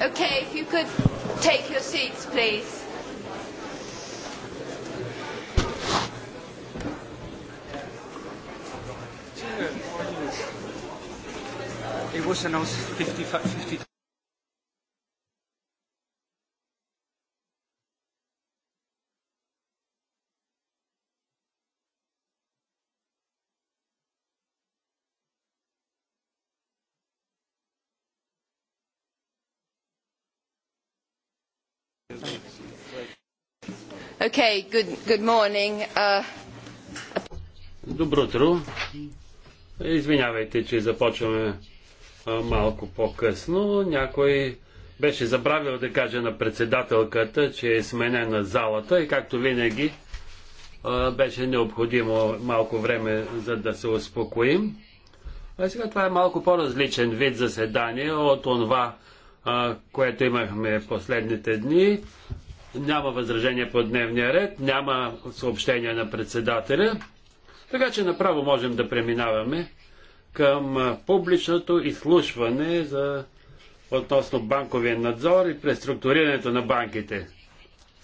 Okay, if you could take your seats, please. It was announced 50, 50 Uh, Добро утро. Извинявайте, че започваме малко по-късно. Някой беше забравил да каже на председателката, че е сменена залата и както винаги беше необходимо малко време, за да се успокоим. А сега това е малко по-различен вид заседание от това, което имахме последните дни. Няма възражение по дневния ред, няма съобщения на председателя, така че направо можем да преминаваме към публичното изслушване за относно банковия надзор и преструктурирането на банките.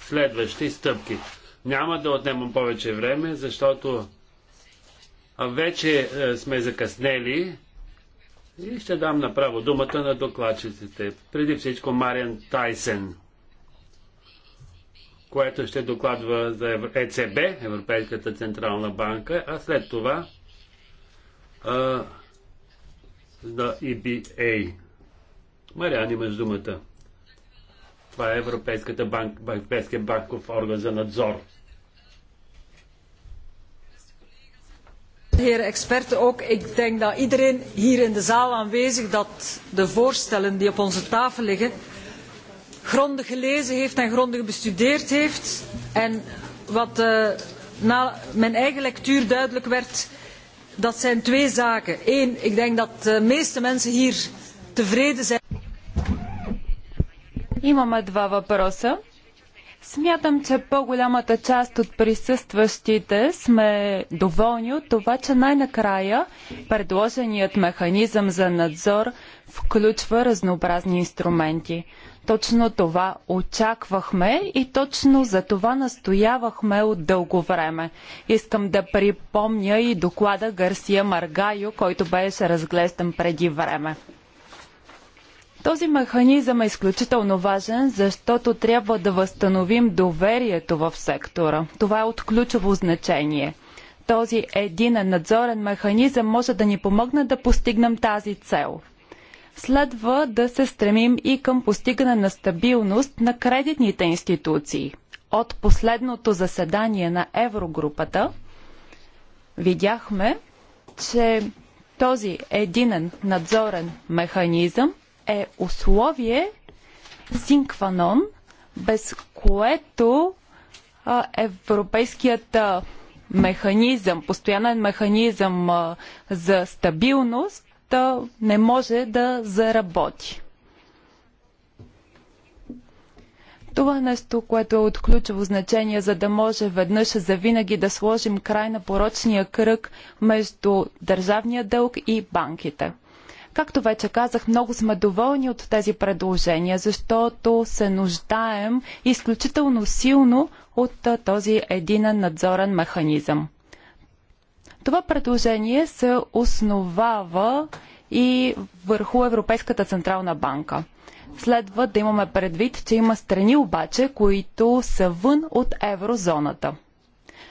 Следващи стъпки. Няма да отнемам повече време, защото вече сме закъснели и ще дам направо думата на докладчиците. Преди всичко Мариан Тайсен което ще докладва за ЕЦБ, Европейската централна банка, а след това а, за EBA. Мариан, имаш думата. Това е Европейската банк, Европейския банков орган за надзор. Heren experten ook, ik denk dat iedereen hier in de zaal aanwezig dat de voorstellen die op onze tafel liggen grondig gelezen heeft en grondig bestudeerd heeft. En wat eh, na mijn eigen lectuur duidelijk werd, dat zijn twee zaken. Eén, ik denk dat de meeste mensen hier tevreden zijn. Имаме два въпроса. Смятам, че по-голямата част от присъстващите сме доволни от това, че най-накрая предложеният механизъм за надзор включва разнообразни инструменти. Точно това очаквахме и точно за това настоявахме от дълго време. Искам да припомня и доклада Гарсия Маргайо, който беше разглеждан преди време. Този механизъм е изключително важен, защото трябва да възстановим доверието в сектора. Това е от ключово значение. Този един надзорен механизъм може да ни помогне да постигнем тази цел – следва да се стремим и към постигане на стабилност на кредитните институции. От последното заседание на Еврогрупата видяхме, че този единен надзорен механизъм е условие синкванон, без което европейският механизъм, постоянен механизъм за стабилност бюджета не може да заработи. Това нещо, което е от ключово значение, за да може веднъж за винаги да сложим край на порочния кръг между държавния дълг и банките. Както вече казах, много сме доволни от тези предложения, защото се нуждаем изключително силно от този единен надзорен механизъм. Това предложение се основава и върху Европейската централна банка. Следва да имаме предвид, че има страни обаче, които са вън от еврозоната.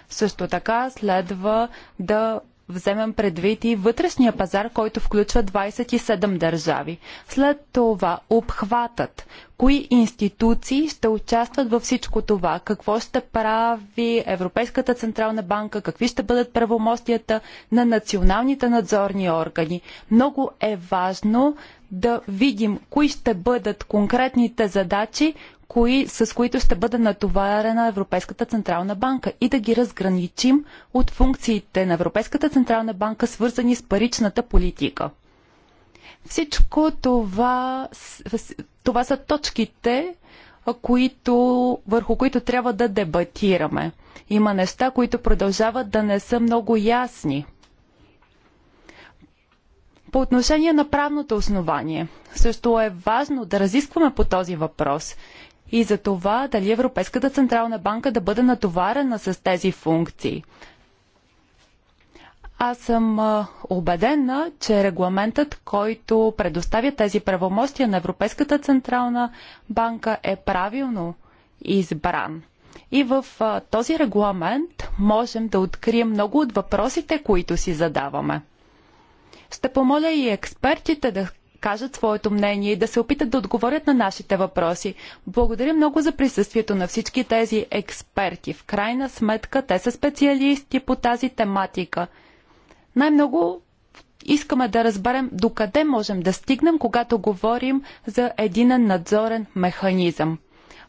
Също така следва да вземем предвид и вътрешния пазар, който включва 27 държави. След това обхватът. Кои институции ще участват във всичко това? Какво ще прави Европейската Централна банка? Какви ще бъдат правомощията на националните надзорни органи? Много е важно да видим кои ще бъдат конкретните задачи, кои, с които ще бъде натоварена Европейската Централна банка и да ги разграничим от функциите на Европейската Централна банка, свързани с паричната политика. Всичко това, това са точките, които, върху които трябва да дебатираме. Има неща, които продължават да не са много ясни. По отношение на правното основание, също е важно да разискваме по този въпрос и за това дали Европейската Централна банка да бъде натоварена с тези функции. Аз съм убедена, че регламентът, който предоставя тези правомощия на Европейската Централна банка е правилно избран. И в този регламент можем да открием много от въпросите, които си задаваме. Ще помоля и експертите да кажат своето мнение и да се опитат да отговорят на нашите въпроси. Благодаря много за присъствието на всички тези експерти. В крайна сметка те са специалисти по тази тематика. Най-много искаме да разберем докъде можем да стигнем, когато говорим за един надзорен механизъм.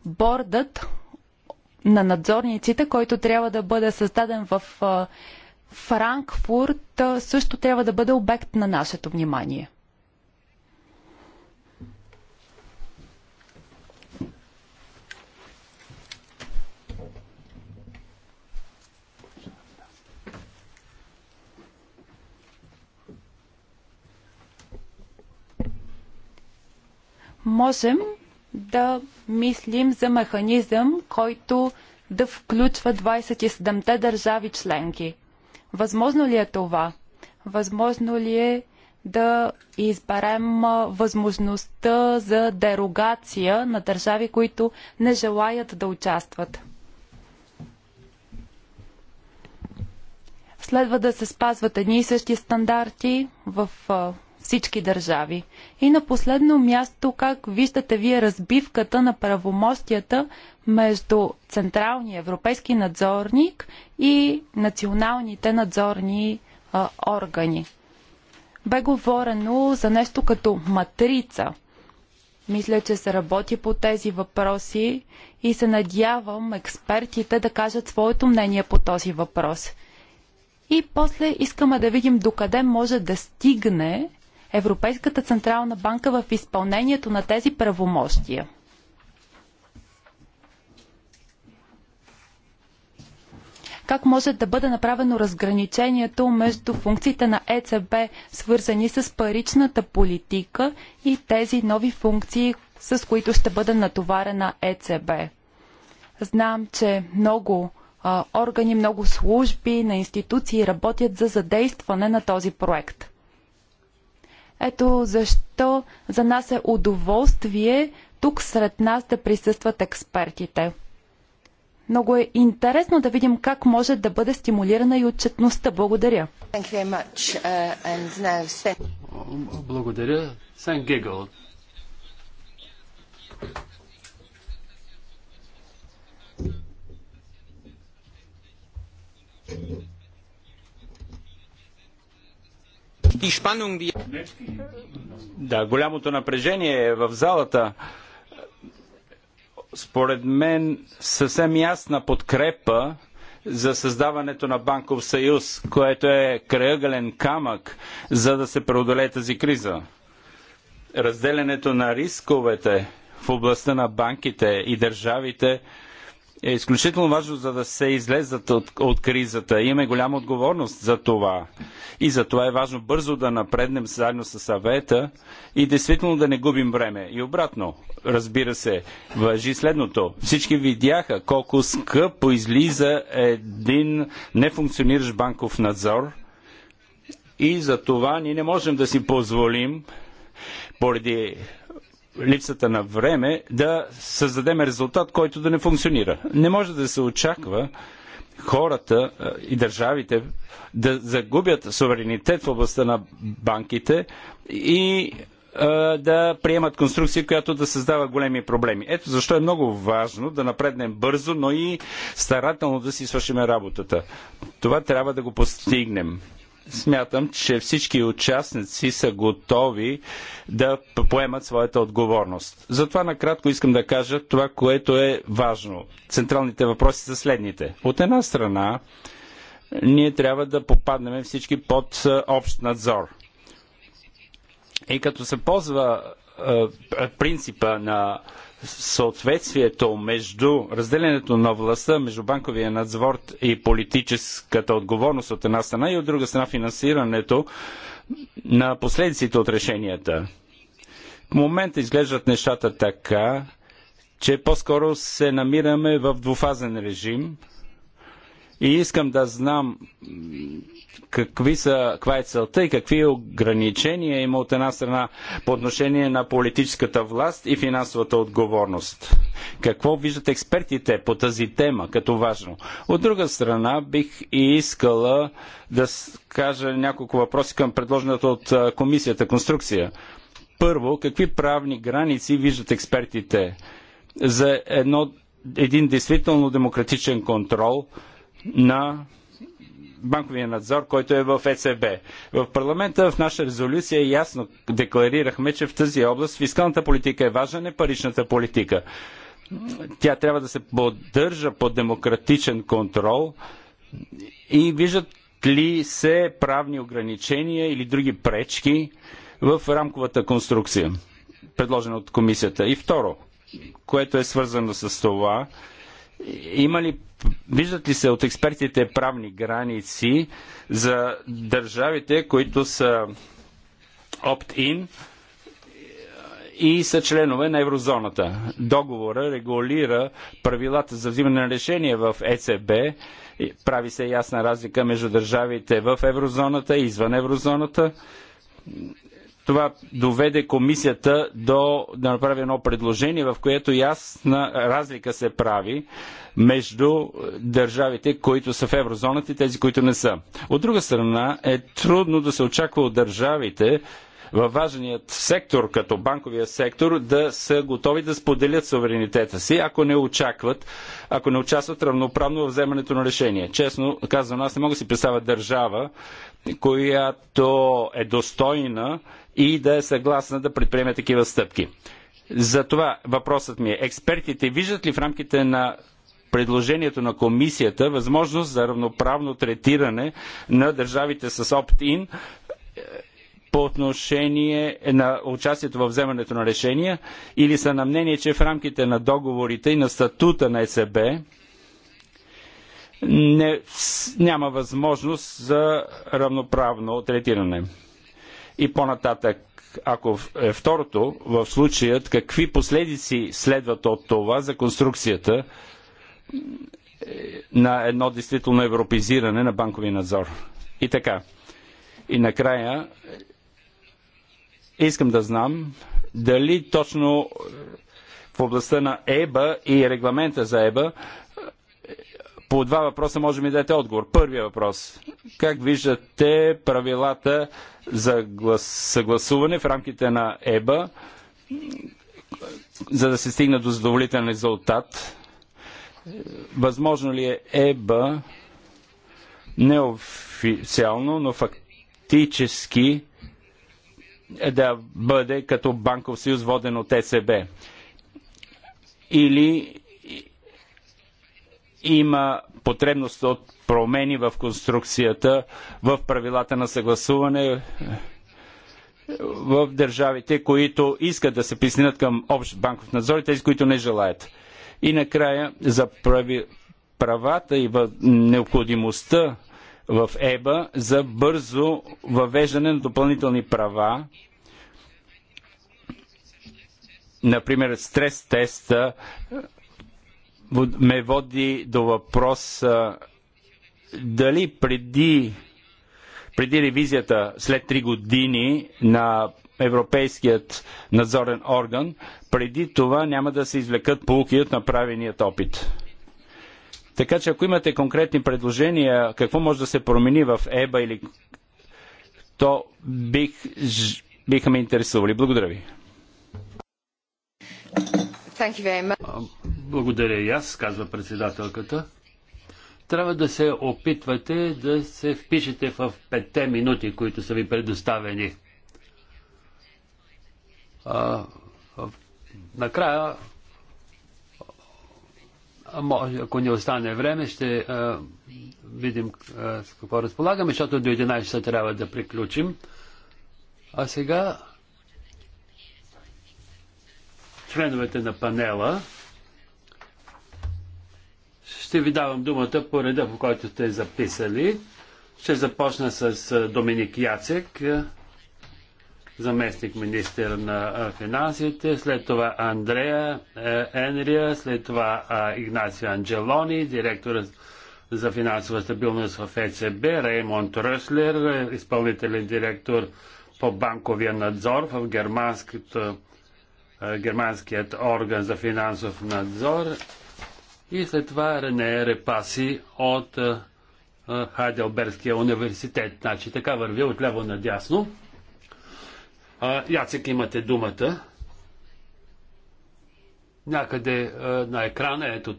Бордът на надзорниците, който трябва да бъде създаден в Франкфурт, също трябва да бъде обект на нашето внимание. можем да мислим за механизъм, който да включва 27-те държави членки. Възможно ли е това? Възможно ли е да изберем възможността за дерогация на държави, които не желаят да участват? Следва да се спазват едни и същи стандарти в всички държави. И на последно място, как виждате вие разбивката на правомощията между Централния европейски надзорник и националните надзорни а, органи? Бе говорено за нещо като матрица. Мисля, че се работи по тези въпроси и се надявам експертите да кажат своето мнение по този въпрос. И после искаме да видим докъде може да стигне Европейската централна банка в изпълнението на тези правомощия. Как може да бъде направено разграничението между функциите на ЕЦБ, свързани с паричната политика и тези нови функции, с които ще бъде натоварена ЕЦБ? Знам, че много органи, много служби на институции работят за задействане на този проект. Ето защо за нас е удоволствие тук сред нас да присъстват експертите. Много е интересно да видим как може да бъде стимулирана и отчетността. Благодаря. Uh, Благодаря. Сен Гегъл. Thank you. Да, голямото напрежение е в залата. Според мен съвсем ясна подкрепа за създаването на банков съюз, което е кръгълен камък, за да се преодолее тази криза. Разделянето на рисковете в областта на банките и държавите – е изключително важно, за да се излезат от, от кризата. Имаме голяма отговорност за това. И за това е важно бързо да напреднем заедно с съвета и действително да не губим време. И обратно, разбира се, въжи следното. Всички видяха колко скъпо излиза един нефункциониращ банков надзор. И за това ние не можем да си позволим поради липсата на време да създадем резултат, който да не функционира. Не може да се очаква хората и държавите да загубят суверенитет в областта на банките и да приемат конструкция, която да създава големи проблеми. Ето защо е много важно да напреднем бързо, но и старателно да си свършим работата. Това трябва да го постигнем смятам, че всички участници са готови да поемат своята отговорност. Затова накратко искам да кажа това, което е важно. Централните въпроси са следните. От една страна, ние трябва да попаднем всички под общ надзор. И като се ползва принципа на съответствието между разделянето на властта, между банковия надзор и политическата отговорност от една страна и от друга страна финансирането на последиците от решенията. В момента изглеждат нещата така, че по-скоро се намираме в двуфазен режим – и искам да знам какви са, каква е целта и какви ограничения има от една страна по отношение на политическата власт и финансовата отговорност. Какво виждат експертите по тази тема като важно? От друга страна бих и искала да кажа няколко въпроси към предложената от комисията конструкция. Първо, какви правни граници виждат експертите за едно, един действително демократичен контрол – на банковия надзор, който е в ЕЦБ. В парламента в наша резолюция ясно декларирахме, че в тази област фискалната политика е важна, не паричната политика. Тя трябва да се поддържа под демократичен контрол и виждат ли се правни ограничения или други пречки в рамковата конструкция, предложена от комисията. И второ, което е свързано с това, има ли, виждат ли се от експертите правни граници за държавите, които са опт-ин и са членове на еврозоната? Договора регулира правилата за взимане на решения в ЕЦБ. Прави се ясна разлика между държавите в еврозоната и извън еврозоната това доведе комисията до, да направи едно предложение, в което ясна разлика се прави между държавите, които са в еврозоната и тези, които не са. От друга страна е трудно да се очаква от държавите, във важният сектор, като банковия сектор, да са готови да споделят суверенитета си, ако не очакват, ако не участват равноправно в вземането на решение. Честно казвам, аз не мога да си представя държава, която е достойна и да е съгласна да предприеме такива стъпки. Затова въпросът ми е, експертите виждат ли в рамките на предложението на комисията възможност за равноправно третиране на държавите с опт-ин е, по отношение на участието във вземането на решения или са на мнение, че в рамките на договорите и на статута на ЕСБ не, няма възможност за равноправно третиране. И по-нататък, ако е второто, в случаят, какви последици следват от това за конструкцията е, на едно действително европезиране на банкови надзор. И така. И накрая, е, искам да знам дали точно е, в областта на ЕБА и регламента за ЕБА по два въпроса може ми дадете отговор. Първия въпрос. Как виждате правилата за глас... съгласуване в рамките на ЕБА, за да се стигне до задоволителен резултат? Възможно ли е ЕБА неофициално, но фактически да бъде като банков съюз воден от ЕСБ? Или има потребност от промени в конструкцията, в правилата на съгласуване в държавите, които искат да се присъединят към общ банков надзор и тези, които не желаят. И накрая за прави, правата и необходимостта в ЕБА за бързо въвеждане на допълнителни права, например стрес теста ме води до въпроса. дали преди, преди ревизията след 3 години на Европейският надзорен орган, преди това няма да се извлекат полуки от направеният опит. Така че ако имате конкретни предложения, какво може да се промени в ЕБА или то бих, биха ме интересували. Благодаря ви. Благодаря и аз, казва председателката. Трябва да се опитвате да се впишете в петте минути, които са ви предоставени. А, накрая, може, ако ни остане време, ще а, видим а, с какво разполагаме, защото до 11 часа трябва да приключим. А сега членовете на панела ще ви давам думата по реда, по който сте записали. Ще започна с Доминик Яцек, заместник министр на финансите, след това Андрея е, Енрия, след това Игнацио Анджелони, директор за финансова стабилност в ЕЦБ, Реймонд Ръслер, е, изпълнителен директор по банковия надзор в германският орган за финансов надзор и след това Рене Репаси от Хайделбергския университет. Значи така върви от ляво надясно. Яцек, имате думата. Някъде на екрана, ето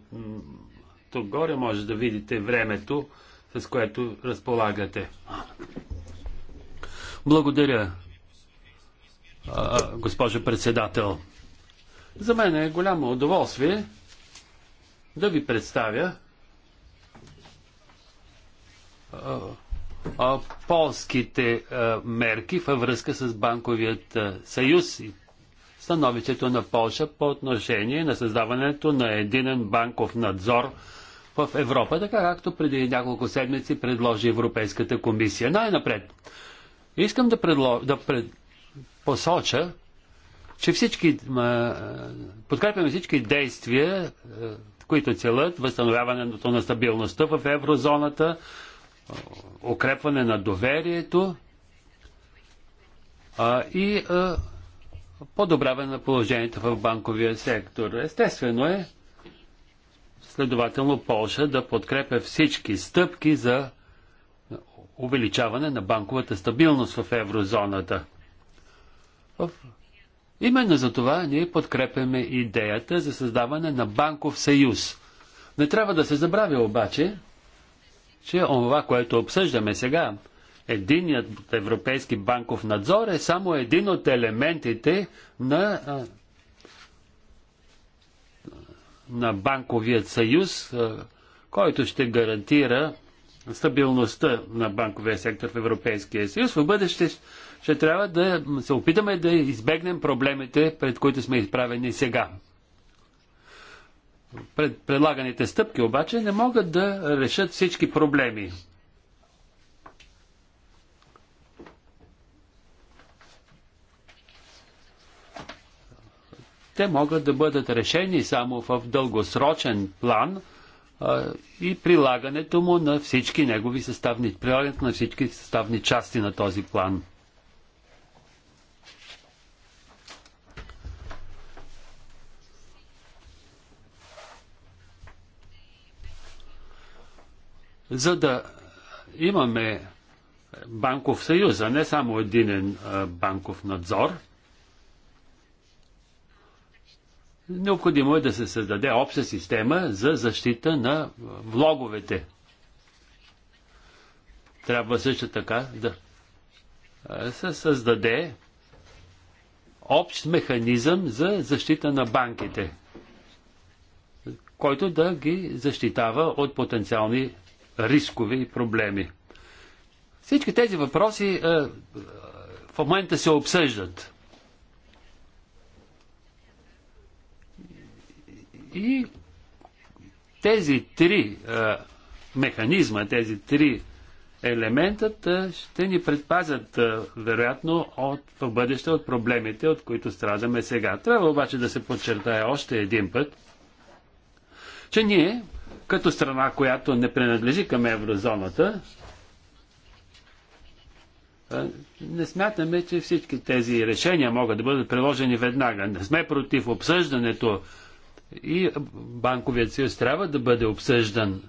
тук горе, може да видите времето, с което разполагате. Благодаря, госпожо председател. За мен е голямо удоволствие да ви представя а, а, полските а, мерки във връзка с банковият съюз и становището на Полша по отношение на създаването на единен банков надзор в Европа, така както преди няколко седмици предложи Европейската комисия. Най-напред, искам да, предло... да пред... посоча, че всички, подкрепяме всички действия които целят възстановяването на стабилността в еврозоната, укрепване на доверието а, и а, подобряване на положението в банковия сектор. Естествено е, следователно, Полша да подкрепя всички стъпки за увеличаване на банковата стабилност в еврозоната. В Именно за това ние подкрепяме идеята за създаване на банков съюз. Не трябва да се забравя обаче, че онова, което обсъждаме сега, единият европейски банков надзор е само един от елементите на, на банковият съюз, който ще гарантира стабилността на банковия сектор в Европейския съюз. В бъдеще ще трябва да се опитаме да избегнем проблемите, пред които сме изправени сега. Пред предлаганите стъпки обаче не могат да решат всички проблеми. Те могат да бъдат решени само в дългосрочен план а, и прилагането му на всички негови съставни, прилагането на всички съставни части на този план. за да имаме банков съюз, а не само единен банков надзор, необходимо е да се създаде обща система за защита на влоговете. Трябва също така да се създаде общ механизъм за защита на банките, който да ги защитава от потенциални рискове и проблеми. Всички тези въпроси е, е, в момента се обсъждат. И тези три е, механизма, тези три елементът е, ще ни предпазят, е, вероятно, от, в бъдеще от проблемите, от които страдаме сега. Трябва обаче да се подчертая още един път, че ние като страна, която не принадлежи към еврозоната, не смятаме, че всички тези решения могат да бъдат приложени веднага. Не сме против обсъждането и банковият съюз трябва да бъде обсъждан.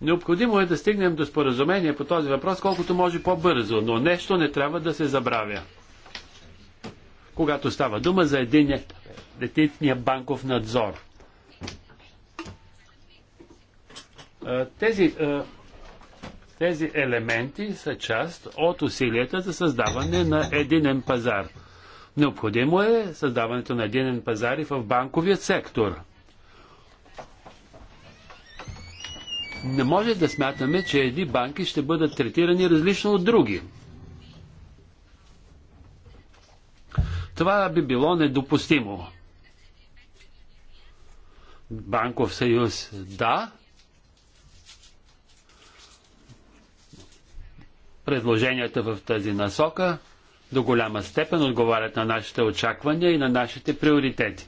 Необходимо е да стигнем до споразумение по този въпрос колкото може по-бързо, но нещо не трябва да се забравя когато става дума за един дететния банков надзор. Тези, тези елементи са част от усилията за създаване на единен пазар. Необходимо е създаването на единен пазар и в банковият сектор. Не може да смятаме, че едни банки ще бъдат третирани различно от други. Това би било недопустимо. Банков съюз, да. Предложенията в тази насока до голяма степен отговарят на нашите очаквания и на нашите приоритети.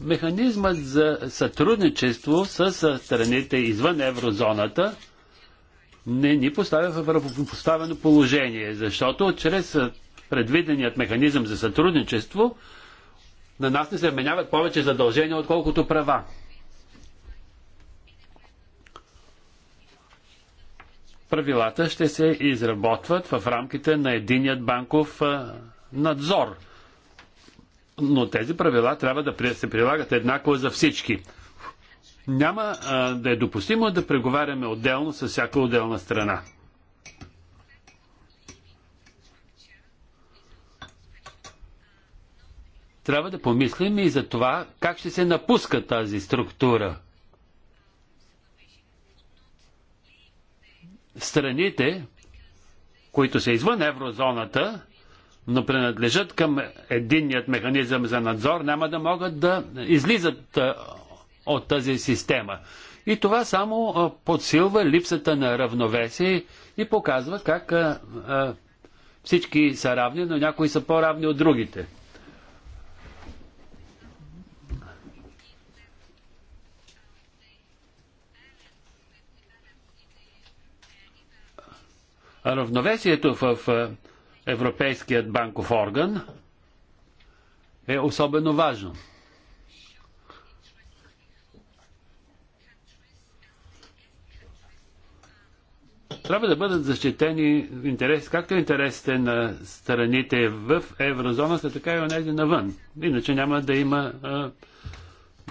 Механизмът за сътрудничество с страните извън еврозоната не ни поставя в равнопоставено положение, защото чрез предвиденият механизъм за сътрудничество на нас не се вменяват повече задължения, отколкото права. Правилата ще се изработват в рамките на единият банков надзор. Но тези правила трябва да се прилагат еднакво за всички няма а, да е допустимо да преговаряме отделно с всяка отделна страна. Трябва да помислим и за това как ще се напуска тази структура. Страните, които са извън еврозоната, но принадлежат към единният механизъм за надзор, няма да могат да излизат от тази система. И това само подсилва липсата на равновесие и показва как а, а, всички са равни, но някои са по-равни от другите. Равновесието в Европейският банков орган е особено важно. трябва да бъдат защитени интерес, както интересите на страните в еврозоната, така и онези навън. Иначе няма да има а,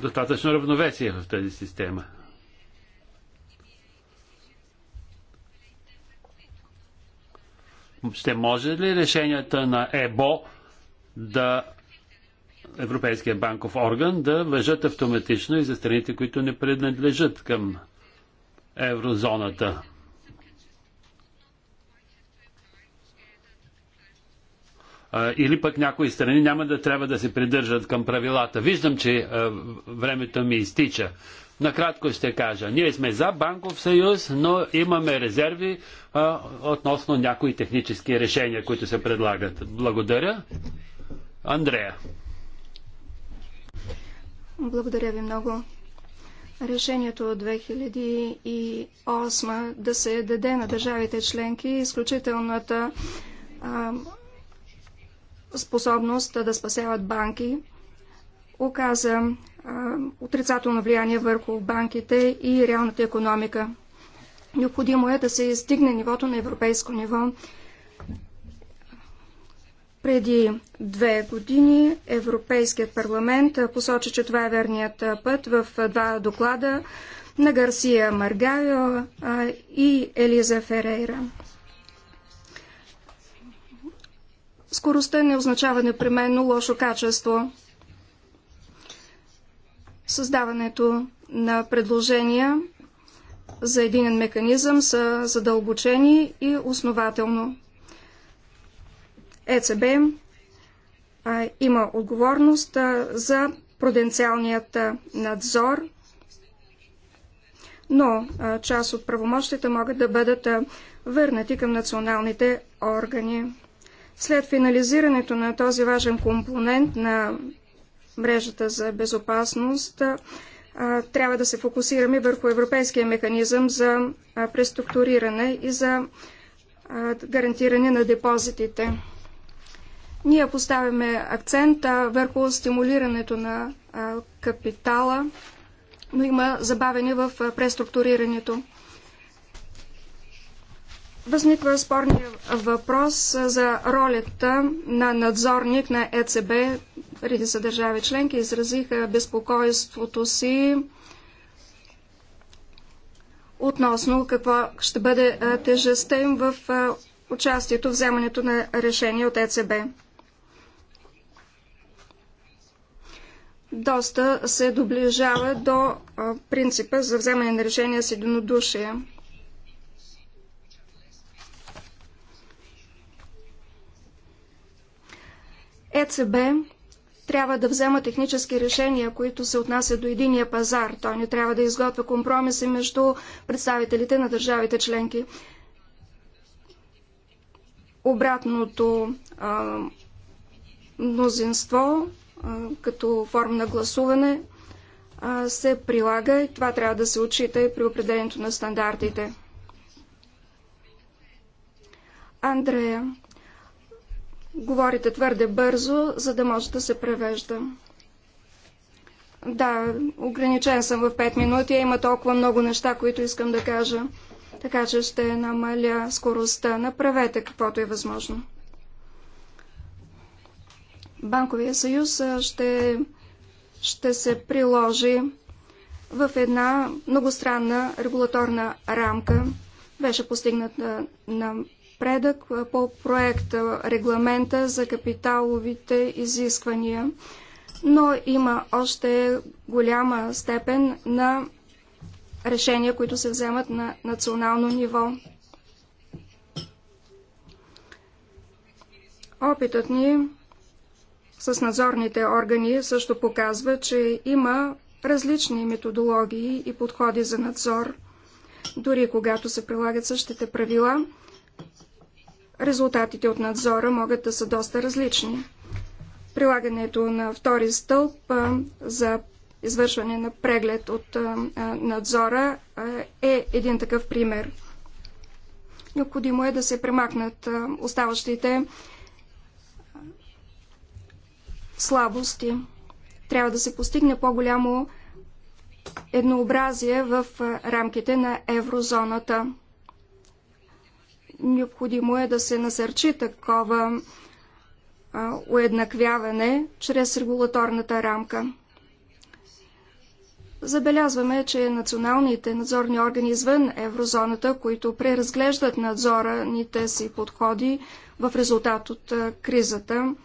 достатъчно равновесие в тази система. Ще може ли решенията на ЕБО да Европейския банков орган да въжат автоматично и за страните, които не принадлежат към еврозоната? или пък някои страни няма да трябва да се придържат към правилата. Виждам, че времето ми изтича. Накратко ще кажа. Ние сме за банков съюз, но имаме резерви а, относно някои технически решения, които се предлагат. Благодаря. Андрея. Благодаря ви много. Решението от 2008 да се даде на държавите членки е изключителната а, способност да спасяват банки, оказа отрицателно влияние върху банките и реалната економика. Необходимо е да се стигне нивото на европейско ниво. Преди две години Европейският парламент посочи, че това е верният път в два доклада на Гарсия Маргайо и Елиза Ферейра. Скоростта не означава непременно лошо качество. Създаването на предложения за единен механизъм са задълбочени и основателно. ЕЦБ а, има отговорност а, за пруденциалният надзор, но а, част от правомощите могат да бъдат върнати към националните органи. След финализирането на този важен компонент на мрежата за безопасност, трябва да се фокусираме върху европейския механизъм за преструктуриране и за гарантиране на депозитите. Ние поставяме акцента върху стимулирането на капитала, но има забавени в преструктурирането. Възниква спорния въпрос за ролята на надзорник на ЕЦБ. са държави членки изразиха безпокойството си относно какво ще бъде тежестта им в участието в вземането на решение от ЕЦБ. Доста се доближава до принципа за вземане на решение с единодушие. ЕЦБ трябва да взема технически решения, които се отнасят до единия пазар. Той не трябва да изготвя компромиси между представителите на държавите членки. Обратното а, мнозинство а, като форма на гласуване а, се прилага и това трябва да се отчита и при определението на стандартите. Андрея Говорите твърде бързо, за да може да се превежда. Да, ограничен съм в 5 минути. Има толкова много неща, които искам да кажа. Така че ще намаля скоростта. Направете каквото е възможно. Банковия съюз ще, ще се приложи в една многостранна регулаторна рамка. Беше постигната на напредък по проекта регламента за капиталовите изисквания, но има още голяма степен на решения, които се вземат на национално ниво. Опитът ни с надзорните органи също показва, че има различни методологии и подходи за надзор, дори когато се прилагат същите правила – Резултатите от надзора могат да са доста различни. Прилагането на втори стълб за извършване на преглед от надзора е един такъв пример. Необходимо е да се премахнат оставащите слабости. Трябва да се постигне по-голямо еднообразие в рамките на еврозоната. Необходимо е да се насърчи такова уеднаквяване чрез регулаторната рамка. Забелязваме, че националните надзорни органи извън еврозоната, които преразглеждат надзораните си подходи в резултат от кризата,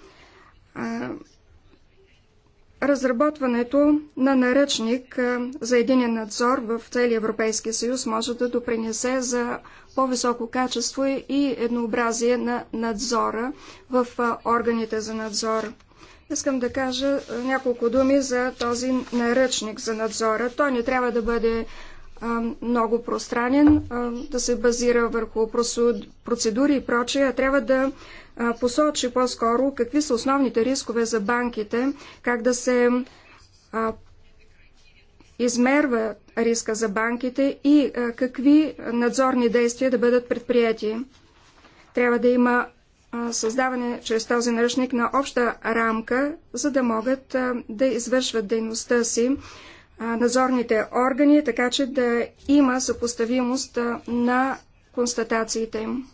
Разработването на наръчник за един надзор в целия Европейски съюз може да допринесе за по-високо качество и еднообразие на надзора в органите за надзор. Искам да кажа няколко думи за този наръчник за надзора. Той не трябва да бъде много пространен, да се базира върху процедури и прочее, а трябва да посочи по-скоро какви са основните рискове за банките, как да се измерва риска за банките и какви надзорни действия да бъдат предприяти. Трябва да има създаване чрез този наръчник на обща рамка, за да могат да извършват дейността си надзорните органи, така че да има съпоставимост на констатациите им.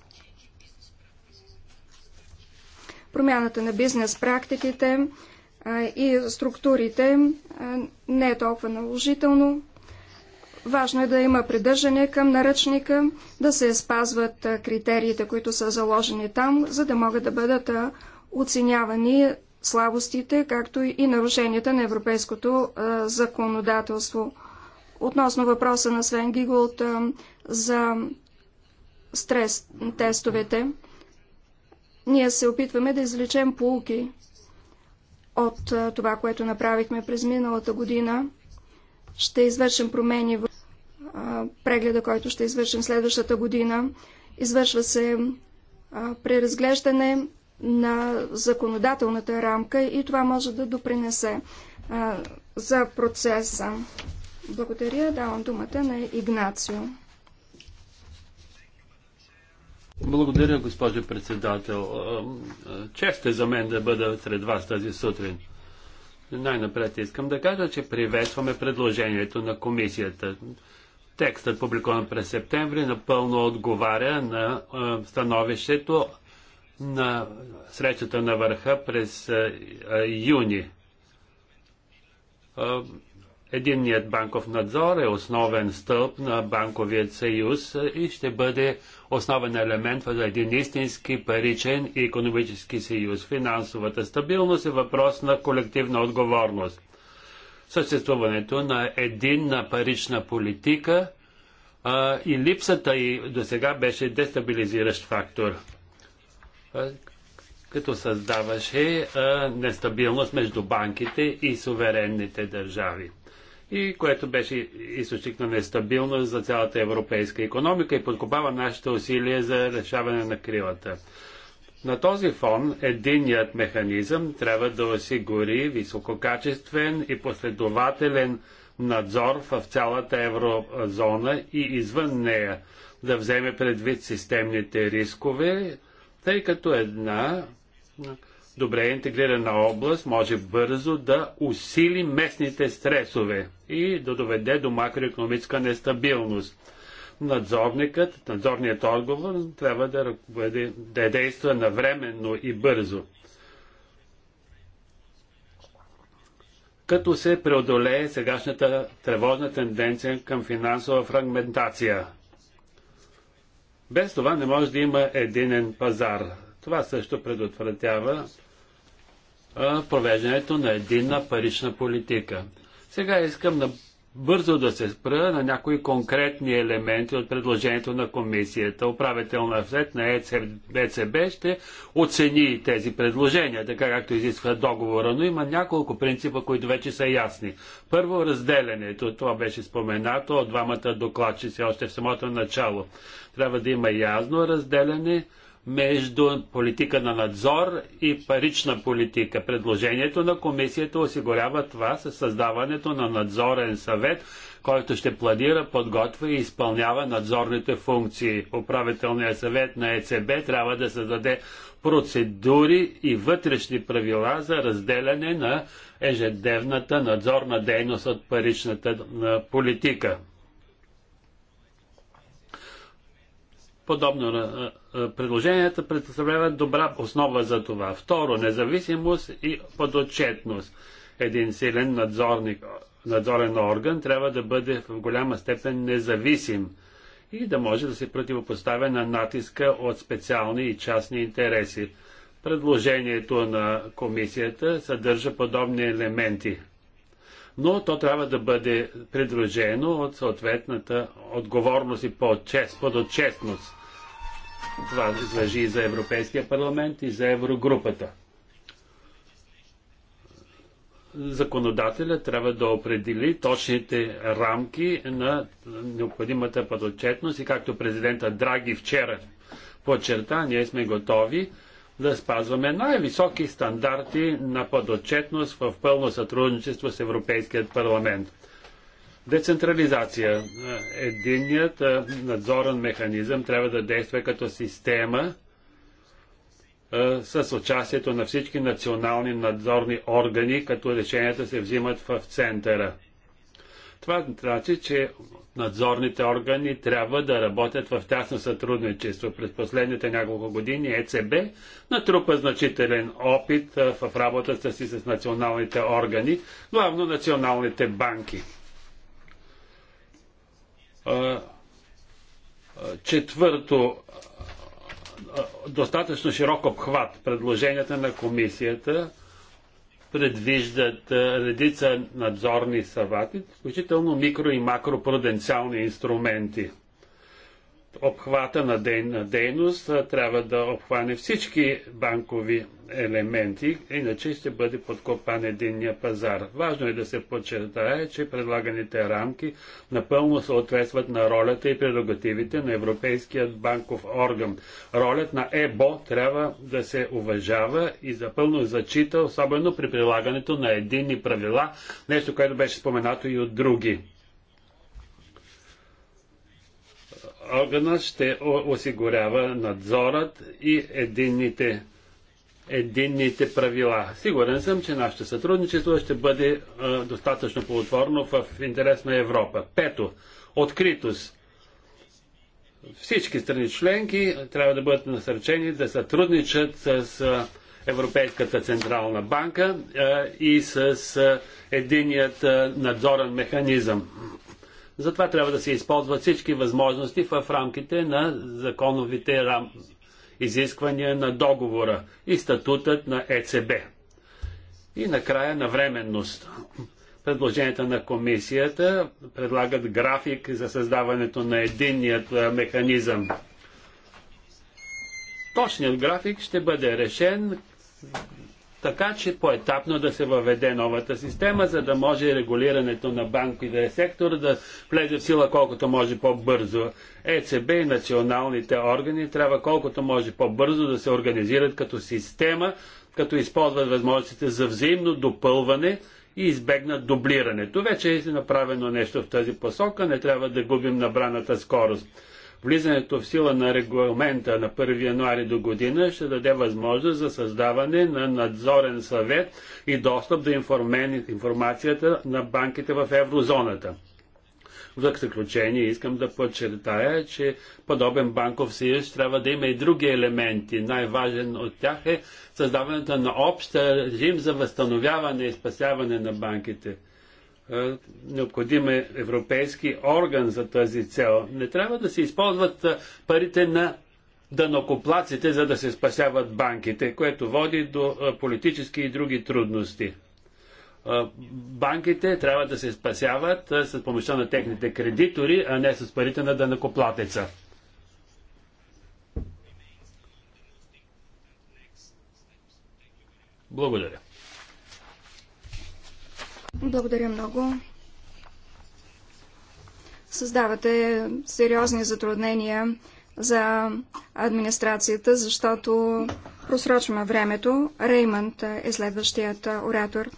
Промяната на бизнес практиките и структурите не е толкова наложително. Важно е да има придържане към наръчника, да се спазват критериите, които са заложени там, за да могат да бъдат оценявани слабостите, както и нарушенията на европейското законодателство. Относно въпроса на Свен Гиголт за стрес тестовете, ние се опитваме да извлечем полуки от това, което направихме през миналата година. Ще извършим промени в прегледа, който ще извършим следващата година. Извършва се преразглеждане на законодателната рамка и това може да допринесе за процеса. Благодаря. Давам думата на Игнацио. Благодаря, госпожо председател. Чест е за мен да бъда сред вас тази сутрин. Най-напред искам да кажа, че приветстваме предложението на комисията. Текстът, публикуван през септември, напълно отговаря на становището на срещата на върха през юни. Единният банков надзор е основен стълб на банковият съюз и ще бъде основен елемент за един истински паричен и економически съюз. Финансовата стабилност е въпрос на колективна отговорност. Съществуването на единна парична политика а, и липсата и до сега беше дестабилизиращ фактор, а, като създаваше а, нестабилност между банките и суверенните държави и което беше източник на нестабилност за цялата европейска економика и подкопава нашите усилия за решаване на крилата. На този фон единният механизъм трябва да осигури висококачествен и последователен надзор в цялата еврозона и извън нея, да вземе предвид системните рискове, тъй като една добре интегрирана област може бързо да усили местните стресове и да доведе до макроекономическа нестабилност. Надзорникът, надзорният отговор трябва да, бъде, да е действа навременно и бързо. Като се преодолее сегашната тревожна тенденция към финансова фрагментация. Без това не може да има единен пазар. Това също предотвратява провеждането на единна парична политика. Сега искам на бързо да се спра на някои конкретни елементи от предложението на комисията. Управителна след на ЕЦБ ще оцени тези предложения, така както изисква договора, но има няколко принципа, които вече са ясни. Първо, разделянето. Това беше споменато от двамата докладчици още в самото начало. Трябва да има ясно разделяне между политика на надзор и парична политика. Предложението на комисията осигурява това със създаването на надзорен съвет, който ще планира, подготвя и изпълнява надзорните функции. Управителният съвет на ЕЦБ трябва да създаде процедури и вътрешни правила за разделяне на ежедневната надзорна дейност от паричната политика. Подобно на предложенията представляват добра основа за това. Второ, независимост и подотчетност. Един силен надзорник, надзорен орган трябва да бъде в голяма степен независим и да може да се противопоставя на натиска от специални и частни интереси. Предложението на комисията съдържа подобни елементи, но то трябва да бъде придружено от съответната отговорност и подотчетност това въжи и за Европейския парламент и за Еврогрупата. Законодателя трябва да определи точните рамки на необходимата подотчетност и както президента Драги вчера подчерта, ние сме готови да спазваме най-високи стандарти на подотчетност в пълно сътрудничество с Европейският парламент. Децентрализация. Единият надзорен механизъм трябва да действа като система с участието на всички национални надзорни органи, като решенията се взимат в центъра. Това значи, че надзорните органи трябва да работят в тясно сътрудничество. През последните няколко години ЕЦБ натрупа значителен опит в работата си с националните органи, главно националните банки. Четвърто, достатъчно широк обхват. Предложенията на комисията предвиждат редица надзорни съвати, включително микро и макропруденциални инструменти. Обхвата на дейност трябва да обхване всички банкови елементи, иначе ще бъде подкопан единния пазар. Важно е да се подчертае, че предлаганите рамки напълно съответстват на ролята и прерогативите на Европейският банков орган. Ролят на ЕБО трябва да се уважава и запълно зачита, особено при прилагането на единни правила, нещо, което беше споменато и от други. Органът ще осигурява надзорът и единните единните правила. Сигурен съм, че нашето сътрудничество ще бъде а, достатъчно плодотворно в интерес на Европа. Пето, откритост. Всички страни членки трябва да бъдат насърчени да сътрудничат с Европейската централна банка и с единият надзорен механизъм. Затова трябва да се използват всички възможности в рамките на законовите рам, изисквания на договора и статутът на ЕЦБ. И накрая на временност. Предложенията на комисията предлагат график за създаването на единният е, механизъм. Точният график ще бъде решен така че поетапно да се въведе новата система, за да може регулирането на банковия сектор да влезе в сила колкото може по-бързо. ЕЦБ и националните органи трябва колкото може по-бързо да се организират като система, като използват възможностите за взаимно допълване и избегнат дублирането. Вече е направено нещо в тази посока, не трябва да губим набраната скорост. Влизането в сила на регламента на 1 януари до година ще даде възможност за създаване на надзорен съвет и достъп до информацията на банките в еврозоната. В заключение искам да подчертая, че подобен банков съюз трябва да има и други елементи. Най-важен от тях е създаването на общ режим за възстановяване и спасяване на банките необходим е европейски орган за тази цел. Не трябва да се използват парите на данокоплаците, за да се спасяват банките, което води до политически и други трудности. Банките трябва да се спасяват с помощта на техните кредитори, а не с парите на данокоплатеца. Благодаря. Благодаря много. Създавате сериозни затруднения за администрацията, защото просрочваме времето. Реймънд е следващият оратор.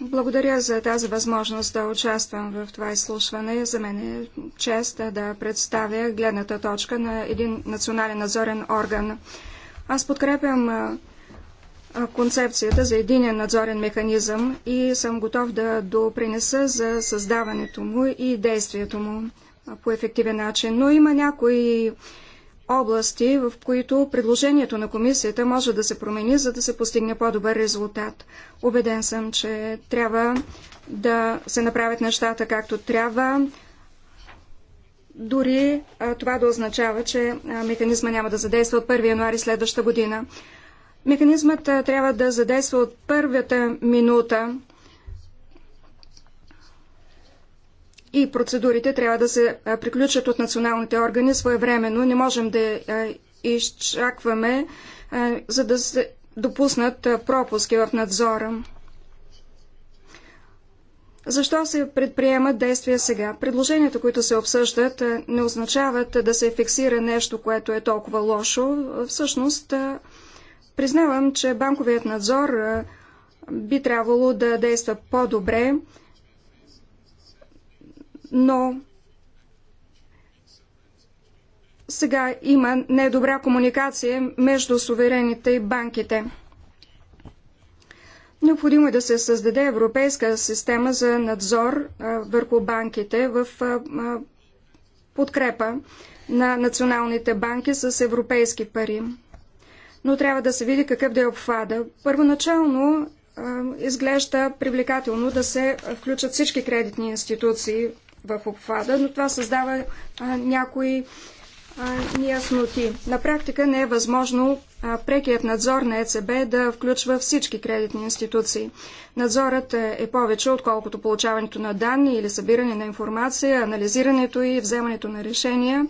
Благодаря за тази възможност да участвам в това изслушване. За мен е чест да представя гледната точка на един национален надзорен орган. Аз подкрепям концепцията за единен надзорен механизъм и съм готов да допринеса за създаването му и действието му по ефективен начин. Но има някои области, в които предложението на комисията може да се промени, за да се постигне по-добър резултат. Обеден съм, че трябва да се направят нещата както трябва, дори това да означава, че механизма няма да задейства от 1 януари следващата година. Механизмът е, трябва да задейства от първата минута и процедурите трябва да се е, приключат от националните органи своевременно. Не можем да е, изчакваме, за да се допуснат пропуски в надзора. Защо се предприемат действия сега? Предложенията, които се обсъждат, не означават да се фиксира нещо, което е толкова лошо. Всъщност, Признавам, че банковият надзор би трябвало да действа по-добре, но сега има недобра комуникация между суверените и банките. Необходимо е да се създаде европейска система за надзор върху банките в подкрепа на националните банки с европейски пари но трябва да се види какъв да е обхвада. Първоначално изглежда привлекателно да се включат всички кредитни институции в обхвата, но това създава някои неясноти. На практика не е възможно прекият надзор на ЕЦБ да включва всички кредитни институции. Надзорът е, е повече, отколкото получаването на данни или събиране на информация, анализирането и вземането на решения.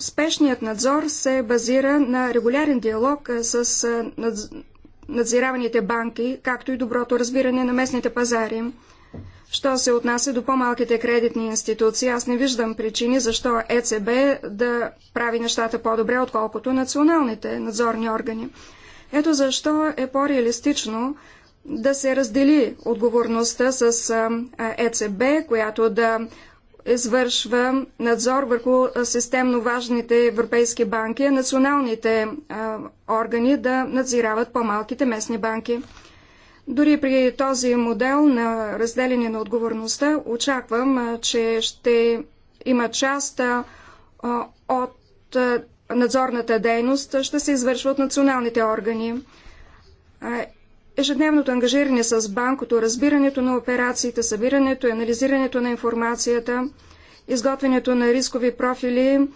Спешният надзор се базира на регулярен диалог с надзираваните банки, както и доброто разбиране на местните пазари. Що се отнася до по-малките кредитни институции, аз не виждам причини защо ЕЦБ да прави нещата по-добре, отколкото националните надзорни органи. Ето защо е по-реалистично да се раздели отговорността с ЕЦБ, която да извършва надзор върху системно важните европейски банки, а националните органи да надзирават по-малките местни банки. Дори при този модел на разделение на отговорността очаквам, че ще има част от надзорната дейност ще се извършва от националните органи. Ежедневното ангажиране с банкото, разбирането на операциите, събирането и анализирането на информацията, изготвянето на рискови профили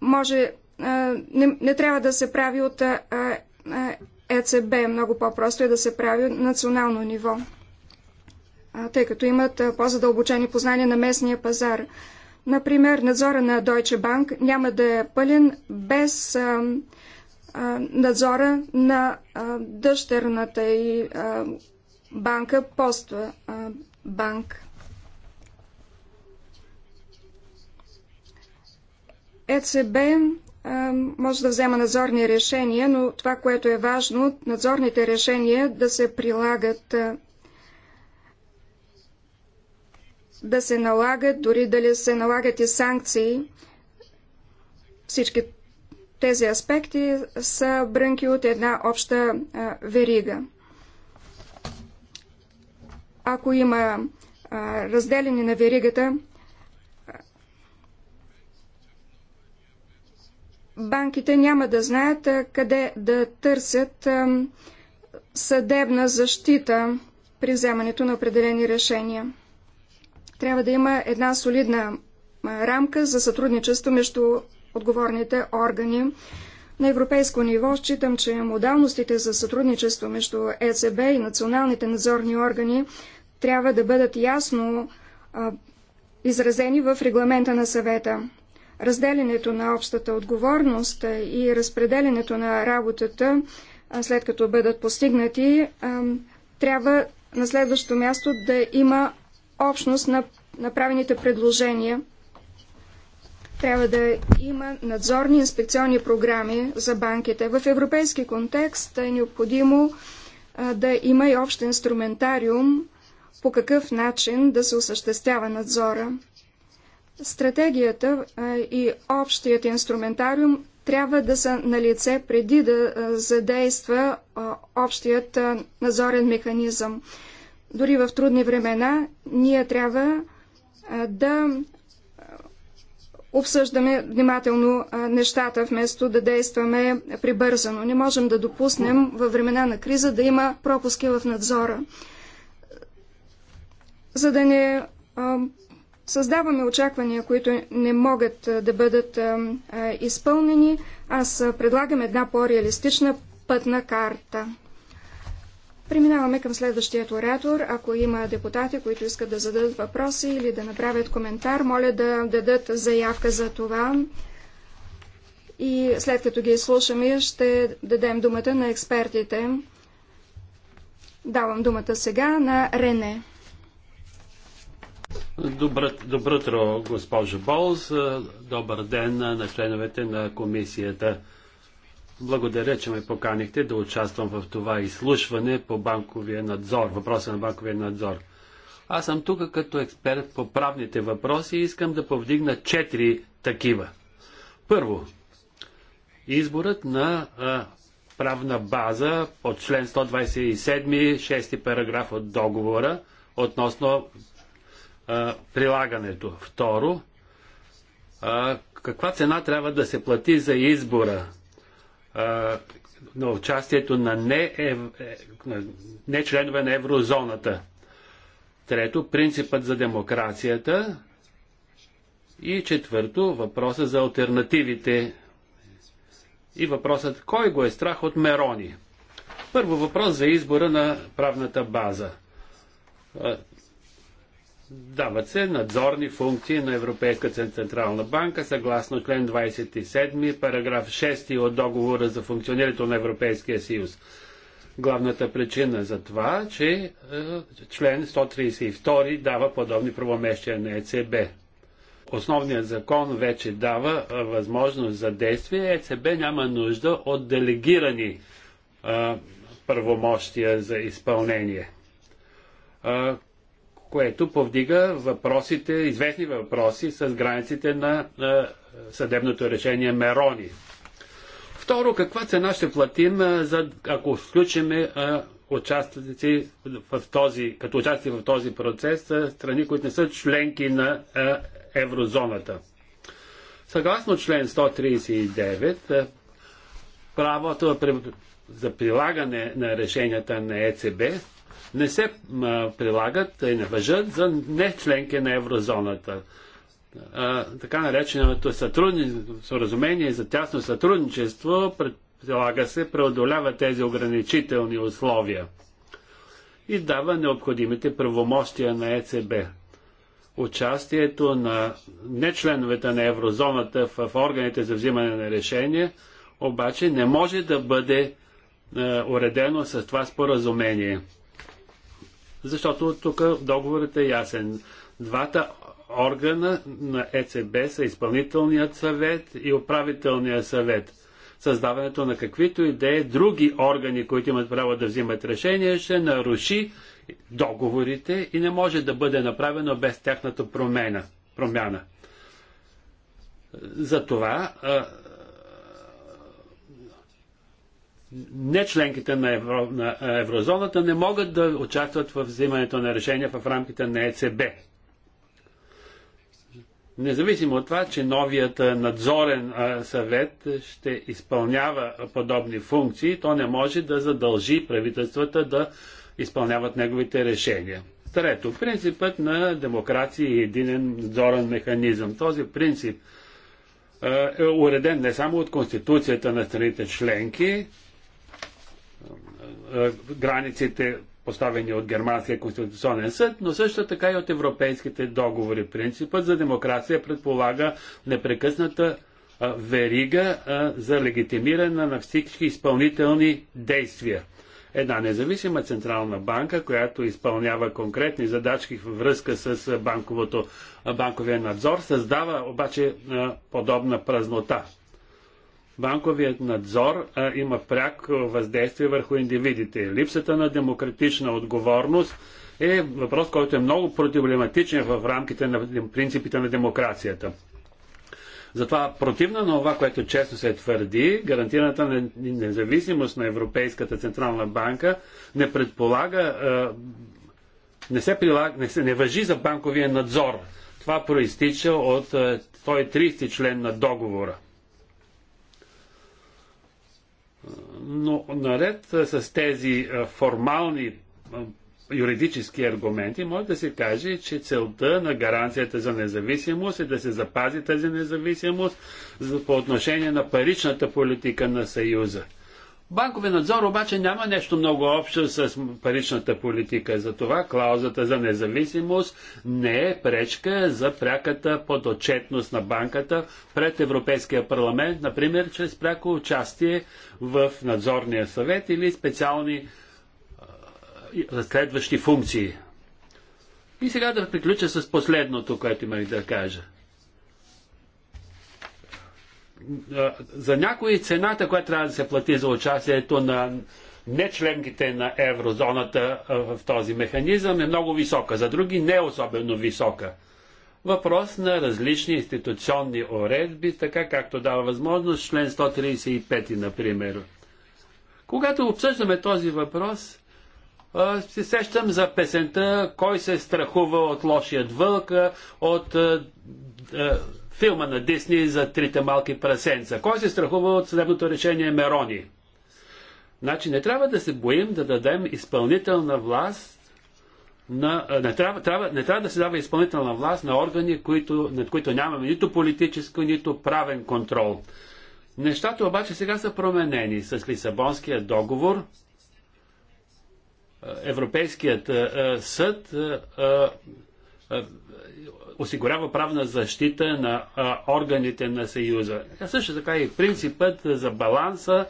може, не, не трябва да се прави от ЕЦБ, много по-просто е да се прави национално ниво, тъй като имат по-задълбочени познания на местния пазар. Например, надзора на Deutsche Bank няма да е пълен без надзора на дъщерната и банка, поства банк. ЕЦБ може да взема надзорни решения, но това, което е важно, надзорните решения да се прилагат, да се налагат, дори дали се налагат и санкции. Всички тези аспекти са брънки от една обща верига. Ако има разделени на веригата, банките няма да знаят къде да търсят съдебна защита при вземането на определени решения. Трябва да има една солидна рамка за сътрудничество между отговорните органи. На европейско ниво считам, че модалностите за сътрудничество между ЕЦБ и националните надзорни органи трябва да бъдат ясно а, изразени в регламента на съвета. Разделянето на общата отговорност и разпределенето на работата, след като бъдат постигнати, а, трябва на следващото място да има общност на направените предложения трябва да има надзорни инспекционни програми за банките. В европейски контекст е необходимо да има и общ инструментариум по какъв начин да се осъществява надзора. Стратегията и общият инструментариум трябва да са на лице преди да задейства общият надзорен механизъм. Дори в трудни времена ние трябва да обсъждаме внимателно нещата, вместо да действаме прибързано. Не можем да допуснем във времена на криза да има пропуски в надзора. За да не създаваме очаквания, които не могат да бъдат изпълнени, аз предлагам една по-реалистична пътна карта. Преминаваме към следващия оратор. Ако има депутати, които искат да зададат въпроси или да направят коментар, моля да дадат заявка за това. И след като ги слушаме, ще дадем думата на експертите. Давам думата сега на Рене. Добро утро, госпожо Болс. Добър ден на членовете на комисията. Благодаря, че ме поканихте да участвам в това изслушване по банковия надзор, въпроса на банковия надзор. Аз съм тук като експерт по правните въпроси и искам да повдигна четири такива. Първо, изборът на а, правна база от член 127, 6 параграф от договора относно а, прилагането. Второ, а, каква цена трябва да се плати за избора на участието на не, ев... Е, не членове на еврозоната. Трето, принципът за демокрацията. И четвърто, въпроса за альтернативите. И въпросът, кой го е страх от Мерони? Първо въпрос за избора на правната база. Дават се надзорни функции на Европейската централна банка съгласно член 27, параграф 6 от договора за функционирането на Европейския съюз. Главната причина за това, че е, член 132 дава подобни правомещия на ЕЦБ. Основният закон вече дава е, възможност за действие. ЕЦБ няма нужда от делегирани е, правомощия за изпълнение е, което повдига въпросите, известни въпроси с границите на, на е, съдебното решение Мерони. Второ, каква цена ще платим, а, е, за, ако включиме е, участници в този, като участници в този процес а, страни, които не са членки на еврозоната? Съгласно член 139, правото за прилагане на решенията на ЕЦБ не се прилагат и не въжат за не членки на еврозоната. Така нареченото споразумение за тясно сътрудничество прилага се, преодолява тези ограничителни условия и дава необходимите правомощия на ЕЦБ участието на нечленовете на еврозоната в органите за взимане на решения, обаче не може да бъде уредено с това споразумение. Защото тук договорът е ясен. Двата органа на ЕЦБ са изпълнителният съвет и управителният съвет. Създаването на каквито идеи е други органи, които имат право да взимат решение, ще наруши договорите и не може да бъде направено без тяхната промена, промяна. Затова не членките на, евро, на еврозоната не могат да участват в взимането на решения в рамките на ЕЦБ. Независимо от това, че новият надзорен съвет ще изпълнява подобни функции, то не може да задължи правителствата да изпълняват неговите решения. Трето, принципът на демокрация и единен надзорен механизъм. Този принцип е уреден не само от Конституцията на страните членки, е, границите, поставени от Германския конституционен съд, но също така и от европейските договори. Принципът за демокрация предполага непрекъсната е, верига е, за легитимиране на всички изпълнителни действия. Една независима централна банка, която изпълнява конкретни задачки във връзка с банковото, банковия надзор, създава обаче подобна празнота банковият надзор а, има пряк въздействие върху индивидите. Липсата на демократична отговорност е въпрос, който е много проблематичен в рамките на принципите на демокрацията. Затова противно на това, което често се твърди, гарантираната независимост на Европейската Централна банка не предполага, не, се прилага, не, се, не въжи за банковия надзор. Това проистича от 130 е член на договора. Но наред с тези формални юридически аргументи, може да се каже, че целта на гаранцията за независимост е да се запази тази независимост по отношение на паричната политика на Съюза. Банкови надзор обаче няма нещо много общо с паричната политика. Затова клаузата за независимост не е пречка за пряката подотчетност на банката пред Европейския парламент, например, чрез пряко участие в надзорния съвет или специални разследващи функции. И сега да приключа с последното, което имах да кажа за някои цената, която трябва да се плати за участието на нечленките на еврозоната в този механизъм е много висока, за други не е особено висока. Въпрос на различни институционни уредби, така както дава възможност член 135, например. Когато обсъждаме този въпрос, се сещам за песента Кой се страхува от лошият вълк, от филма на Дисни за трите малки прасенца. Кой се страхува от съдебното решение Мерони? Значи не трябва да се боим да дадем изпълнителна власт на, не, трябва, трябва, не трябва да се дава изпълнителна власт на органи, които, над които нямаме нито политическо, нито правен контрол. Нещата обаче сега са променени с Лисабонския договор. Европейският съд осигурява правна защита на а, органите на Съюза. А също така и принципът за баланса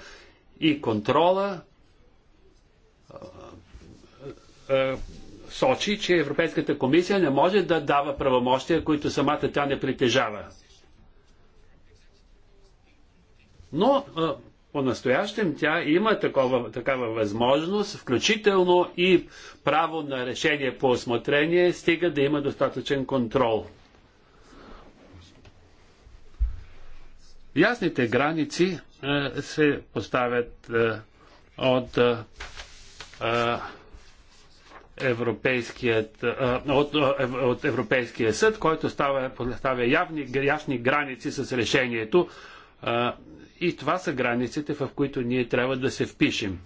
и контрола а, а, сочи, че Европейската комисия не може да дава правомощия, които самата тя не притежава. Но по-настоящем тя има такова, такава възможност, включително и право на решение по осмотрение, стига да има достатъчен контрол. Ясните граници е, се поставят е, от е, е Европейският, е, от, е, от Европейския съд, който става, поставя явни, ясни граници с решението и това са границите, в които ние трябва да се впишем.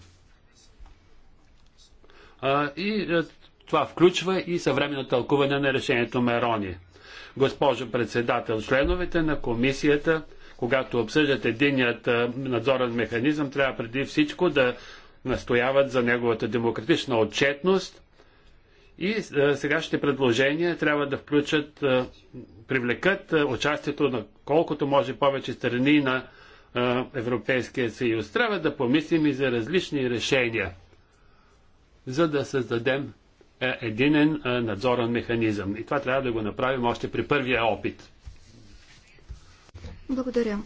А, и а, това включва и съвременно тълкуване на решението Мерони. Госпожо председател, членовете на комисията, когато обсъждат единият надзорен механизъм, трябва преди всичко да настояват за неговата демократична отчетност и сегашните предложения трябва да включат, привлекат участието на колкото може повече страни на Европейския съюз. Трябва да помислим и за различни решения, за да създадем е, единен надзорен механизъм. И това трябва да го направим още при първия опит. Благодаря.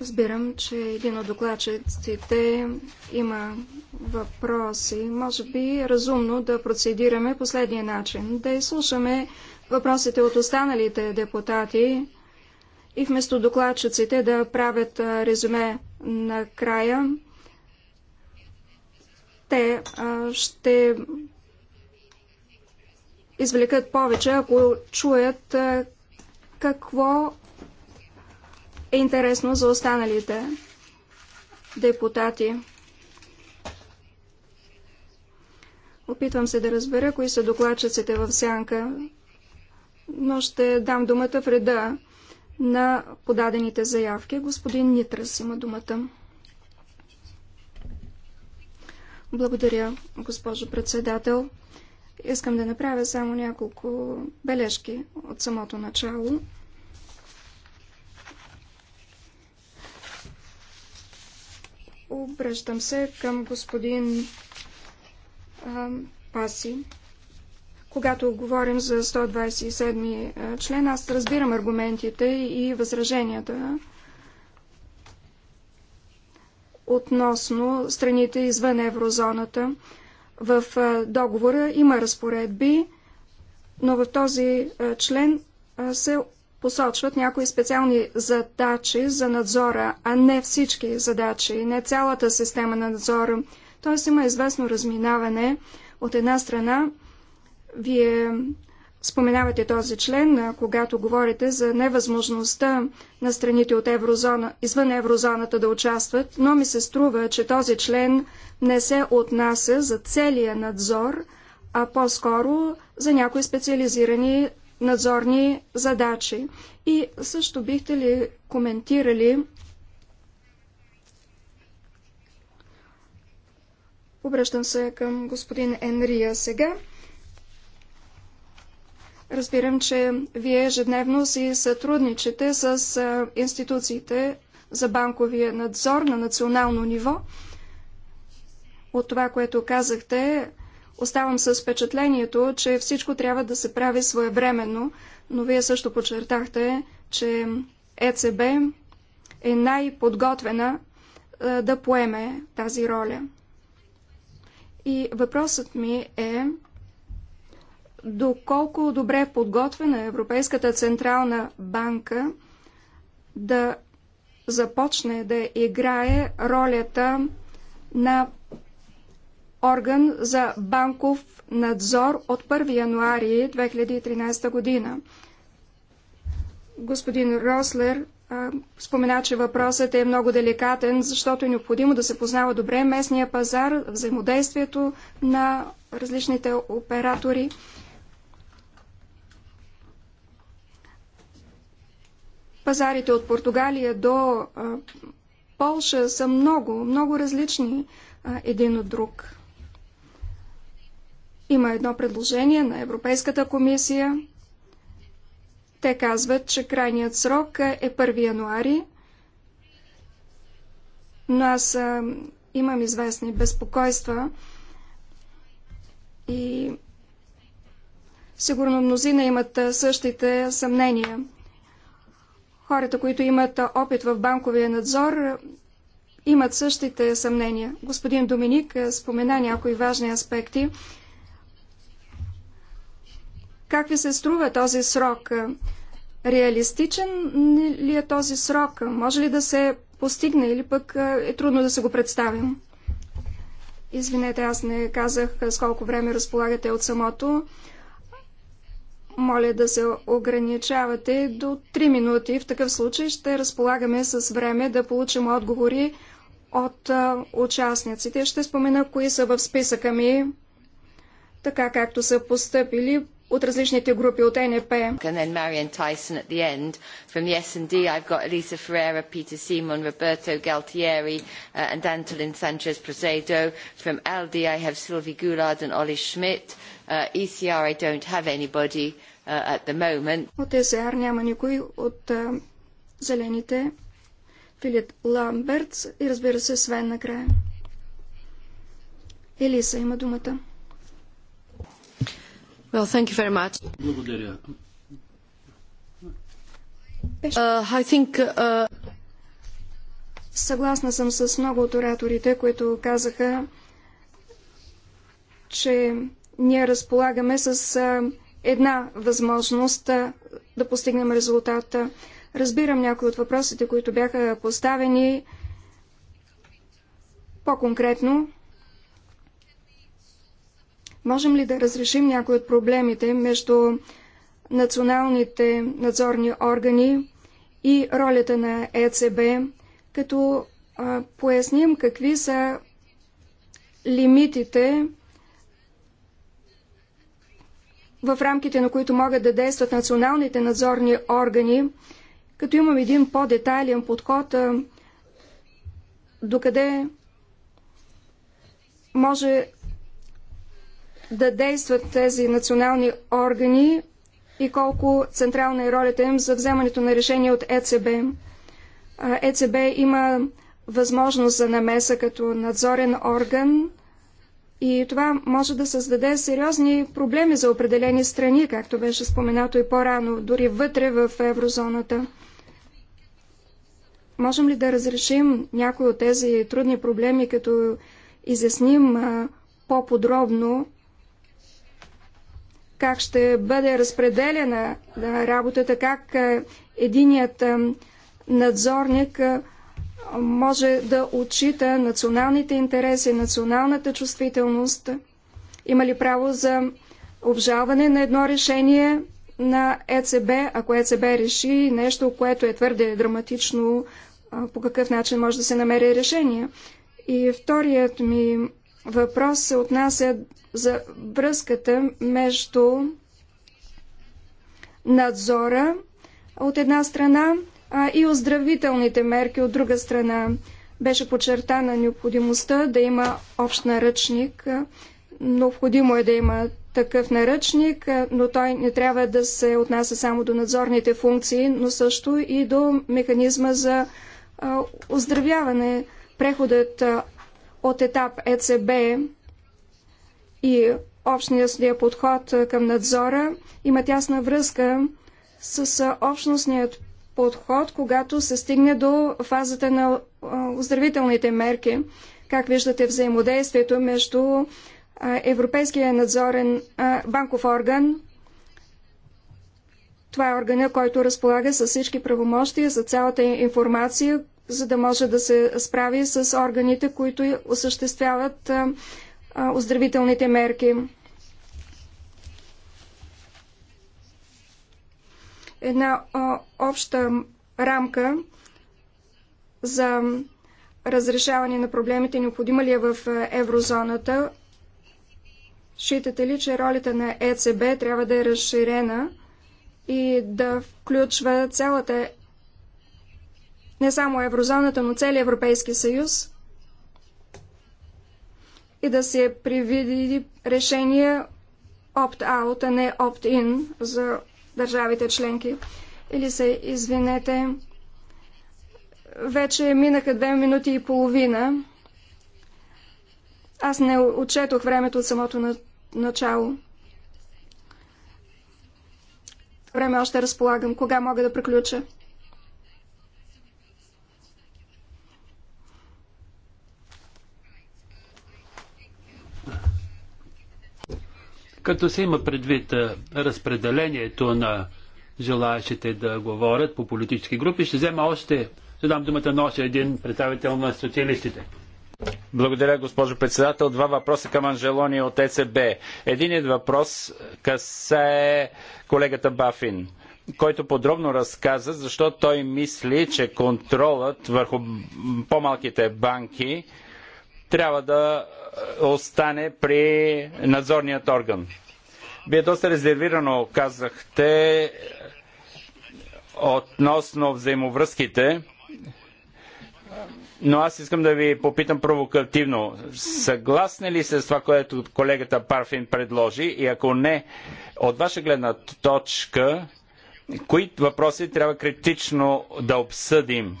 Разбирам, че един от докладчиците има въпроси. Може би е разумно да процедираме последния начин. Да изслушаме въпросите от останалите депутати, и вместо докладчиците да правят резюме на края, те ще извлекат повече, ако чуят какво е интересно за останалите депутати. Опитвам се да разбера кои са докладчиците в сянка, но ще дам думата в реда, на подадените заявки. Господин Нитрас има думата. Благодаря, госпожо председател. Искам да направя само няколко бележки от самото начало. Обръщам се към господин а, Паси. Когато говорим за 127 член, аз разбирам аргументите и възраженията относно страните извън еврозоната. В договора има разпоредби, но в този член се посочват някои специални задачи за надзора, а не всички задачи, не цялата система на надзора. Тоест има известно разминаване от една страна вие споменавате този член, когато говорите за невъзможността на страните от еврозона, извън еврозоната да участват, но ми се струва, че този член не се отнася за целия надзор, а по-скоро за някои специализирани надзорни задачи. И също бихте ли коментирали Обръщам се към господин Енрия сега. Разбирам, че вие ежедневно си сътрудничите с институциите за банковия надзор на национално ниво. От това, което казахте, оставам с впечатлението, че всичко трябва да се прави своевременно, но вие също подчертахте, че ЕЦБ е най-подготвена да поеме тази роля. И въпросът ми е доколко добре е подготвена Европейската централна банка да започне да играе ролята на орган за банков надзор от 1 януари 2013 година. Господин Рослер а, спомена, че въпросът е много деликатен, защото е необходимо да се познава добре местния пазар, взаимодействието на различните оператори. Пазарите от Португалия до Полша са много, много различни един от друг. Има едно предложение на Европейската комисия. Те казват, че крайният срок е 1 януари, но аз а, имам известни безпокойства и сигурно мнозина имат същите съмнения. Хората, които имат опит в банковия надзор, имат същите съмнения. Господин Доминик спомена някои важни аспекти. Как ви се струва този срок? Реалистичен ли е този срок? Може ли да се постигне или пък е, е трудно да се го представим? Извинете, аз не казах с колко време разполагате от самото моля да се ограничавате до 3 минути. В такъв случай ще разполагаме с време да получим отговори от участниците. Ще спомена кои са в списъка ми, така както са постъпили от различните групи от НП. And then Marian Tyson at the end. From the S&D I've got Elisa Ferreira, Peter Simon, Roberto Galtieri uh, and Antolin Sanchez From I have Sylvie Goulard and Schmidt. Uh, ECR, I don't have anybody uh, at the moment. От ЕСР няма никой от зелените. Филип Ламберт, и разбира се Свен накрая. Елиса има думата. Well, thank you very much. Благодаря. Uh, I think, uh... Съгласна съм с много от ораторите, които казаха, че ние разполагаме с една възможност да постигнем резултата. Разбирам някои от въпросите, които бяха поставени по-конкретно. Можем ли да разрешим някои от проблемите между националните надзорни органи и ролята на ЕЦБ, като а, поясним какви са лимитите в рамките на които могат да действат националните надзорни органи, като имам един по-детайлен подход, докъде може да действат тези национални органи и колко централна е ролята им за вземането на решение от ЕЦБ. ЕЦБ има възможност за намеса като надзорен орган и това може да създаде сериозни проблеми за определени страни, както беше споменато и по-рано, дори вътре в еврозоната. Можем ли да разрешим някои от тези трудни проблеми, като изясним по-подробно как ще бъде разпределена работата, как единият надзорник може да отчита националните интереси, националната чувствителност. Има ли право за обжалване на едно решение на ЕЦБ, ако ЕЦБ реши нещо, което е твърде драматично, по какъв начин може да се намери решение. И вторият ми въпрос се отнася за връзката между надзора от една страна и оздравителните мерки от друга страна. Беше подчертана необходимостта да има общ наръчник. Необходимо е да има такъв наръчник, но той не трябва да се отнася само до надзорните функции, но също и до механизма за оздравяване. Преходът от етап ЕЦБ и общностния подход към надзора има тясна връзка с общностният подход, когато се стигне до фазата на оздравителните мерки. Как виждате взаимодействието между Европейския надзорен банков орган? Това е органа, който разполага с всички правомощия за цялата информация, за да може да се справи с органите, които осъществяват оздравителните мерки. една а, обща рамка за разрешаване на проблемите, необходима ли е в еврозоната. Считате ли, че ролята на ЕЦБ трябва да е разширена и да включва цялата не само еврозоната, но целият Европейски съюз и да се привиди решение опт-аут, а не опт-ин за държавите членки. Или се извинете, вече минаха две минути и половина. Аз не отчетох времето от самото на... начало. Време още разполагам. Кога мога да приключа? Като се има предвид разпределението на желаящите да говорят по политически групи, ще взема още, ще дам думата на още един представител на социалистите. Благодаря, госпожо председател. Два въпроса към Анжелони от ЕЦБ. Единият въпрос касае колегата Бафин който подробно разказа защо той мисли, че контролът върху по-малките банки трябва да е, остане при надзорният орган. Вие доста резервирано казахте е, относно взаимовръзките, но аз искам да ви попитам провокативно. Съгласни ли се с това, което колегата Парфин предложи? И ако не, от ваша гледна точка, кои въпроси трябва критично да обсъдим?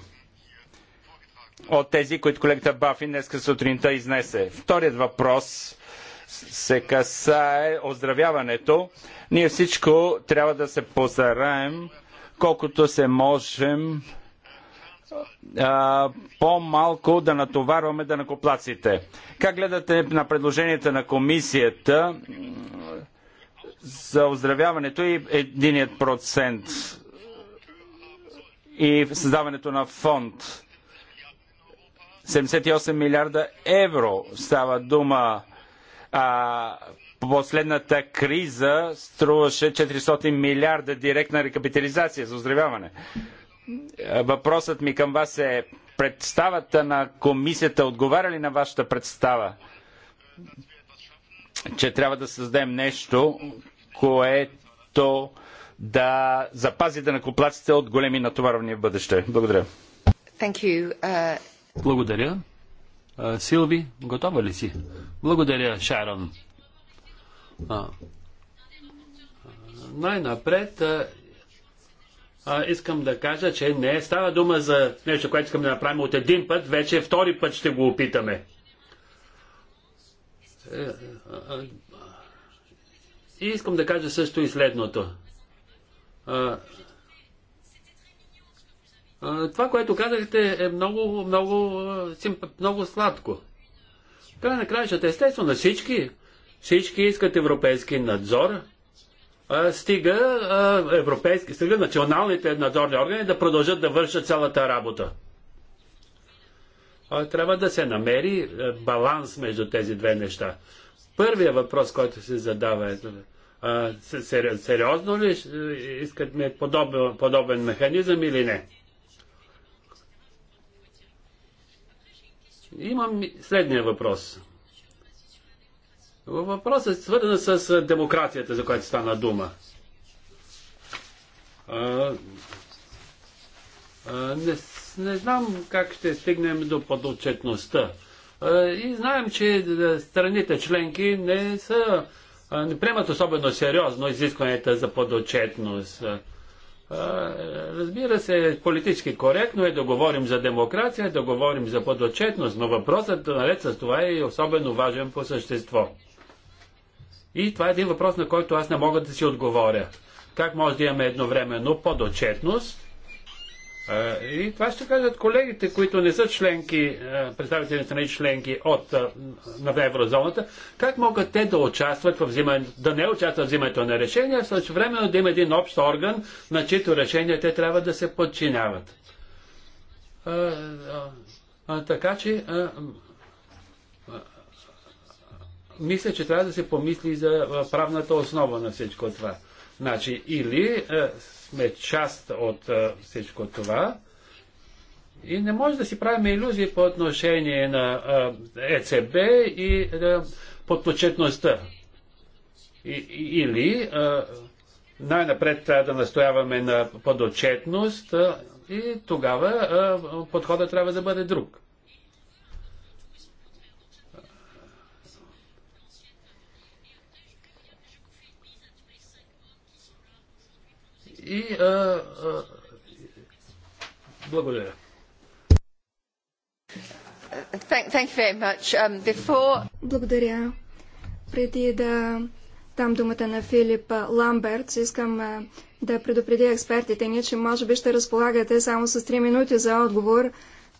от тези, които колегата Бафи, днес сутринта изнесе. Вторият въпрос се касае оздравяването. Ние всичко трябва да се позараем колкото се можем по-малко да натоварваме накоплаците. Как гледате на предложенията на комисията за оздравяването и единият процент и създаването на фонд? 78 милиарда евро става дума. А, последната криза струваше 400 милиарда директна рекапитализация за оздравяване. Въпросът ми към вас е представата на комисията отговаря ли на вашата представа, че трябва да създадем нещо, което да запази да накоплаците от големи натоварвания в бъдеще? Благодаря. Thank you. Uh... Благодаря. Силви, готова ли си? Благодаря, Шарон. най-напред искам да кажа, че не става дума за нещо, което искам да направим от един път, вече втори път ще го опитаме. Е, и искам да кажа също и следното. Това, което казахте, е много, много, много сладко. Край на краищата, естествено, на всички, всички искат европейски надзор, стига европейски, стига националните надзорни органи да продължат да вършат цялата работа. трябва да се намери е, баланс между тези две неща. Първият въпрос, който се задава е сериозно ли е, искат подобен, подобен механизъм или не? Имам следния въпрос. Въпросът е свързан с демокрацията, за която стана дума. А, а, не, не знам как ще стигнем до подотчетността. и знаем, че страните членки не са не приемат особено сериозно изискванията за подотчетност. Разбира се, политически коректно е да говорим за демокрация, да говорим за подотчетност, но въпросът наред с това е особено важен по същество. И това е един въпрос, на който аз не мога да си отговоря. Как може да имаме едновременно подотчетност и това ще кажат колегите, които не са членки, представители на страни членки от, на еврозоната, как могат те да участват в взимане, да не участват в взимането на решения, също времено да има един общ орган, на чието решения те трябва да се подчиняват. А, а, така че а, мисля, че трябва да се помисли за правната основа на всичко това. Значи, или сме част от всичко това. И не може да си правим иллюзии по отношение на ЕЦБ и подпочетността. или най-напред трябва да настояваме на подотчетност и тогава подходът трябва да бъде друг. И а, а, благодаря. Thank, thank very much. Um, before... Благодаря. Преди да дам думата на Филип Ламберт, искам да предупредя експертите ни, че може би ще разполагате само с 3 минути за отговор.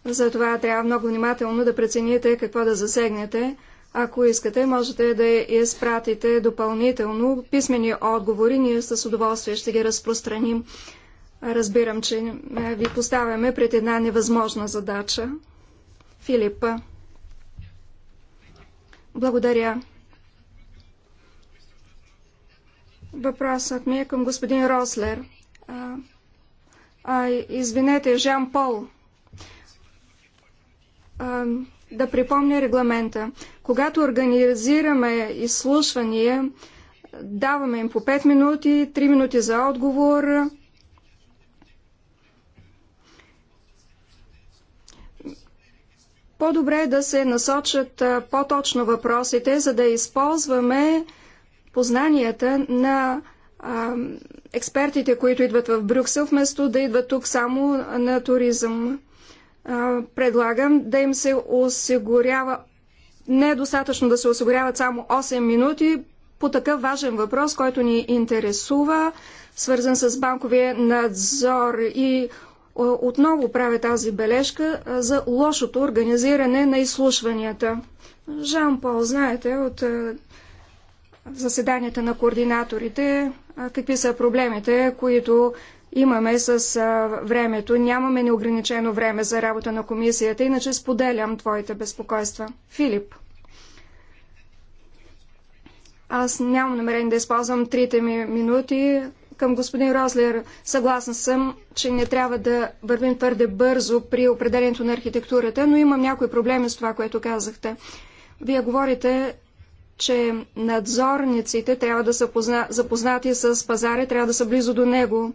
Затова трябва много внимателно да прецените какво да засегнете. Ако искате, можете да изпратите допълнително писмени отговори. Ние с удоволствие ще ги разпространим. Разбирам, че е, ви поставяме пред една невъзможна задача. Филип. Благодаря. Въпросът ми е към господин Рослер. А, а извинете, Жан Пол. А, да припомня регламента. Когато организираме изслушвания, даваме им по 5 минути, 3 минути за отговор. По-добре е да се насочат по-точно въпросите, за да използваме познанията на а, експертите, които идват в Брюксел, вместо да идват тук само на туризъм предлагам да им се осигурява, не е достатъчно да се осигуряват само 8 минути по такъв важен въпрос, който ни интересува, свързан с банковия надзор и отново правя тази бележка за лошото организиране на изслушванията. Жан Пол, знаете от заседанията на координаторите какви са проблемите, които имаме с времето. Нямаме неограничено време за работа на комисията, иначе споделям твоите безпокойства. Филип. Аз нямам намерение да използвам трите ми минути. Към господин Рослер съгласна съм, че не трябва да вървим твърде бързо при определенето на архитектурата, но имам някои проблеми с това, което казахте. Вие говорите че надзорниците трябва да са запознати с пазара, трябва да са близо до него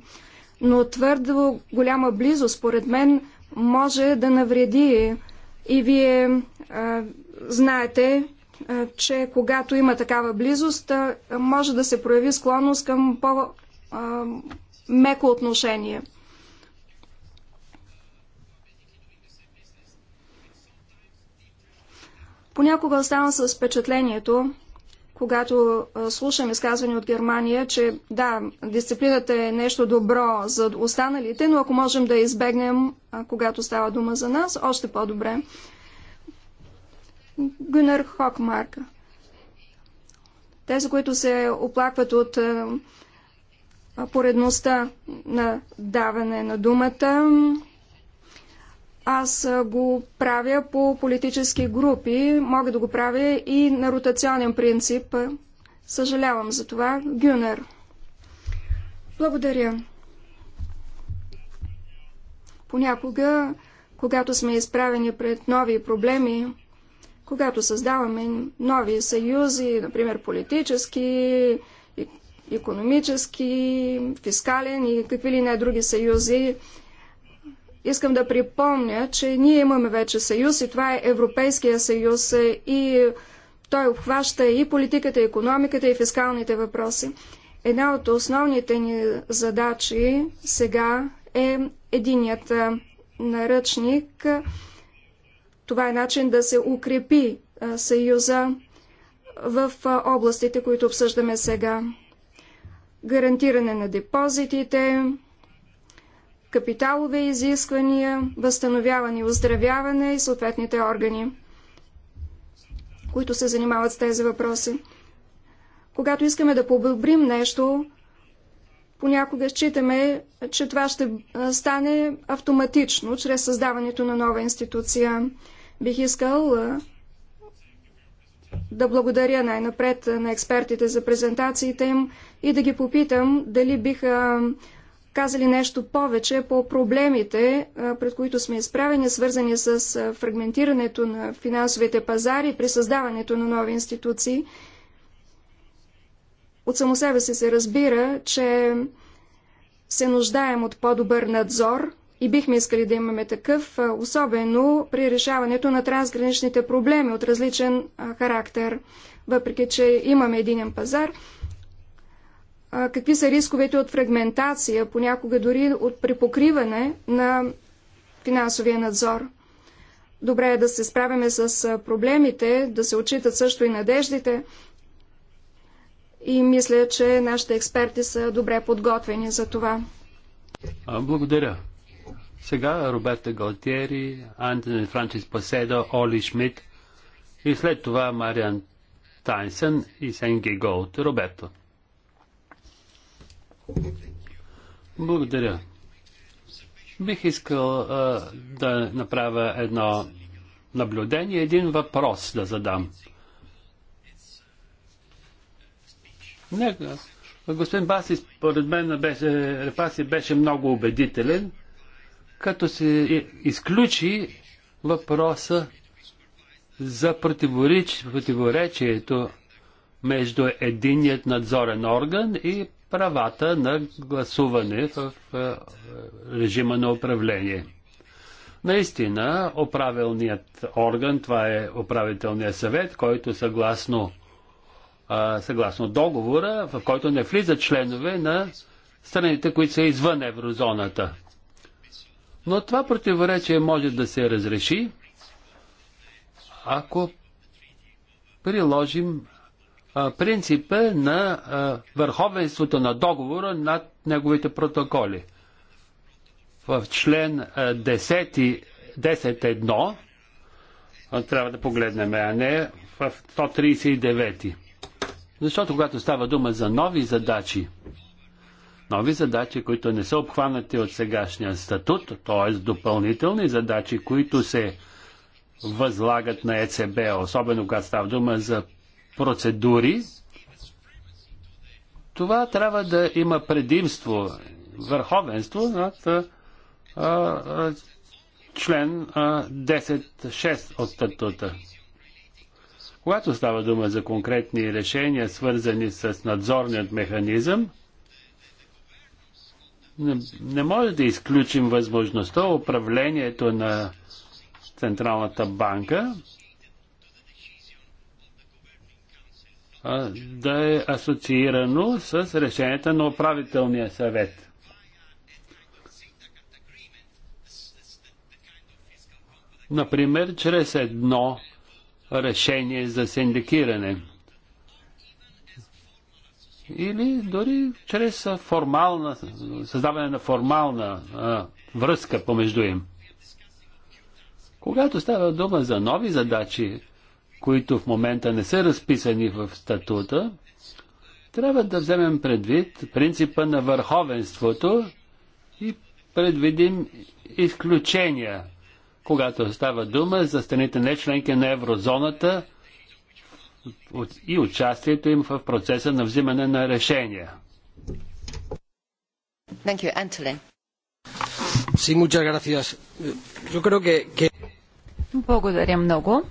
но твърдо голяма близост, според мен, може да навреди. И вие а, знаете, а, че когато има такава близост, а, може да се прояви склонност към по-меко отношение. Понякога оставам с впечатлението, когато слушам изказвания от Германия, че да, дисциплината е нещо добро за останалите, но ако можем да избегнем, когато става дума за нас, още по-добре. Гюнер Хокмарк. Тези, които се оплакват от поредността на даване на думата, аз го правя по политически групи, мога да го правя и на ротационен принцип. Съжалявам за това. Гюнер. Благодаря. Понякога, когато сме изправени пред нови проблеми, когато създаваме нови съюзи, например политически, економически, фискален и какви ли не други съюзи, Искам да припомня, че ние имаме вече съюз и това е Европейския съюз е, и той обхваща и политиката, и економиката, и фискалните въпроси. Една от основните ни задачи сега е единият е, наръчник. Това е начин да се укрепи е, съюза в областите, които обсъждаме сега. Гарантиране на депозитите, капиталови изисквания, възстановяване и оздравяване и съответните органи, които се занимават с тези въпроси. Когато искаме да подобрим нещо, понякога считаме, че това ще стане автоматично, чрез създаването на нова институция. Бих искал да благодаря най-напред на експертите за презентациите им и да ги попитам дали биха казали нещо повече по проблемите, пред които сме изправени, свързани с фрагментирането на финансовите пазари при създаването на нови институции. От само себе си се разбира, че се нуждаем от по-добър надзор и бихме искали да имаме такъв, особено при решаването на трансграничните проблеми от различен характер. Въпреки, че имаме единен пазар, какви са рисковете от фрагментация, понякога дори от припокриване на финансовия надзор. Добре е да се справяме с проблемите, да се отчитат също и надеждите. И мисля, че нашите експерти са добре подготвени за това. Благодаря. Сега Роберта Галтиери, Антони Франчис Паседо, Оли Шмидт и след това Мариан Тайнсън и Сенги Голт. Роберто. Благодаря. Бих искал а, да направя едно наблюдение, един въпрос да задам. Не, господин Баси, според мен, беше, Репаси беше много убедителен, като се изключи въпроса за противоречието между единият надзорен орган и правата на гласуване в е, режима на управление. Наистина, управилният орган, това е управителният съвет, който съгласно, съгласно договора, в който не влизат членове на страните, които са извън еврозоната. Но това противоречие може да се разреши, ако приложим принципа на върховенството на договора над неговите протоколи. В член 10.1 10 трябва да погледнем, а не в 139. Защото когато става дума за нови задачи, нови задачи, които не са обхванати от сегашния статут, т.е. допълнителни задачи, които се възлагат на ЕЦБ, особено когато става дума за процедури, това трябва да има предимство, върховенство над а, а, член а, 10.6 от статута. Когато става дума за конкретни решения, свързани с надзорният механизъм, не, не може да изключим възможността управлението на Централната банка да е асоциирано с решенията на управителния съвет. Например, чрез едно решение за синдикиране. Или дори чрез формална, създаване на формална а, връзка помежду им. Когато става дума за нови задачи, които в момента не са разписани в статута, трябва да вземем предвид принципа на върховенството и предвидим изключения, когато става дума за страните не членки на еврозоната и участието им в процеса на взимане на решения. Благодаря много.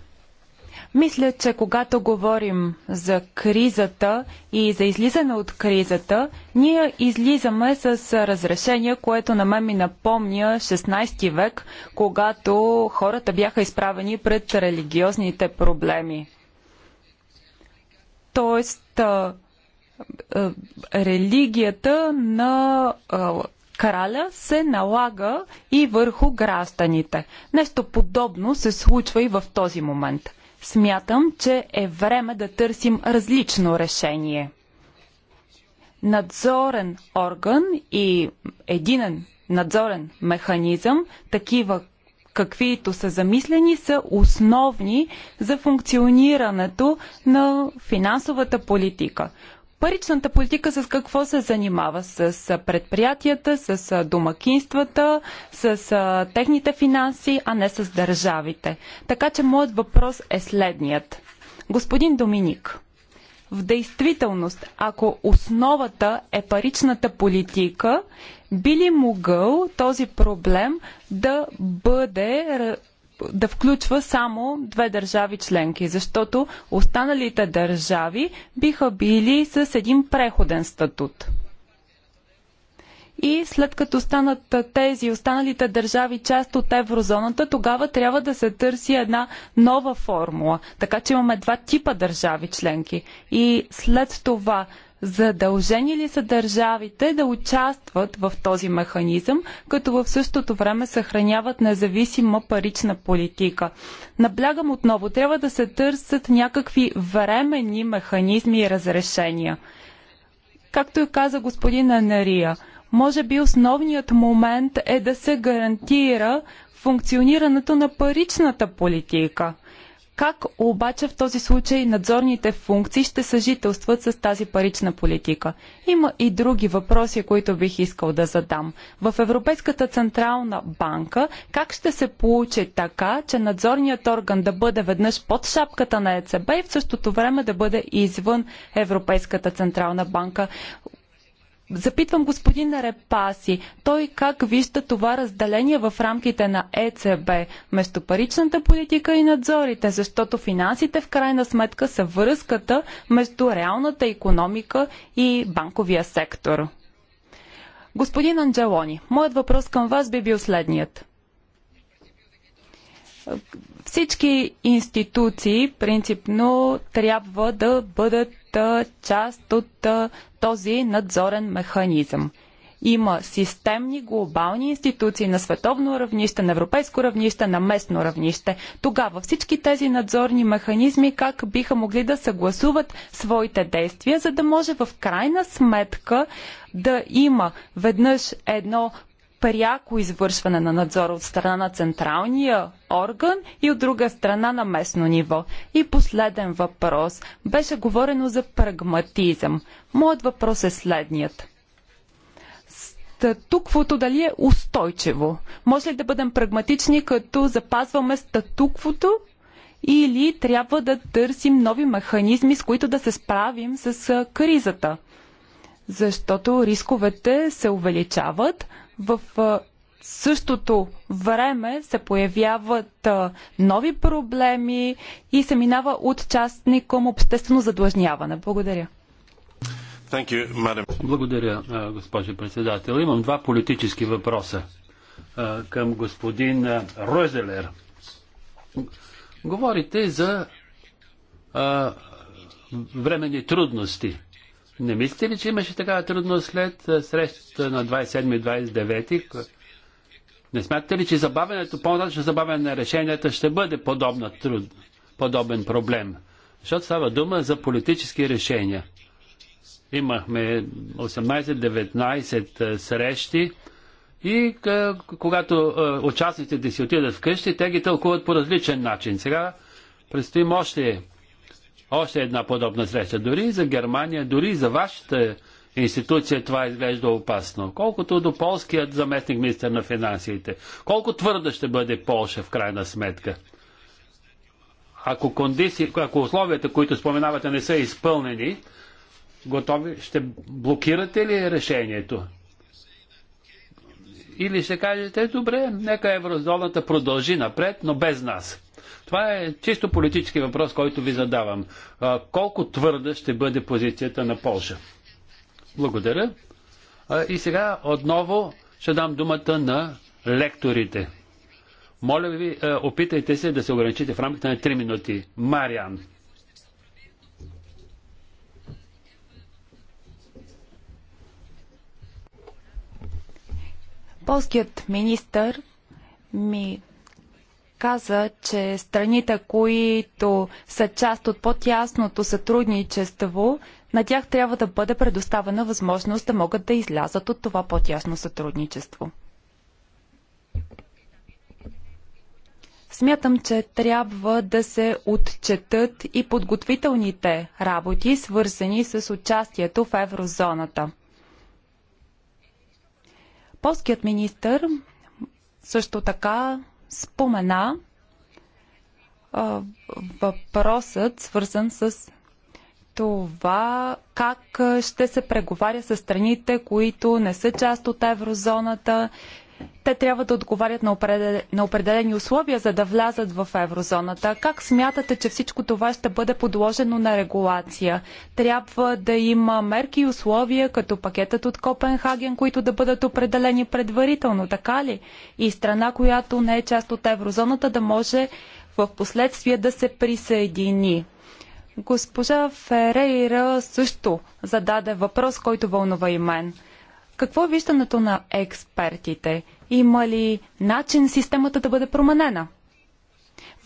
Мисля, че когато говорим за кризата и за излизане от кризата, ние излизаме с разрешение, което на мен ми напомня 16 век, когато хората бяха изправени пред религиозните проблеми. Тоест, религията на краля се налага и върху гражданите. Нещо подобно се случва и в този момент. Смятам, че е време да търсим различно решение. Надзорен орган и единен надзорен механизъм, такива каквито са замислени, са основни за функционирането на финансовата политика паричната политика с какво се занимава? С предприятията, с домакинствата, с техните финанси, а не с държавите. Така че моят въпрос е следният. Господин Доминик, в действителност, ако основата е паричната политика, би ли могъл този проблем да бъде да включва само две държави членки, защото останалите държави биха били с един преходен статут. И след като станат тези останалите държави част от еврозоната, тогава трябва да се търси една нова формула. Така че имаме два типа държави членки. И след това Задължени ли са държавите да участват в този механизъм, като в същото време съхраняват независима парична политика? Наблягам отново, трябва да се търсят някакви временни механизми и разрешения. Както и каза господин Анария, може би основният момент е да се гарантира функционирането на паричната политика. Как обаче в този случай надзорните функции ще съжителстват с тази парична политика? Има и други въпроси, които бих искал да задам. В Европейската централна банка как ще се получи така, че надзорният орган да бъде веднъж под шапката на ЕЦБ и в същото време да бъде извън Европейската централна банка? Запитвам господин Репаси, той как вижда това разделение в рамките на ЕЦБ между паричната политика и надзорите, защото финансите в крайна сметка са връзката между реалната економика и банковия сектор. Господин Анджелони, моят въпрос към вас би бил следният. Всички институции принципно трябва да бъдат част от този надзорен механизъм. Има системни глобални институции на световно равнище, на европейско равнище, на местно равнище. Тогава всички тези надзорни механизми как биха могли да съгласуват своите действия, за да може в крайна сметка да има веднъж едно пряко извършване на надзора от страна на централния орган и от друга страна на местно ниво. И последен въпрос. Беше говорено за прагматизъм. Моят въпрос е следният. Статуквото дали е устойчиво? Може ли да бъдем прагматични, като запазваме статуквото или трябва да търсим нови механизми, с които да се справим с кризата? Защото рисковете се увеличават, в същото време се появяват нови проблеми и се минава от частни към обществено задлъжняване. Благодаря. You, Благодаря, госпожо председател. Имам два политически въпроса към господин Розелер. Говорите за времени трудности. Не мислите ли, че имаше такава трудност след срещата на 27-29? и Не смятате ли, че забавянето, по-нататъчно забавяне на решенията ще бъде подобна труд, подобен проблем? Защото става дума за политически решения. Имахме 18-19 срещи и когато участниците си отидат вкъщи, те ги тълкуват по различен начин. Сега предстоим още още една подобна среща. Дори за Германия, дори за вашата институция това изглежда опасно. Колкото до полският заместник министр на финансите, колко твърда ще бъде Полша в крайна сметка? Ако, кондиции, ако условията, които споменавате, не са изпълнени, готови, ще блокирате ли решението? Или ще кажете, добре, нека еврозоната продължи напред, но без нас. Това е чисто политически въпрос, който ви задавам. Колко твърда ще бъде позицията на Польша? Благодаря. И сега отново ще дам думата на лекторите. Моля ви, опитайте се да се ограничите в рамките на 3 минути. Мариан. Полският министър ми каза, че страните, които са част от по-тясното сътрудничество, на тях трябва да бъде предоставена възможност да могат да излязат от това по-тясно сътрудничество. Смятам, че трябва да се отчетат и подготвителните работи, свързани с участието в еврозоната. Полският министр също така спомена въпросът, свързан с това как ще се преговаря с страните, които не са част от еврозоната те трябва да отговарят на определени условия, за да влязат в еврозоната. Как смятате, че всичко това ще бъде подложено на регулация? Трябва да има мерки и условия, като пакетът от Копенхаген, които да бъдат определени предварително, така ли? И страна, която не е част от еврозоната, да може в последствие да се присъедини. Госпожа Ферейра също зададе въпрос, който вълнува и мен – какво е виждането на експертите? Има ли начин системата да бъде променена?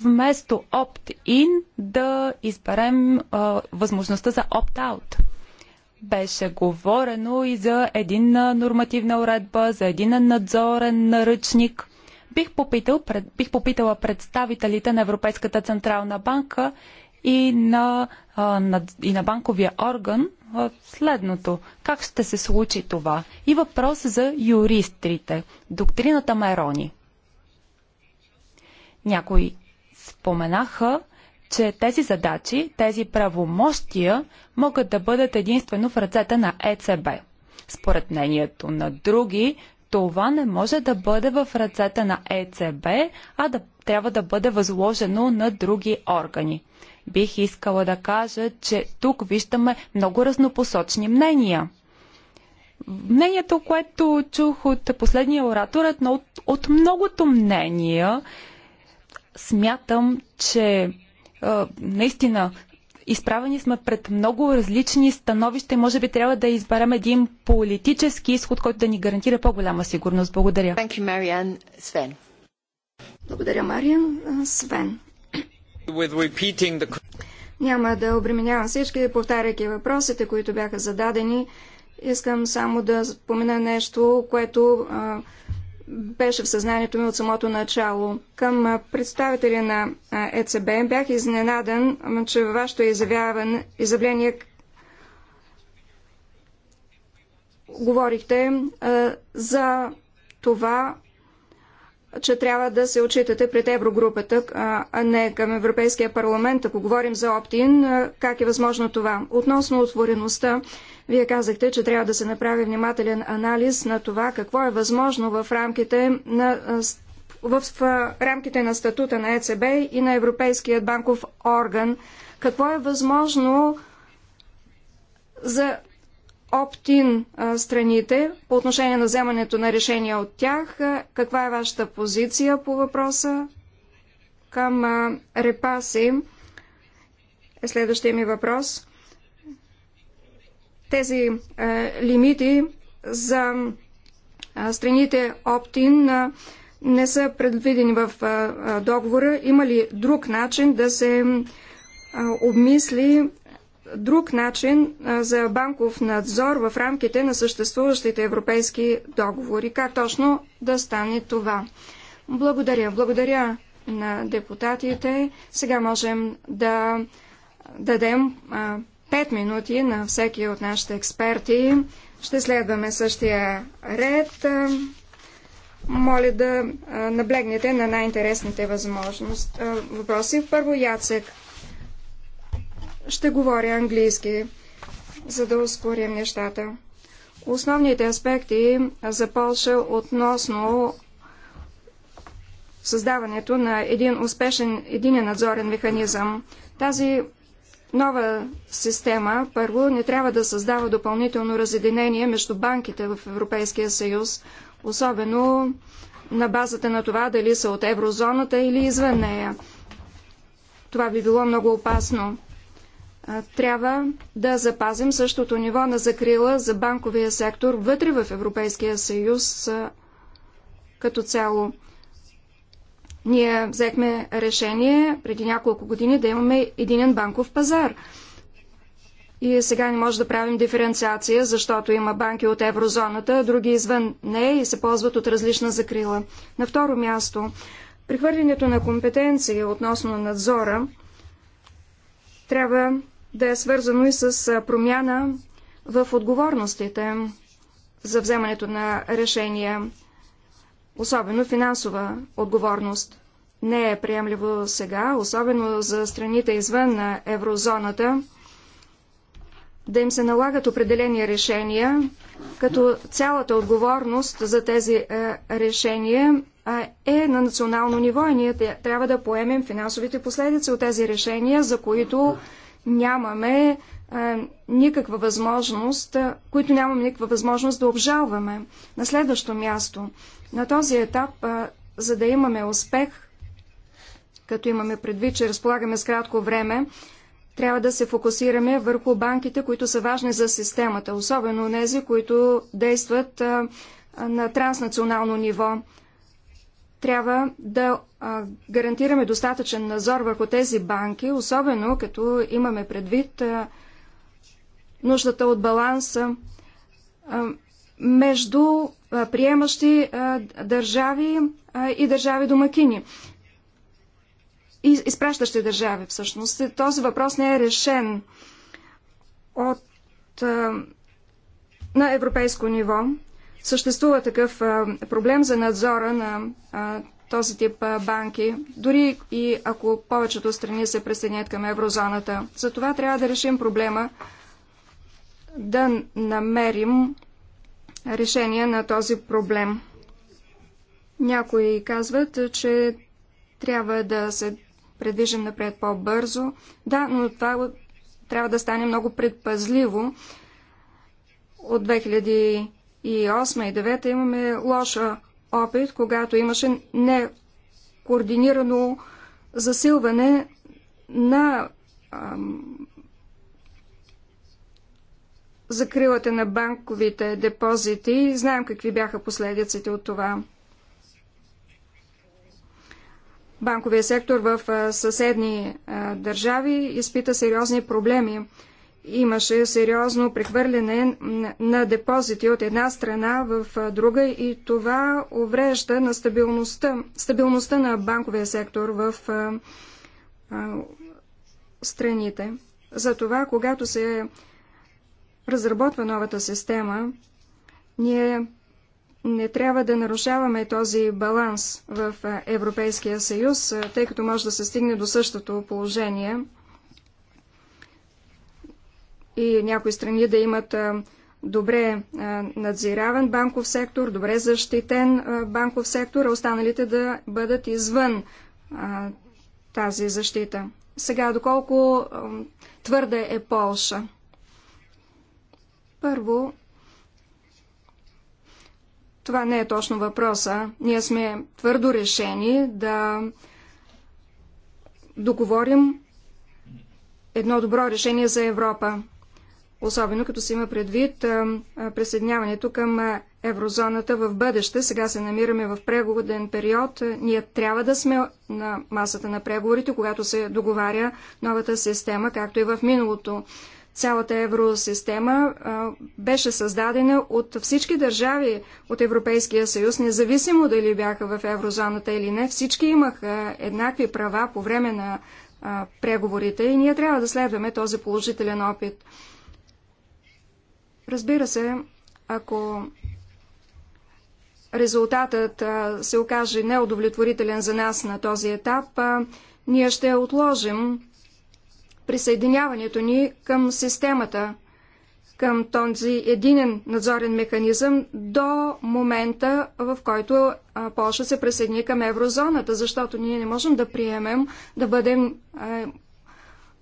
Вместо opt-in да изберем а, възможността за opt-out. Беше говорено и за единна нормативна уредба, за един надзорен наръчник. Бих, попитал, пред, бих попитала представителите на Европейската Централна банка и на, а, над, и на банковия орган следното. Как ще се случи това? И въпрос за юристите. Доктрината Майрони. Някои споменаха, че тези задачи, тези правомощия могат да бъдат единствено в ръцете на ЕЦБ. Според мнението на други, това не може да бъде в ръцете на ЕЦБ, а да трябва да бъде възложено на други органи. Бих искала да кажа, че тук виждаме много разнопосочни мнения. Мнението, което чух от последния оратор, е но от, от многото мнения. Смятам, че е, наистина изправени сме пред много различни становища и може би трябва да изберем един политически изход, който да ни гарантира по-голяма сигурност. Благодаря. Благодаря, Мариан. Свен. Няма да обременявам всички, повтаряйки въпросите, които бяха зададени. Искам само да спомена нещо, което а, беше в съзнанието ми от самото начало. Към представители на ЕЦБ бях изненадан, че във вашето изявление говорихте а, за това че трябва да се отчитате пред Еврогрупата, а не към Европейския парламент. Ако говорим за оптин, как е възможно това? Относно отвореността, вие казахте, че трябва да се направи внимателен анализ на това какво е възможно в рамките на в рамките на статута на ЕЦБ и на Европейският банков орган. Какво е възможно за оптин страните по отношение на вземането на решения от тях. Каква е вашата позиция по въпроса към репаси? Е следващия ми въпрос. Тези е, лимити за е, страните оптин е, не са предвидени в е, договора. Има ли друг начин да се е, обмисли друг начин за банков надзор в рамките на съществуващите европейски договори. Как точно да стане това? Благодаря. Благодаря на депутатите. Сега можем да дадем 5 минути на всеки от нашите експерти. Ще следваме същия ред. Моля да наблегнете на най-интересните възможности. Въпроси. Първо Яцек. Ще говоря английски, за да ускорим нещата. Основните аспекти за Полша относно създаването на един успешен единен надзорен механизъм. Тази нова система, първо, не трябва да създава допълнително разединение между банките в Европейския съюз, особено на базата на това дали са от еврозоната или извън нея. Това би било много опасно трябва да запазим същото ниво на закрила за банковия сектор вътре в Европейския съюз като цяло. Ние взехме решение преди няколко години да имаме единен банков пазар. И сега не може да правим диференциация, защото има банки от еврозоната, други извън нея и се ползват от различна закрила. На второ място, прихвърлянето на компетенции относно надзора трябва да е свързано и с промяна в отговорностите за вземането на решения, особено финансова отговорност. Не е приемливо сега, особено за страните извън на еврозоната, да им се налагат определени решения, като цялата отговорност за тези решения е на национално ниво и ние трябва да поемем финансовите последици от тези решения, за които нямаме а, никаква възможност, а, които нямаме никаква възможност да обжалваме. На следващо място, на този етап, а, за да имаме успех, като имаме предвид, че разполагаме с кратко време, трябва да се фокусираме върху банките, които са важни за системата, особено тези, които действат а, на транснационално ниво трябва да гарантираме достатъчен назор върху тези банки, особено като имаме предвид нуждата от баланса между приемащи държави и държави домакини. И изпращащи държави, всъщност. Този въпрос не е решен от, на европейско ниво съществува такъв проблем за надзора на този тип банки, дори и ако повечето страни се присъединят към еврозоната. Затова трябва да решим проблема, да намерим решение на този проблем. Някои казват, че трябва да се предвижим напред по-бързо. Да, но това трябва да стане много предпазливо. От 2000 и 8 и 9 имаме лоша опит, когато имаше некоординирано засилване на ам, закрилата на банковите депозити. Знаем какви бяха последиците от това. Банковия сектор в съседни държави изпита сериозни проблеми имаше сериозно прехвърляне на депозити от една страна в друга и това уврежда на стабилността, стабилността на банковия сектор в страните. Затова, когато се разработва новата система, ние не трябва да нарушаваме този баланс в Европейския съюз, тъй като може да се стигне до същото положение – и някои страни да имат добре надзираван банков сектор, добре защитен банков сектор, а останалите да бъдат извън тази защита. Сега, доколко твърда е Полша? Първо, това не е точно въпроса. Ние сме твърдо решени да договорим едно добро решение за Европа особено като се има предвид присъединяването към еврозоната в бъдеще. Сега се намираме в преговорен период. Ние трябва да сме на масата на преговорите, когато се договаря новата система, както и в миналото. Цялата евросистема беше създадена от всички държави от Европейския съюз, независимо дали бяха в еврозоната или не. Всички имаха еднакви права по време на преговорите и ние трябва да следваме този положителен опит. Разбира се, ако резултатът се окаже неудовлетворителен за нас на този етап, ние ще отложим присъединяването ни към системата, към този единен надзорен механизъм до момента, в който Польша се присъедини към еврозоната, защото ние не можем да приемем да бъдем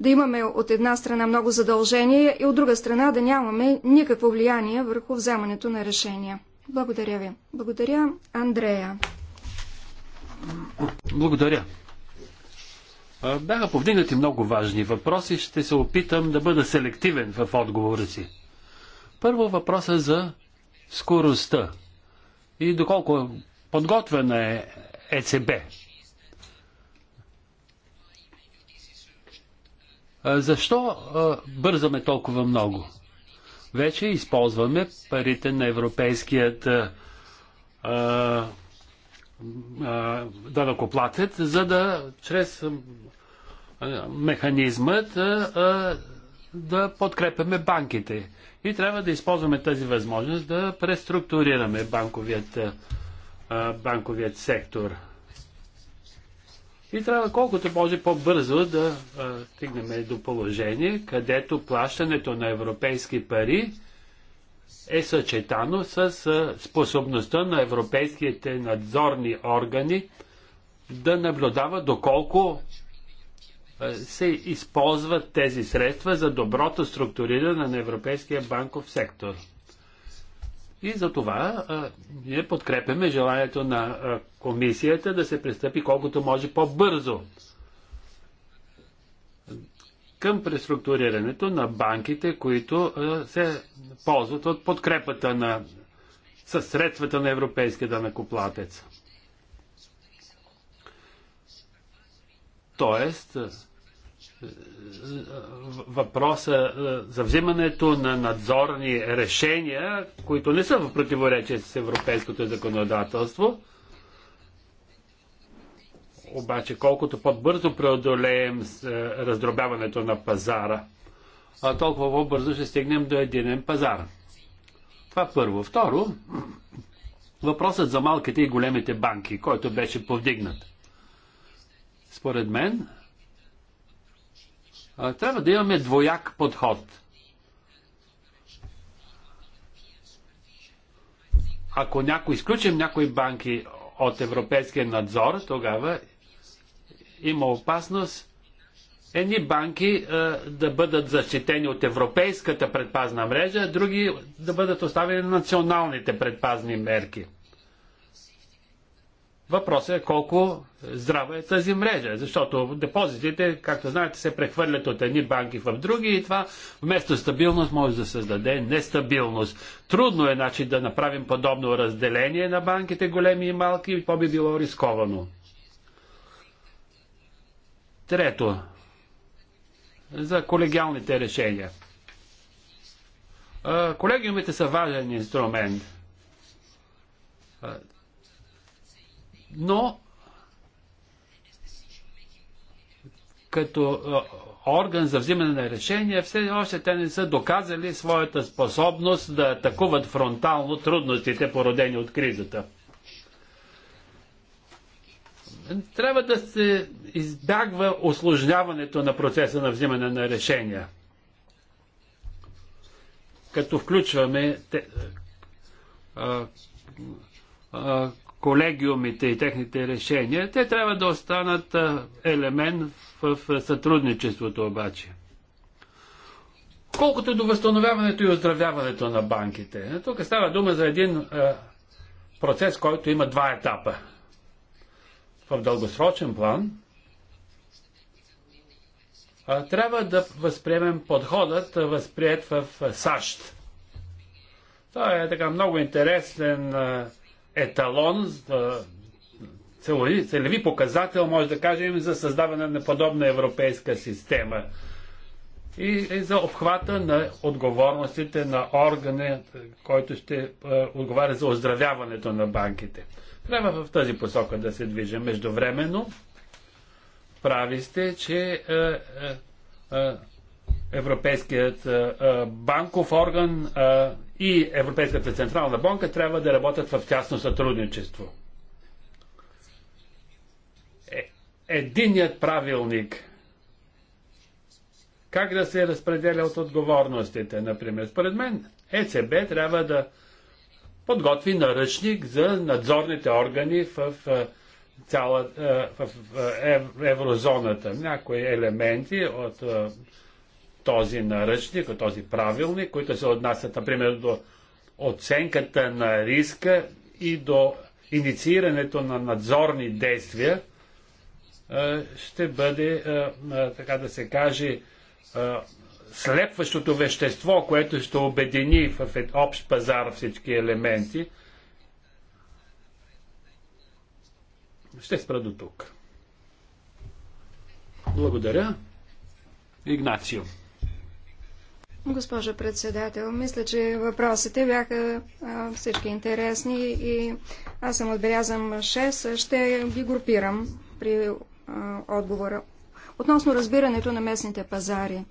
да имаме от една страна много задължения и от друга страна да нямаме никакво влияние върху вземането на решения. Благодаря ви. Благодаря, Андрея. Благодаря. Бяха повдигнати много важни въпроси. Ще се опитам да бъда селективен в отговора си. Първо въпроса за скоростта и доколко подготвена е ЕЦБ Защо бързаме толкова много? Вече използваме парите на Европейският данъкоплатец, за да чрез механизмът да подкрепяме банките. И трябва да използваме тази възможност да преструктурираме банковият, банковият сектор. И трябва колкото може по-бързо да а, стигнем до положение, където плащането на европейски пари е съчетано с а, способността на европейските надзорни органи да наблюдава доколко а, се използват тези средства за доброто структуриране на европейския банков сектор. И за това ние подкрепяме желанието на комисията да се пристъпи колкото може по-бързо към преструктурирането на банките, които се ползват от подкрепата на със средствата на европейския данъкоплатец. Тоест, въпроса е, за взимането на надзорни решения, които не са в противоречие с европейското законодателство. Обаче, колкото по-бързо преодолеем е, раздробяването на пазара, толкова по-бързо ще стигнем до единен пазар. Това е първо. Второ, въпросът за малките и големите банки, който беше повдигнат. Според мен, трябва да имаме двояк подход. Ако някой, изключим някои банки от европейския надзор, тогава има опасност едни банки а, да бъдат защитени от европейската предпазна мрежа, а други да бъдат оставени на националните предпазни мерки. Въпросът е колко здрава е тази мрежа, защото депозитите, както знаете, се прехвърлят от едни банки в други и това вместо стабилност може да създаде нестабилност. Трудно е значи, да направим подобно разделение на банките, големи и малки, и то би било рисковано. Трето, за колегиалните решения. Колегиумите са важен инструмент – Но като орган за взимане на решения, все още те не са доказали своята способност да атакуват фронтално трудностите, породени от кризата. Трябва да се избягва осложняването на процеса на взимане на решения. Като включваме те, а, а, колегиумите и техните решения, те трябва да останат елемент в сътрудничеството обаче. Колкото до възстановяването и оздравяването на банките, тук става дума за един процес, който има два етапа. В дългосрочен план трябва да възприемем подходът, възприят в САЩ. Той е така много интересен еталон, целеви показател, може да кажем, за създаване на подобна европейска система и за обхвата на отговорностите на органа, който ще е, отговаря за оздравяването на банките. Трябва в тази посока да се движим. Междувременно прави сте, че е, е, Европейският банков орган и Европейската централна банка трябва да работят в тясно сътрудничество. Е, единият правилник как да се разпределя от отговорностите, например. Според мен ЕЦБ трябва да подготви наръчник за надзорните органи в, цяла, е, в еврозоната. Някои елементи от е, този наръчник, от този правилник, които се отнасят, например, до оценката на риска и до инициирането на надзорни действия, е, ще бъде, е, е, така да се каже, слепващото вещество, което ще обедини в общ пазар всички елементи. Ще спра до тук. Благодаря. Игнацио. Госпожо председател, мисля, че въпросите бяха а, всички интересни и аз съм отбелязам 6. Ще ги групирам при а, отговора. Относно разбирането на местните пазари.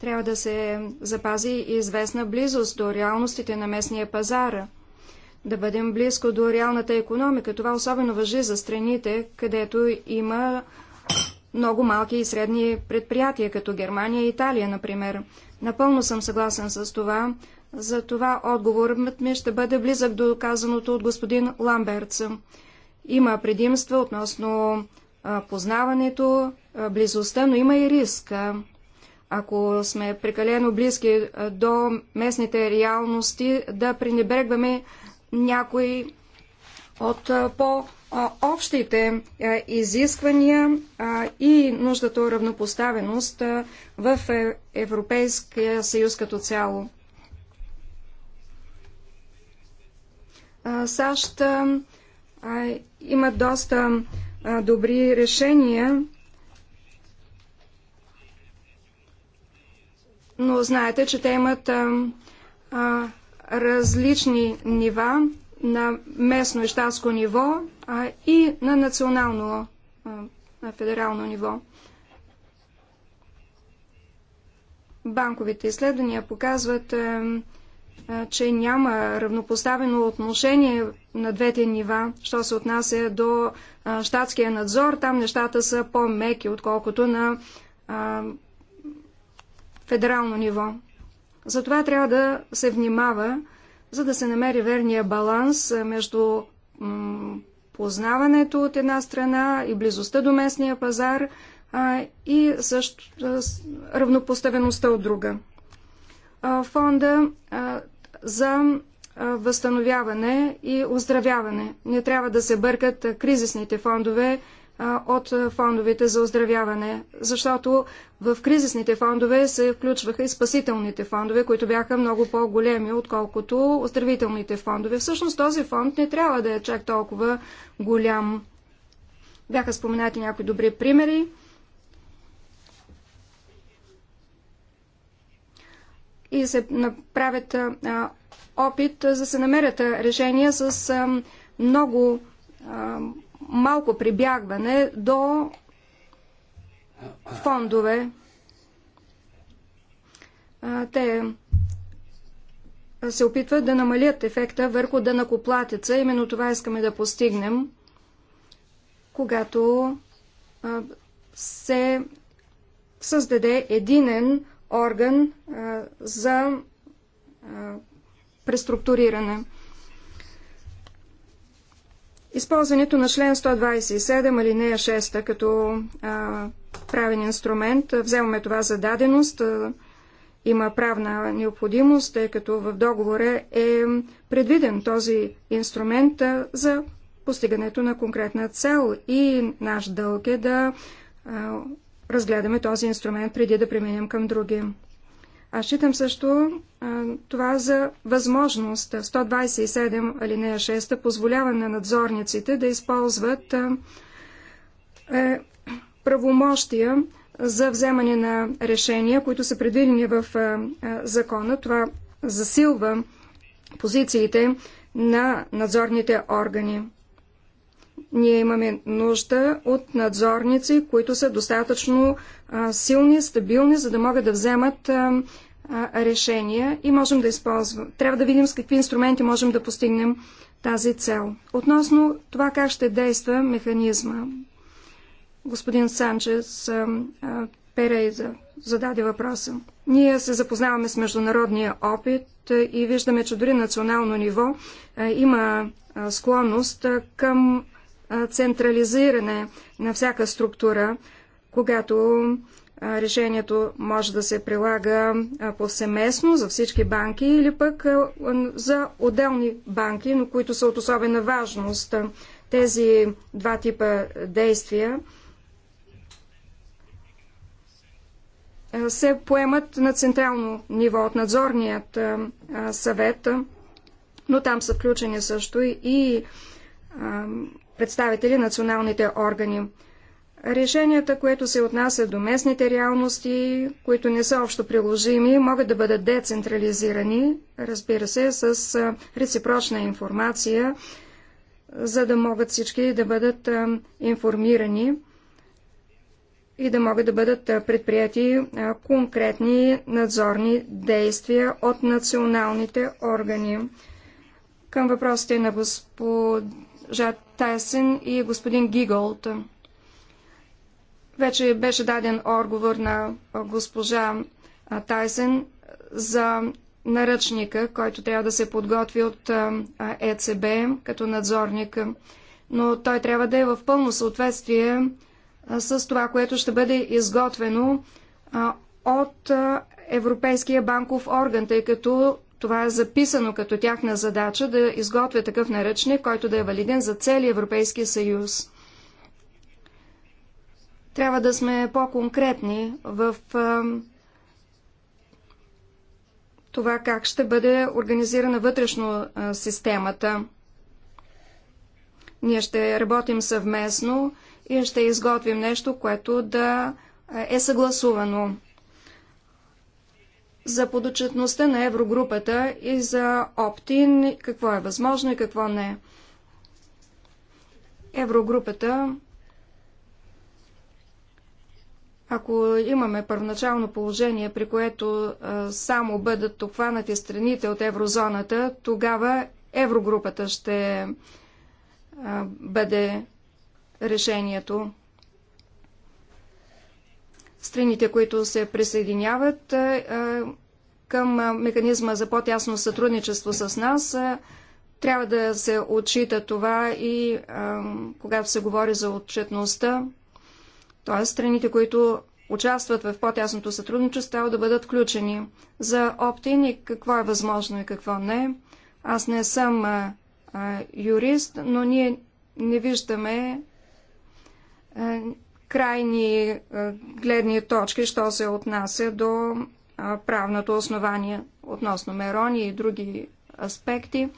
Трябва да се запази известна близост до реалностите на местния пазар. Да бъдем близко до реалната економика. Това особено въжи за страните, където има много малки и средни предприятия, като Германия и Италия, например. Напълно съм съгласен с това. За това отговорът ми ще бъде близък до казаното от господин Ламбертс. Има предимства относно познаването, близостта, но има и риск. Ако сме прекалено близки до местните реалности, да пренебрегваме някои от по-общите изисквания и нуждата от равнопоставеност в е, Европейския съюз като цяло. САЩ има доста добри решения, но знаете, че те имат различни нива на местно и щатско ниво а, и на национално, а, на федерално ниво. Банковите изследвания показват, а, е, а, е, че няма равнопоставено отношение на двете нива, що се отнася до а, е, щатския надзор. Там нещата са по-меки, отколкото на а, федерално ниво. Затова трябва да се внимава за да се намери верния баланс е, между познаването от една страна и близостта до местния пазар и също равнопоставеността от друга. фонда за възстановяване и оздравяване. Не трябва да се бъркат кризисните фондове от фондовете за оздравяване, защото в кризисните фондове се включваха и спасителните фондове, които бяха много по-големи, отколкото оздравителните фондове. Всъщност този фонд не трябва да е чак толкова голям. Бяха споменати някои добри примери. И се направят опит за да се намерят решения с много малко прибягване до фондове. Те се опитват да намалят ефекта върху дънакоплатеца. Именно това искаме да постигнем, когато се създаде единен орган за преструктуриране. Използването на член 127 алинея 6 като а, правен инструмент, вземаме това за даденост, а, има правна необходимост, тъй като в договора е предвиден този инструмент а, за постигането на конкретна цел и наш дълг е да а, разгледаме този инструмент преди да преминем към други. Аз считам също а, това за възможност. 127 алинея 6 позволява на надзорниците да използват а, е, правомощия за вземане на решения, които са предвидени в а, а, закона. Това засилва позициите на надзорните органи. Ние имаме нужда от надзорници, които са достатъчно а, силни, стабилни, за да могат да вземат а, решения и можем да използваме. Трябва да видим с какви инструменти можем да постигнем тази цел. Относно това как ще действа механизма, господин Санчес Перейза зададе въпроса. Ние се запознаваме с международния опит и виждаме, че дори национално ниво има склонност към централизиране на всяка структура, когато решението може да се прилага повсеместно за всички банки или пък за отделни банки, но които са от особена важност. Тези два типа действия се поемат на централно ниво от надзорният съвет, но там са включени също и представители националните органи. Решенията, които се отнасят до местните реалности, които не са общо приложими, могат да бъдат децентрализирани, разбира се, с реципрочна информация, за да могат всички да бъдат информирани и да могат да бъдат предприяти конкретни надзорни действия от националните органи. Към въпросите на госпожа Тайсен и господин Гиголт. Вече беше даден отговор на госпожа Тайсен за наръчника, който трябва да се подготви от ЕЦБ като надзорник, но той трябва да е в пълно съответствие с това, което ще бъде изготвено от Европейския банков орган, тъй като това е записано като тяхна задача да изготвя такъв наръчник, който да е валиден за цели Европейския съюз. Трябва да сме по-конкретни в това как ще бъде организирана вътрешно системата. Ние ще работим съвместно и ще изготвим нещо, което да е съгласувано. За подочетността на еврогрупата и за оптин, какво е възможно и какво не. Еврогрупата ако имаме първоначално положение, при което само бъдат обхванати страните от еврозоната, тогава еврогрупата ще бъде решението. Страните, които се присъединяват към механизма за по-тясно сътрудничество с нас, трябва да се отчита това и когато се говори за отчетността, т.е. страните, които участват в по-тясното сътрудничество, трябва да бъдат включени. За оптин и какво е възможно и какво не. Аз не съм а, а, юрист, но ние не виждаме а, крайни а, гледни точки, що се отнася до а, правното основание относно Мерони и други аспекти.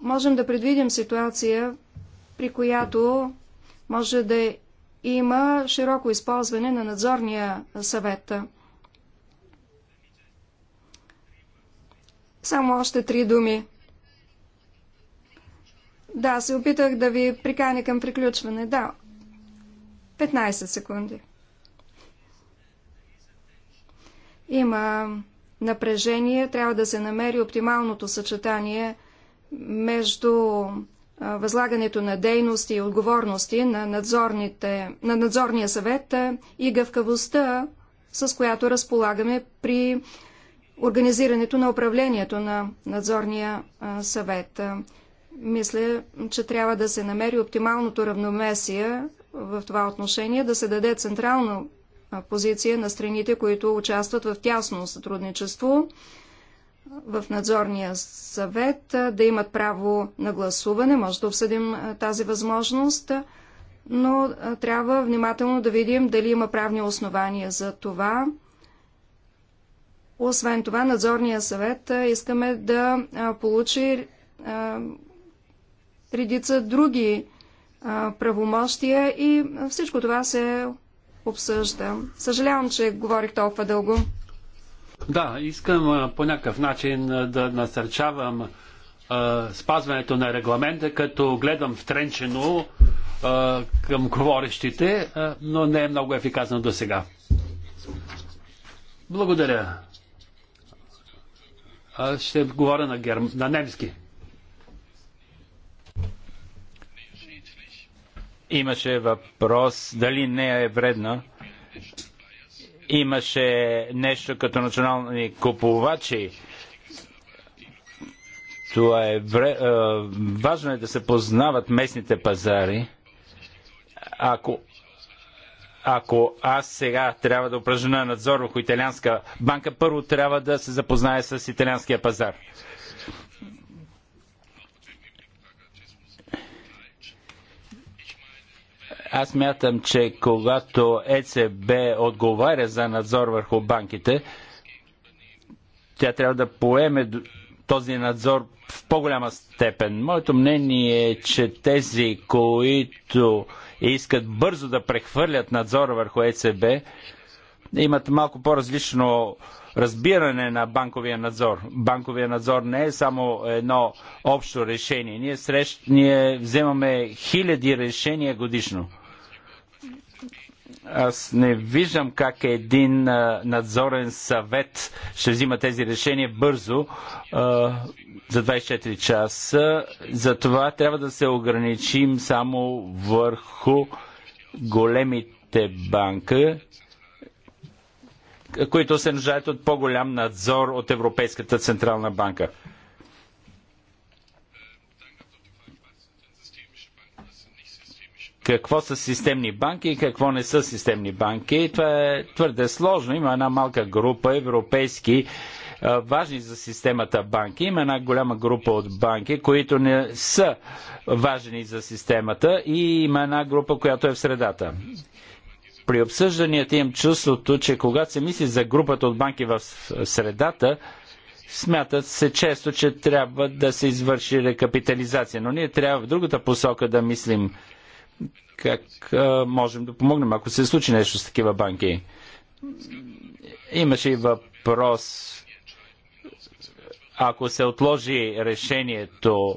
Можем да предвидим ситуация, при която може да е има широко използване на надзорния съвет. Само още три думи. Да, се опитах да ви приканя към приключване. Да, 15 секунди. Има напрежение, трябва да се намери оптималното съчетание между възлагането на дейности и отговорности на, надзорните, на надзорния съвет и гъвкавостта, с която разполагаме при организирането на управлението на надзорния съвет. Мисля, че трябва да се намери оптималното равномесие в това отношение, да се даде централна позиция на страните, които участват в тясно сътрудничество в надзорния съвет да имат право на гласуване. Може да обсъдим тази възможност, но трябва внимателно да видим дали има правни основания за това. Освен това, надзорния съвет искаме да получи редица други правомощия и всичко това се обсъжда. Съжалявам, че говорих толкова дълго. Да, искам по някакъв начин да насърчавам а, спазването на регламента, като гледам втренчено а, към говорещите, а, но не е много ефикасно до сега. Благодаря. ще говоря на, герм... на немски. Имаше въпрос дали не е вредна имаше нещо като национални купувачи. Това е вре... Е, важно е да се познават местните пазари. Ако ако аз сега трябва да упражня надзор върху италианска банка, първо трябва да се запозная с италианския пазар. Аз мятам, че когато ЕЦБ отговаря за надзор върху банките, тя трябва да поеме този надзор в по-голяма степен. Моето мнение е, че тези, които искат бързо да прехвърлят надзора върху ЕЦБ, имат малко по-различно разбиране на банковия надзор. Банковия надзор не е само едно общо решение. Ние, срещ... Ние вземаме хиляди решения годишно аз не виждам как един надзорен съвет ще взима тези решения бързо за 24 часа. Затова трябва да се ограничим само върху големите банки, които се нуждаят от по-голям надзор от Европейската централна банка. какво са системни банки и какво не са системни банки. Това е твърде сложно. Има една малка група европейски е, важни за системата банки. Има една голяма група от банки, които не са важни за системата и има една група, която е в средата. При обсъжданията имам чувството, че когато се мисли за групата от банки в средата, смятат се често, че трябва да се извърши рекапитализация. Но ние трябва в другата посока да мислим как а, можем да помогнем, ако се случи нещо с такива банки. Имаше и въпрос, ако се отложи решението,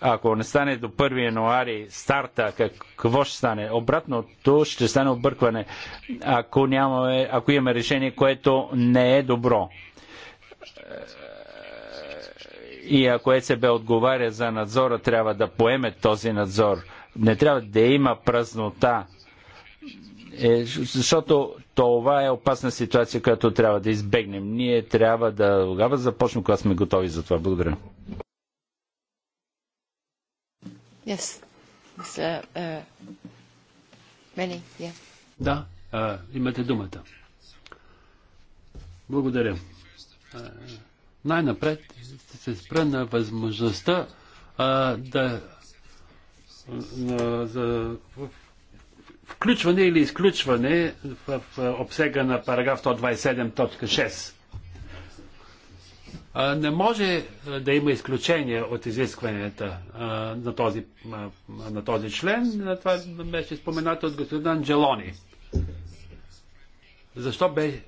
ако не стане до 1 януари старта, какво ще стане? Обратното ще стане объркване, ако, нямаме, ако имаме решение, което не е добро. И ако ЕЦБ отговаря за надзора, трябва да поеме този надзор – не трябва да има празнота, е, защото това е опасна ситуация, която трябва да избегнем. Ние трябва да тогава започнем, когато сме готови за това. Благодаря. Yes. Uh, uh, many, yeah. Да, uh, имате думата. Благодаря. Uh, най-напред ще се спра на възможността а, uh, да за включване или изключване в обсега на параграф 127.6. Не може да има изключение от изискванията на този, на този член. Това беше споменато от господин Анджелони. Защо бе,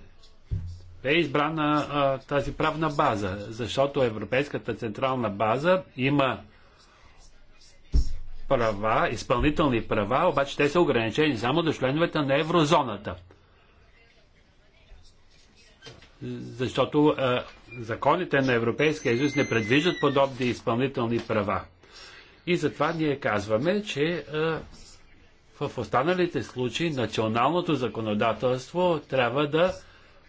бе избрана тази правна база? Защото Европейската централна база има права, изпълнителни права, обаче те са ограничени само до членовете на еврозоната. Защото а, е, законите на Европейския съюз не предвиждат подобни изпълнителни права. И затова ние казваме, че а, е, в останалите случаи националното законодателство трябва да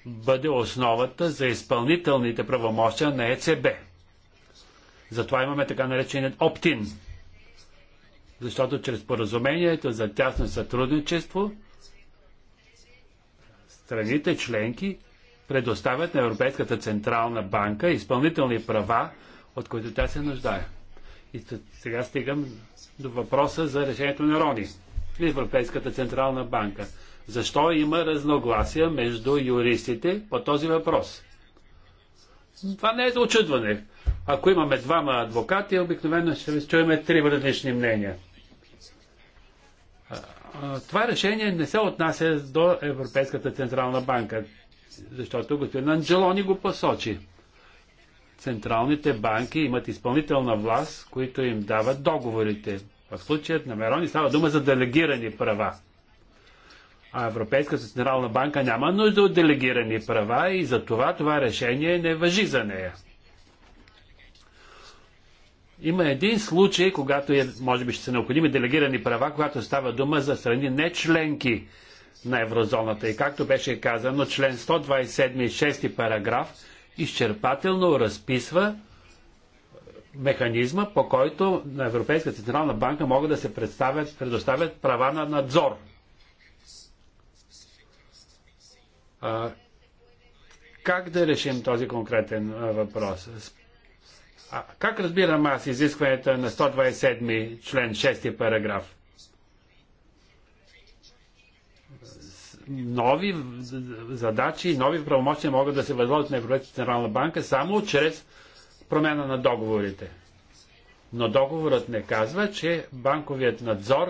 бъде основата за изпълнителните правомощия на ЕЦБ. Затова имаме така наречения оптин защото чрез поразумението за тясно сътрудничество страните членки предоставят на Европейската централна банка изпълнителни права, от които тя се нуждае. И сега стигам до въпроса за решението на Рони и Европейската централна банка. Защо има разногласия между юристите по този въпрос? Това не е за очудване. Ако имаме двама адвокати, обикновено ще чуем три различни мнения това решение не се отнася до Европейската Централна банка, защото господин Анджелони го посочи. Централните банки имат изпълнителна власт, които им дават договорите. В случая на Мерони става дума за делегирани права. А Европейската Централна банка няма нужда от делегирани права и за това това решение не въжи за нея. Има един случай, когато е, може би ще са необходими делегирани права, когато става дума за страни не членки на еврозоната. И както беше казано, член 127 6 параграф изчерпателно разписва механизма, по който на Европейска централна банка могат да се представят, предоставят права на надзор. А, как да решим този конкретен въпрос? А как разбирам аз изискването на 127 член 6 параграф? Нови задачи, нови правомощия могат да се възложат на Европейската централна банка само чрез промяна на договорите. Но договорът не казва, че банковият надзор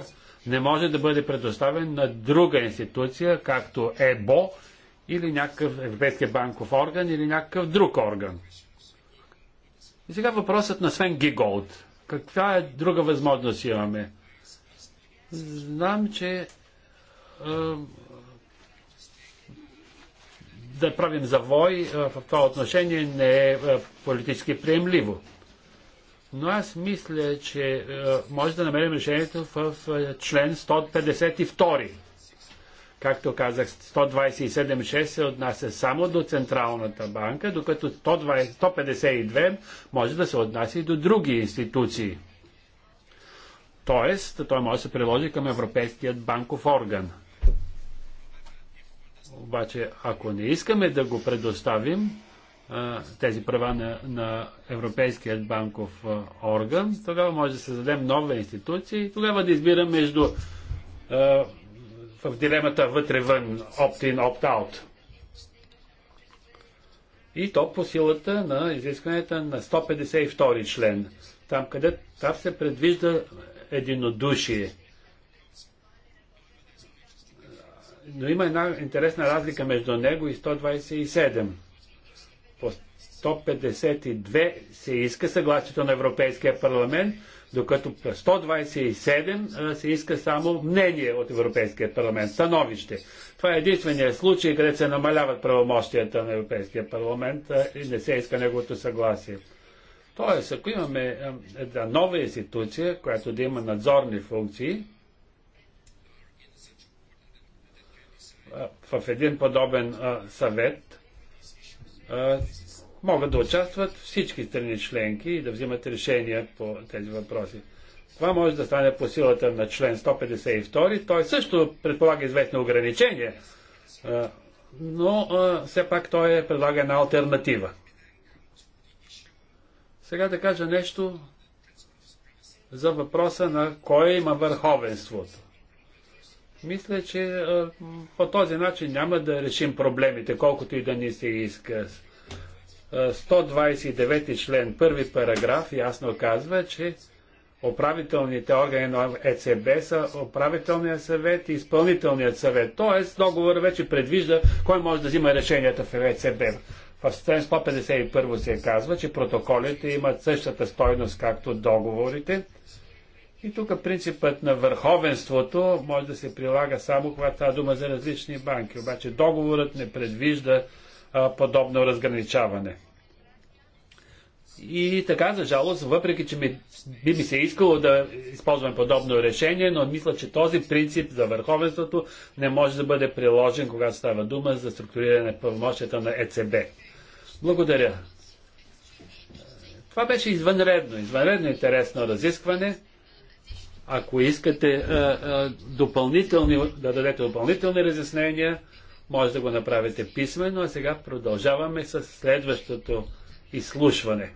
не може да бъде предоставен на друга институция, както ЕБО или някакъв европейски банков орган или някакъв друг орган. И сега въпросът на Свен Гиголд. Каква е друга възможност имаме? Знам, че а, да правим завой а, в това отношение не е, а, политически приемливо. Но аз мисля, че а, може да намерим решението в, в член 152. Както казах, 127.6 се отнася само до Централната банка, докато 152 може да се отнася и до други институции. Тоест, той може да се приложи към Европейският банков орган. Обаче, ако не искаме да го предоставим, тези права на, на Европейският банков орган, тогава може да създадем нова институция и тогава да избира между в дилемата вътре-вън, opt-in, opt-out. И то по силата на изискването на 152 член, там къде там се предвижда единодушие. Но има една интересна разлика между него и 127. По 152 се иска съгласието на Европейския парламент, докато 127 се иска само мнение от Европейския парламент, становище. Това е единствения случай, където се намаляват правомощията на Европейския парламент и не се иска неговото съгласие. Тоест, ако имаме една нова институция, която да има надзорни функции, в един подобен съвет, могат да участват всички страни членки и да взимат решения по тези въпроси. Това може да стане по силата на член 152. Той също предполага известни ограничения, но все пак той е предлага една альтернатива. Сега да кажа нещо за въпроса на кой има върховенството. Мисля, че по този начин няма да решим проблемите, колкото и да ни се иска. 129 член, първи параграф ясно казва, че управителните органи на ЕЦБ са управителният съвет и изпълнителният съвет. Тоест, договор вече предвижда кой може да взима решенията в ЕЦБ. В член 151 се казва, че протоколите имат същата стойност, както договорите. И тук принципът на върховенството може да се прилага само когато това дума за различни банки. Обаче договорът не предвижда подобно разграничаване. И така, за жалост, въпреки че ми, би ми се искало да използваме подобно решение, но мисля, че този принцип за върховенството не може да бъде приложен, когато става дума за структуриране на правомощията на ЕЦБ. Благодаря. Това беше извънредно, извънредно интересно разискване. Ако искате допълнителни, да дадете допълнителни разяснения, може да го направите писмено, а сега продължаваме с следващото изслушване.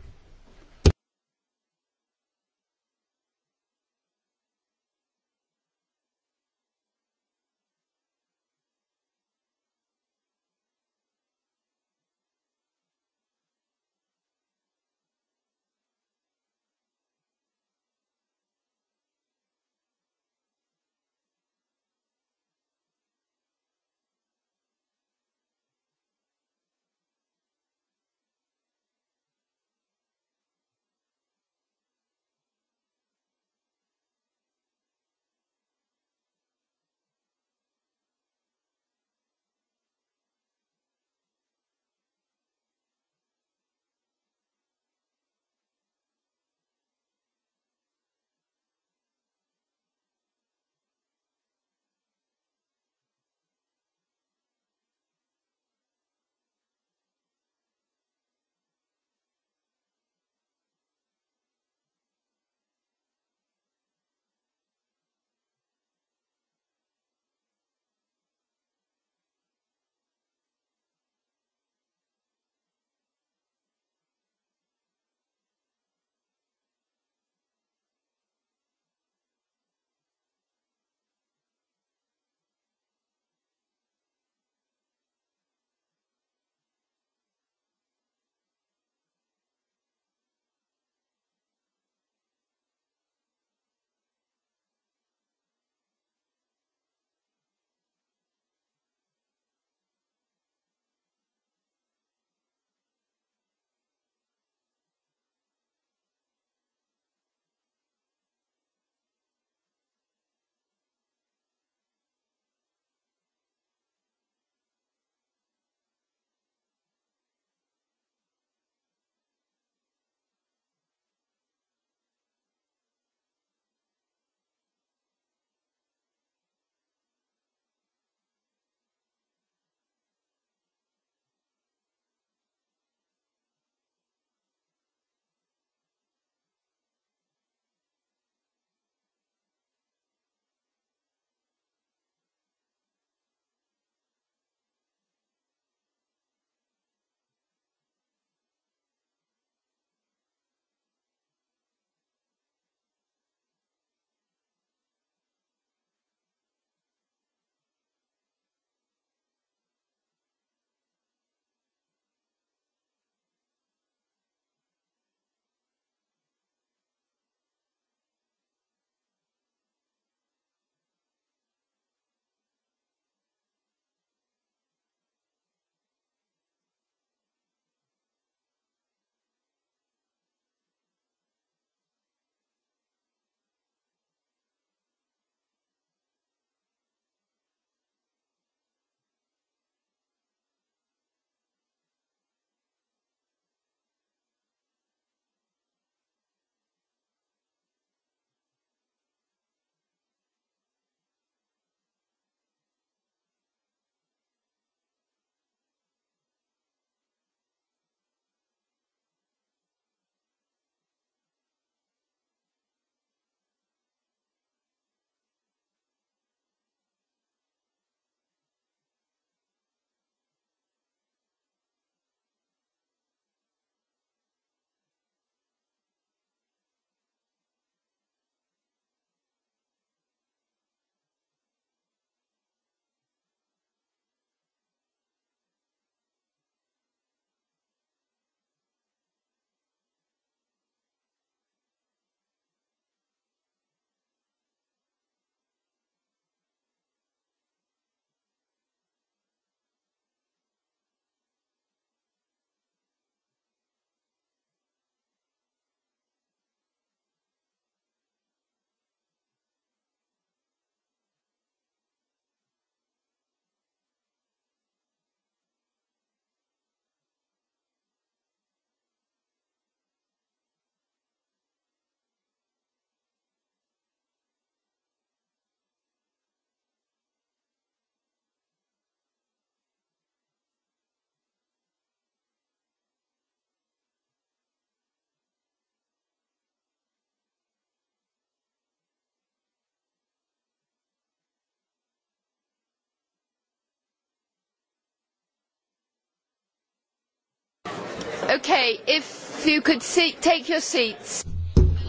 Okay, if you could sit, take your seats.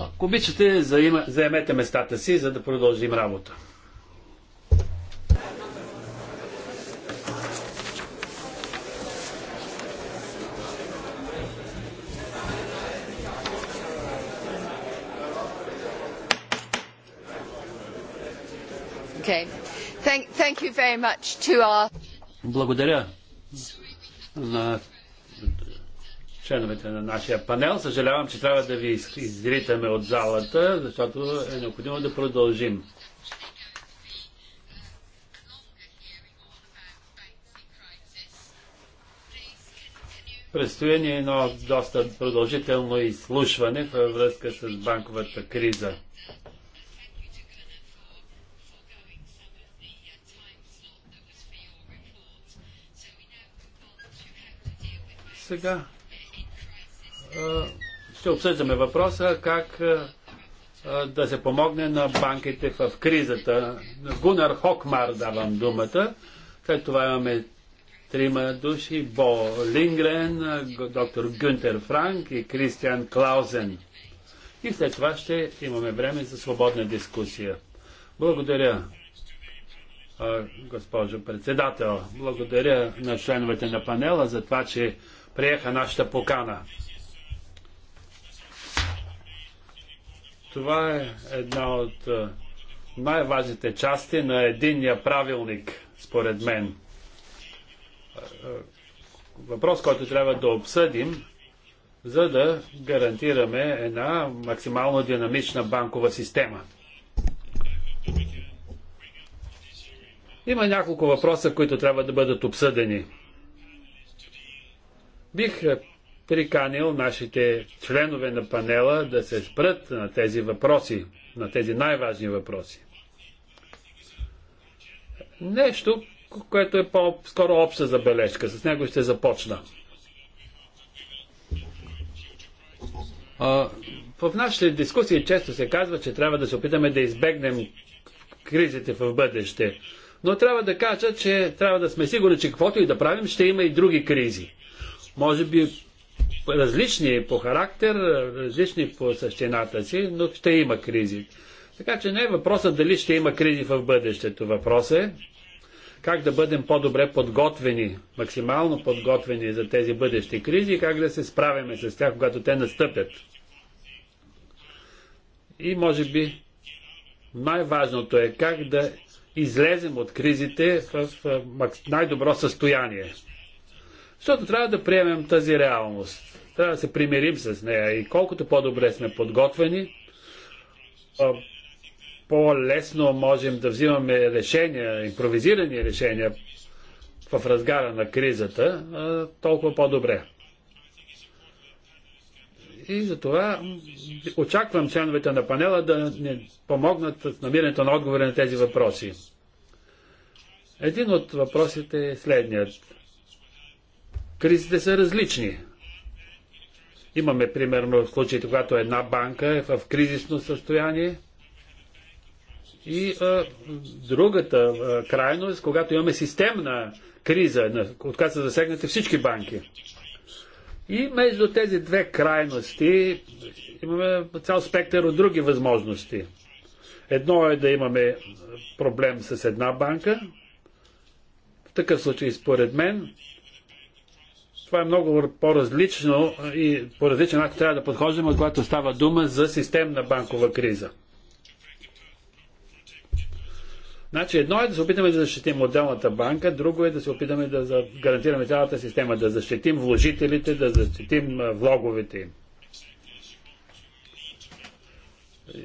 Ако обичате, заемете местата си, за да продължим работа. Okay. Thank, thank you very much to our... Благодаря на членовете на нашия панел. Съжалявам, че трябва да ви изритаме от залата, защото е необходимо да продължим. Предстои ни едно доста продължително изслушване във връзка с банковата криза. Сега е, ще обсъждаме въпроса как е, е, да се помогне на банките в кризата. Гунар Хокмар давам думата. След това имаме трима души. Бо Лингрен, доктор Гюнтер Франк и Кристиан Клаузен. И след това ще имаме време за свободна дискусия. Благодаря, госпожо председател. Благодаря на членовете на панела за това, че приеха нашата покана. Това е една от е, най-важните части на единния правилник, според мен. Е, е, въпрос, който трябва да обсъдим, за да гарантираме една максимално динамична банкова система. Има няколко въпроса, които трябва да бъдат обсъдени. Бих приканил нашите членове на панела да се спрат на тези въпроси, на тези най-важни въпроси. Нещо, което е по-скоро обща забележка. С него ще започна. в нашите дискусии често се казва, че трябва да се опитаме да избегнем кризите в бъдеще. Но трябва да кажа, че трябва да сме сигурни, че каквото и да правим, ще има и други кризи. Може би различни по характер, различни по същината си, но ще има кризи. Така че не е въпросът дали ще има кризи в бъдещето. Въпросът е как да бъдем по-добре подготвени, максимално подготвени за тези бъдещи кризи и как да се справяме с тях, когато те настъпят. И може би най-важното е как да излезем от кризите в най-добро състояние. Защото трябва да приемем тази реалност. Трябва да се примирим с нея и колкото по-добре сме подготвени, по-лесно можем да взимаме решения, импровизирани решения в разгара на кризата, толкова по-добре. И за това очаквам членовете на панела да ни помогнат с намирането на отговори на тези въпроси. Един от въпросите е следният. Кризите са различни. Имаме примерно случаите, когато една банка е в кризисно състояние и а, другата а, крайност, когато имаме системна криза, от която са засегнати всички банки. И между тези две крайности имаме цял спектър от други възможности. Едно е да имаме проблем с една банка. В такъв случай, според мен, това е много по-различно и по различен начин трябва да подхождаме, от когато става дума за системна банкова криза. Значи едно е да се опитаме да защитим отделната банка, друго е да се опитаме да гарантираме цялата система, да защитим вложителите, да защитим влоговете им.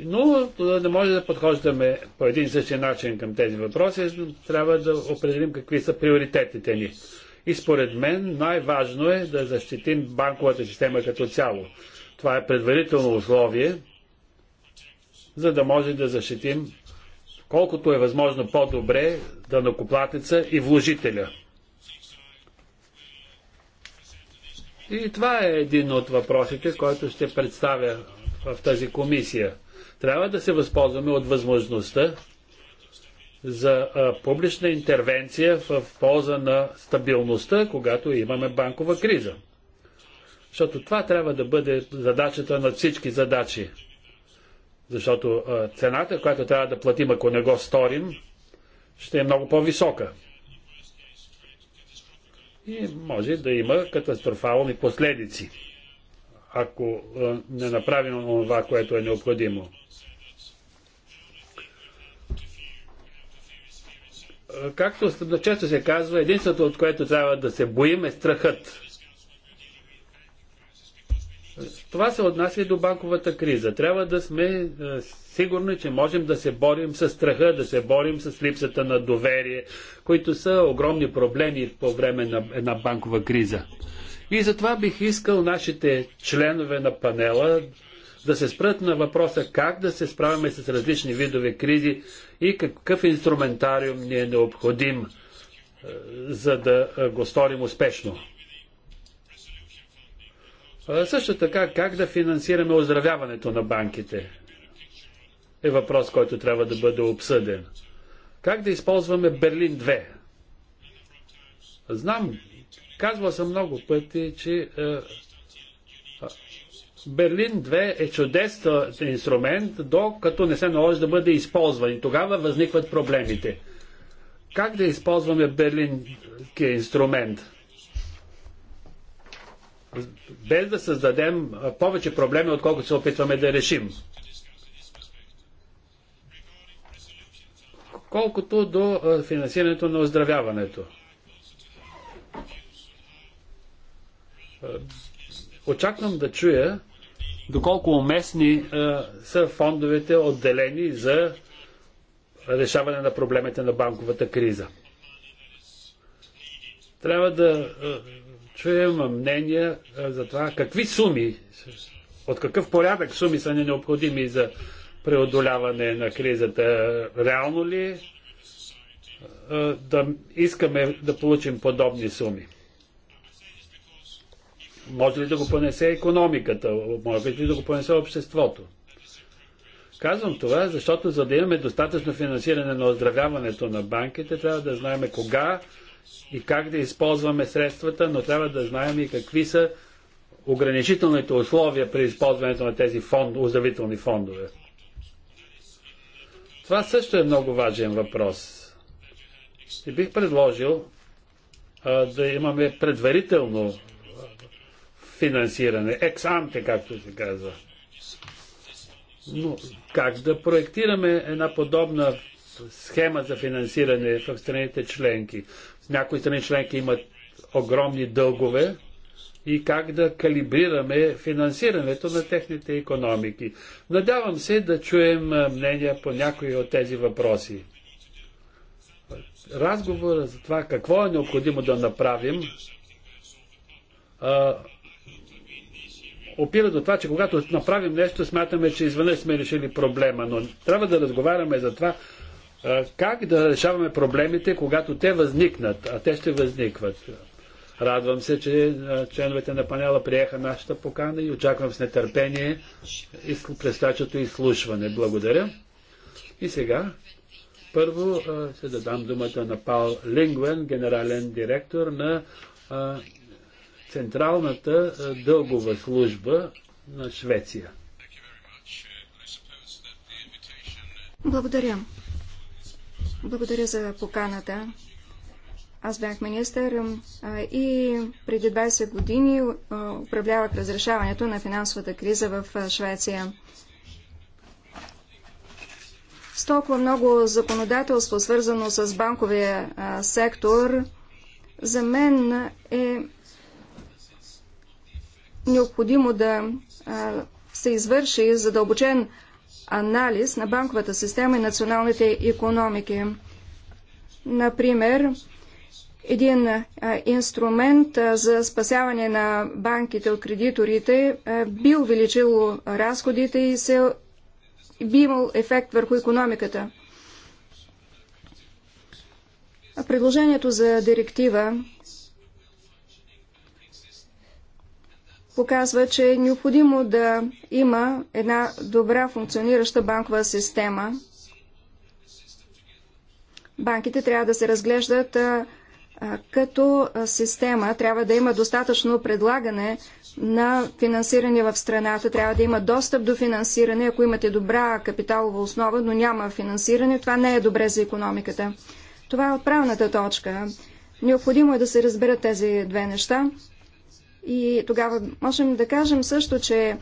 Но не може да подхождаме по един и същия начин към тези въпроси, трябва да определим какви са приоритетите ни. И според мен най-важно е да защитим банковата система като цяло. Това е предварително условие, за да може да защитим колкото е възможно по-добре данокоплатеца и вложителя. И това е един от въпросите, който ще представя в тази комисия. Трябва да се възползваме от възможността за публична интервенция в, полза на стабилността, когато имаме банкова криза. Защото това трябва да бъде задачата на всички задачи. Защото цената, която трябва да платим, ако не го сторим, ще е много по-висока. И може да има катастрофални последици, ако не направим това, което е необходимо. както често се казва, единството, от което трябва да се боим е страхът. Това се отнася и до банковата криза. Трябва да сме е, сигурни, че можем да се борим с страха, да се борим с липсата на доверие, които са огромни проблеми по време на една банкова криза. И затова бих искал нашите членове на панела да се спрат на въпроса как да се справяме с различни видове кризи и какъв инструментариум ни е необходим, е, за да е, го сторим успешно. Също така, как да финансираме оздравяването на банките е въпрос, който трябва да бъде обсъден. Как да използваме Берлин 2? Знам, казвал съм много пъти, че е, Берлин 2 е чудесен инструмент, докато не се наложи да бъде използван. И тогава възникват проблемите. Как да използваме берлинския инструмент? Без да създадем повече проблеми, отколкото се опитваме да решим. Колкото до финансирането на оздравяването. Очаквам да чуя доколко уместни а, е, са фондовете отделени за решаване на проблемите на банковата криза. Трябва да а, е, чуем мнение а, за това какви суми, от какъв порядък суми са ни необходими за преодоляване на кризата. Реално ли е, да искаме да получим подобни суми? може ли да го понесе економиката, може ли да го понесе обществото. Казвам това, защото за да имаме достатъчно финансиране на оздравяването на банките, трябва да знаем кога и как да използваме средствата, но трябва да знаем и какви са ограничителните условия при използването на тези фонд, оздравителни фондове. Това също е много важен въпрос. И бих предложил а, да имаме предварително финансиране, ексанте, както се казва. Но как да проектираме една подобна схема за финансиране в страните членки? Някои страни членки имат огромни дългове и как да калибрираме финансирането на техните економики. Надявам се да чуем мнения по някои от тези въпроси. Разговора за това какво е необходимо да направим опира до това, че когато направим нещо, смятаме, че изведнъж сме решили проблема, но трябва да разговаряме за това как да решаваме проблемите, когато те възникнат, а те ще възникват. Радвам се, че членовете на панела приеха нашата покана и очаквам с нетърпение предстоящото изслушване. Благодаря. И сега първо ще дадам думата на Пал Лингвен, генерален директор на Централната дългова служба на Швеция. Благодаря. Благодаря за поканата. Аз бях министър и преди 20 години управлявах разрешаването на финансовата криза в Швеция. С толкова много законодателство, свързано с банковия сектор, за мен е необходимо да се извърши задълбочен анализ на банковата система и националните економики. Например, един инструмент за спасяване на банките от кредиторите би увеличил разходите и се би имал ефект върху економиката. Предложението за директива показва, че е необходимо да има една добра функционираща банкова система. Банките трябва да се разглеждат като система. Трябва да има достатъчно предлагане на финансиране в страната. Трябва да има достъп до финансиране. Ако имате добра капиталова основа, но няма финансиране, това не е добре за економиката. Това е отправната точка. Необходимо е да се разберат тези две неща. И тогава можем да кажем също, че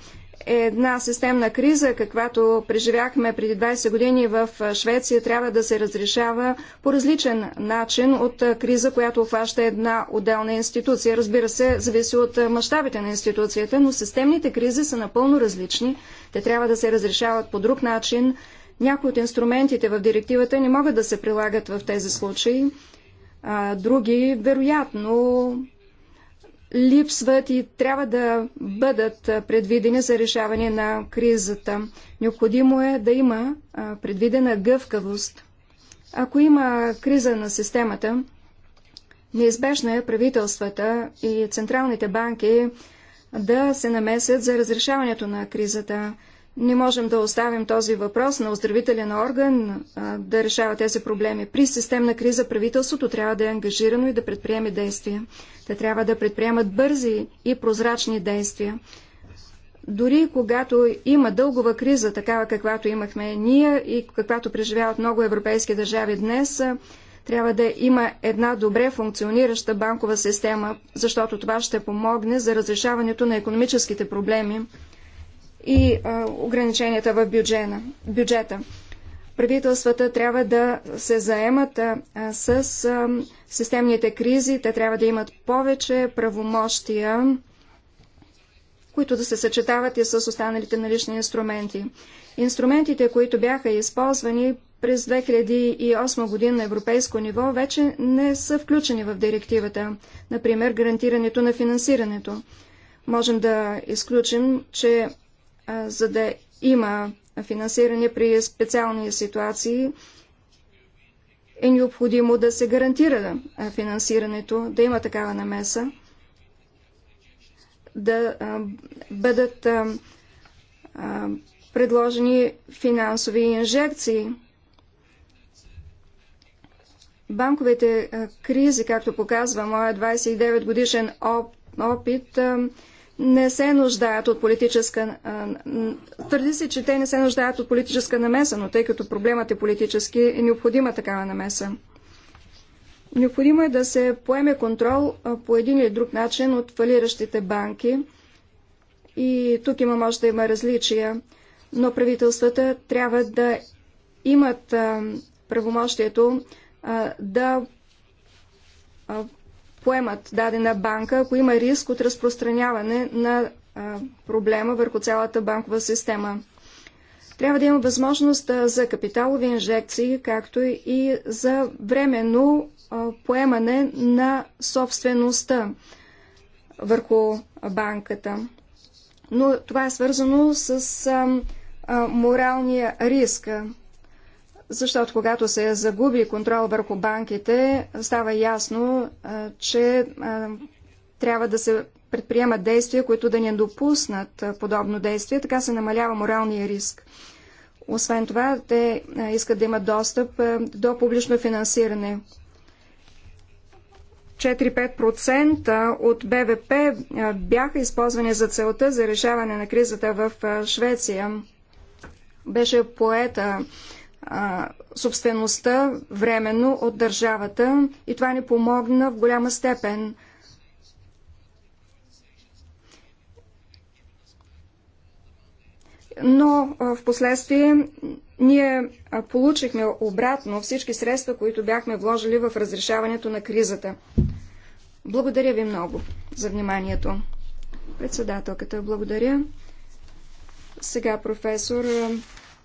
е една системна криза, каквато преживяхме преди 20 години в Швеция, трябва да се разрешава по различен начин от криза, която обхваща една отделна институция. Разбира се, зависи от мащабите на институцията, но системните кризи са напълно различни. Те трябва да се разрешават по друг начин. Някои от инструментите в директивата не могат да се прилагат в тези случаи, други, вероятно, липсват и трябва да бъдат предвидени за решаване на кризата. Необходимо е да има предвидена гъвкавост. Ако има криза на системата, неизбежно е правителствата и централните банки да се намесят за разрешаването на кризата. Не можем да оставим този въпрос на оздравителен орган а, да решава тези проблеми. При системна криза правителството трябва да е ангажирано и да предприеме действия. Те трябва да предприемат бързи и прозрачни действия. Дори когато има дългова криза, такава каквато имахме ние и каквато преживяват много европейски държави днес, трябва да има една добре функционираща банкова система, защото това ще помогне за разрешаването на економическите проблеми и ограниченията в бюджена, бюджета. Правителствата трябва да се заемат с системните кризи, те трябва да имат повече правомощия, които да се съчетават и с останалите налични инструменти. Инструментите, които бяха използвани през 2008 година на европейско ниво, вече не са включени в директивата, например гарантирането на финансирането можем да изключим, че за да има финансиране при специални ситуации, е необходимо да се гарантира финансирането, да има такава намеса, да бъдат предложени финансови инжекции. Банковите кризи, както показва моя 29 годишен опит, не се нуждаят от политическа... Твърди се, че те не се нуждаят от политическа намеса, но тъй като проблемът е политически, е необходима такава намеса. Необходимо е да се поеме контрол по един или друг начин от фалиращите банки. И тук има, може да има различия, но правителствата трябва да имат правомощието да поемат дадена банка, ако има риск от разпространяване на а, проблема върху цялата банкова система. Трябва да има възможност за капиталови инжекции, както и за временно поемане на собствеността върху банката. Но това е свързано с а, а, моралния риск. Защото когато се загуби контрол върху банките, става ясно, че трябва да се предприемат действия, които да не допуснат подобно действие. Така се намалява моралния риск. Освен това, те искат да имат достъп до публично финансиране. 4-5% от БВП бяха използвани за целта за решаване на кризата в Швеция. Беше поета собствеността временно от държавата и това ни помогна в голяма степен. Но в последствие ние получихме обратно всички средства, които бяхме вложили в разрешаването на кризата. Благодаря ви много за вниманието. Председателката, благодаря. Сега професор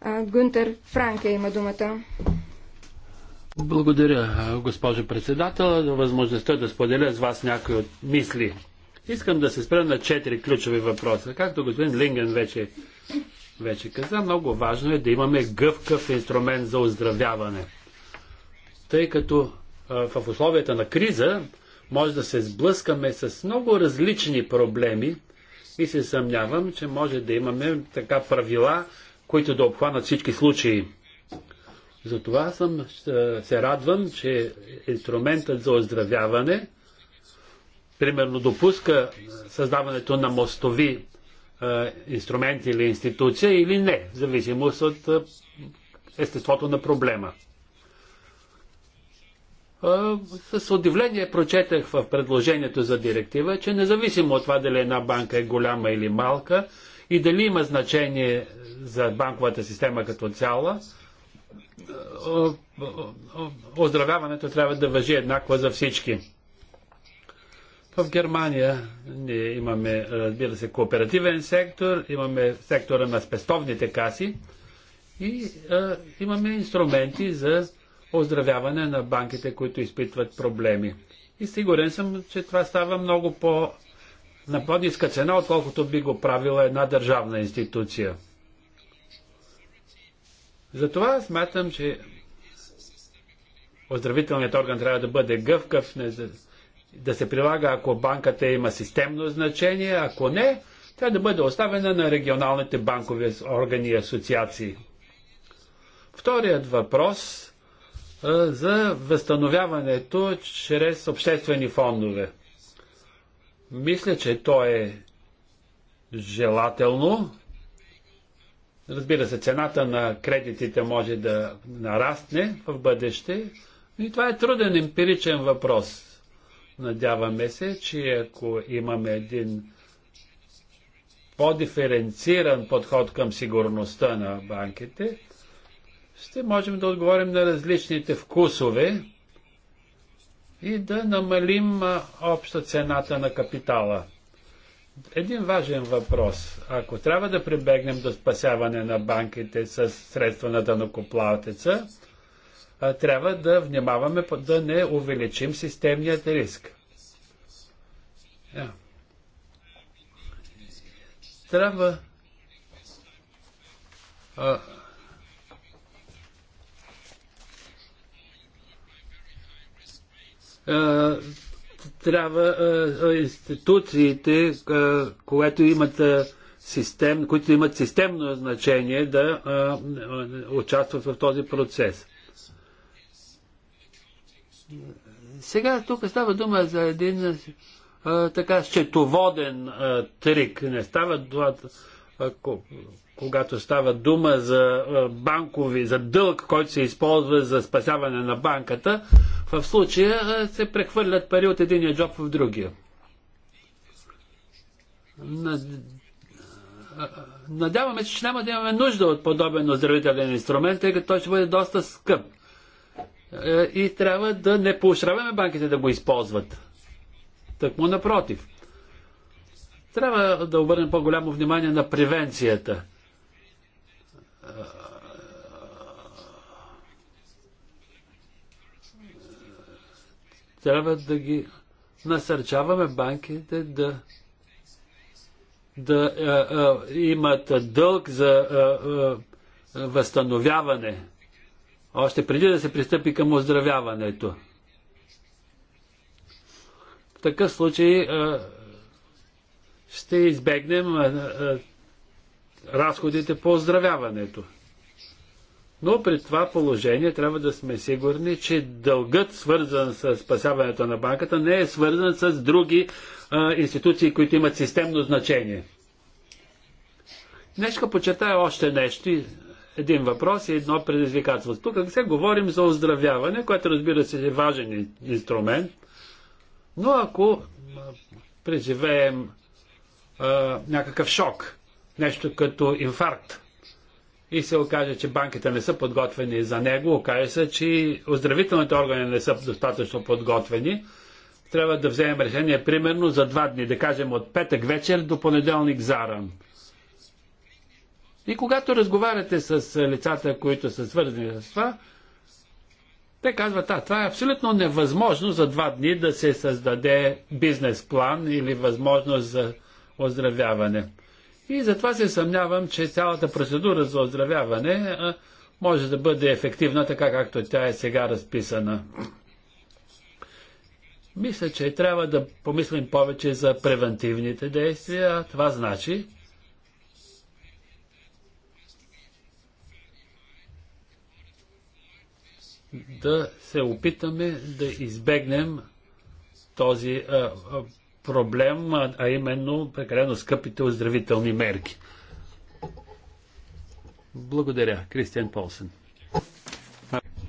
Гюнтер Франке има думата. Благодаря, госпожо председател, за възможността да споделя с вас някои от мисли. Искам да се спра на четири ключови въпроса. Както господин Линген вече, вече каза, много важно е да имаме гъвкав инструмент за оздравяване. Тъй като а, в условията на криза може да се сблъскаме с много различни проблеми и се съмнявам, че може да имаме така правила, които да обхванат всички случаи. Затова съм е, се радвам, че инструментът за оздравяване примерно допуска създаването на мостови е, инструмент или институция или не, в зависимост от е, естеството на проблема. С удивление прочетах в предложението за директива, че независимо от това дали една банка е голяма или малка и дали има значение за банковата система като цяла, оздравяването трябва да въжи еднакво за всички. В Германия ние имаме, разбира се, кооперативен сектор, имаме сектора на спестовните каси и а, имаме инструменти за оздравяване на банките, които изпитват проблеми. И сигурен съм, че това става много по на по-ниска цена, отколкото би го правила една държавна институция. Затова смятам, че оздравителният орган трябва да бъде гъвкав, да се прилага, ако банката има системно значение, ако не, трябва да бъде оставена на регионалните банкови органи и асоциации. Вторият въпрос а, за възстановяването чрез обществени фондове. Мисля, че то е желателно, Разбира се, цената на кредитите може да нарасне в бъдеще, но и това е труден емпиричен въпрос. Надяваме се, че ако имаме един по-диференциран подход към сигурността на банките, ще можем да отговорим на различните вкусове и да намалим обща цената на капитала един важен въпрос. Ако трябва да прибегнем до спасяване на банките с средства на дънокоплатеца, трябва да внимаваме да не увеличим системният риск. Е. Трябва а, а, трябва е, е, институциите, е, което имат систем, които имат системно значение да участват в този процес. Сега тук става дума за един така счетоводен трик. Не става дума когато става дума за банкови, за дълг, който се използва за спасяване на банката, в случая се прехвърлят пари от единия джоб в другия. Надяваме се, че няма да имаме нужда от подобен оздравителен инструмент, тъй като той ще бъде доста скъп. И трябва да не поощряваме банките да го използват. Тъкмо напротив. Трябва да обърнем по-голямо внимание на превенцията – трябва да ги насърчаваме банките да да а, а, имат дълг за а, а, възстановяване, още преди да се пристъпи към оздравяването. В такъв случай а, ще избегнем а, а, разходите по оздравяването. Но при това положение трябва да сме сигурни, че дългът, свързан с спасяването на банката, не е свързан с други а, институции, които имат системно значение. Нещо почетая още нещо, един въпрос и едно предизвикателство. Тук се говорим за оздравяване, което разбира се е важен инструмент, но ако преживеем а, някакъв шок, нещо като инфаркт, и се окаже, че банките не са подготвени за него, окаже се, че оздравителните органи не са достатъчно подготвени, трябва да вземем решение примерно за два дни, да кажем от петък вечер до понеделник заран. И когато разговаряте с лицата, които са свързани с това, те казват, а, това е абсолютно невъзможно за два дни да се създаде бизнес план или възможност за оздравяване. И затова се съмнявам, че цялата процедура за оздравяване може да бъде ефективна, така както тя е сега разписана. Мисля, че трябва да помислим повече за превентивните действия. Това значи, да се опитаме да избегнем този а, а, проблем, а именно прекалено скъпите оздравителни мерки. Благодаря. Кристиан Полсен.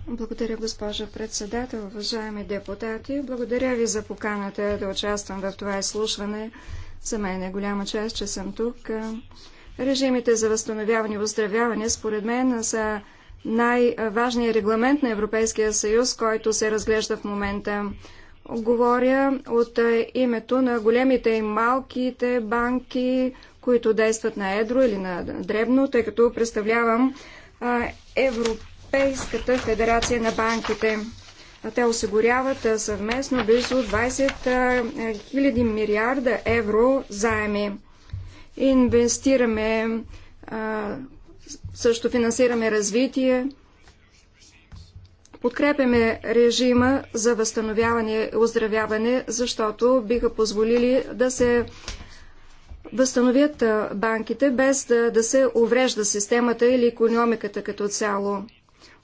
Благодаря, госпожа председател, уважаеми депутати. Благодаря ви за поканата да участвам в това изслушване. За мен е голяма чест, че съм тук. Режимите за възстановяване и оздравяване, според мен, са най-важният регламент на Европейския съюз, който се разглежда в момента. Говоря от е, името на големите и малките банки, които действат на едро или на дребно, тъй като представлявам Европейската федерация на банките. Те осигуряват съвместно близо 20 000 милиарда евро заеми. Инвестираме, също финансираме развитие, Подкрепяме режима за възстановяване и оздравяване, защото биха позволили да се възстановят банките, без да, да се уврежда системата или економиката като цяло.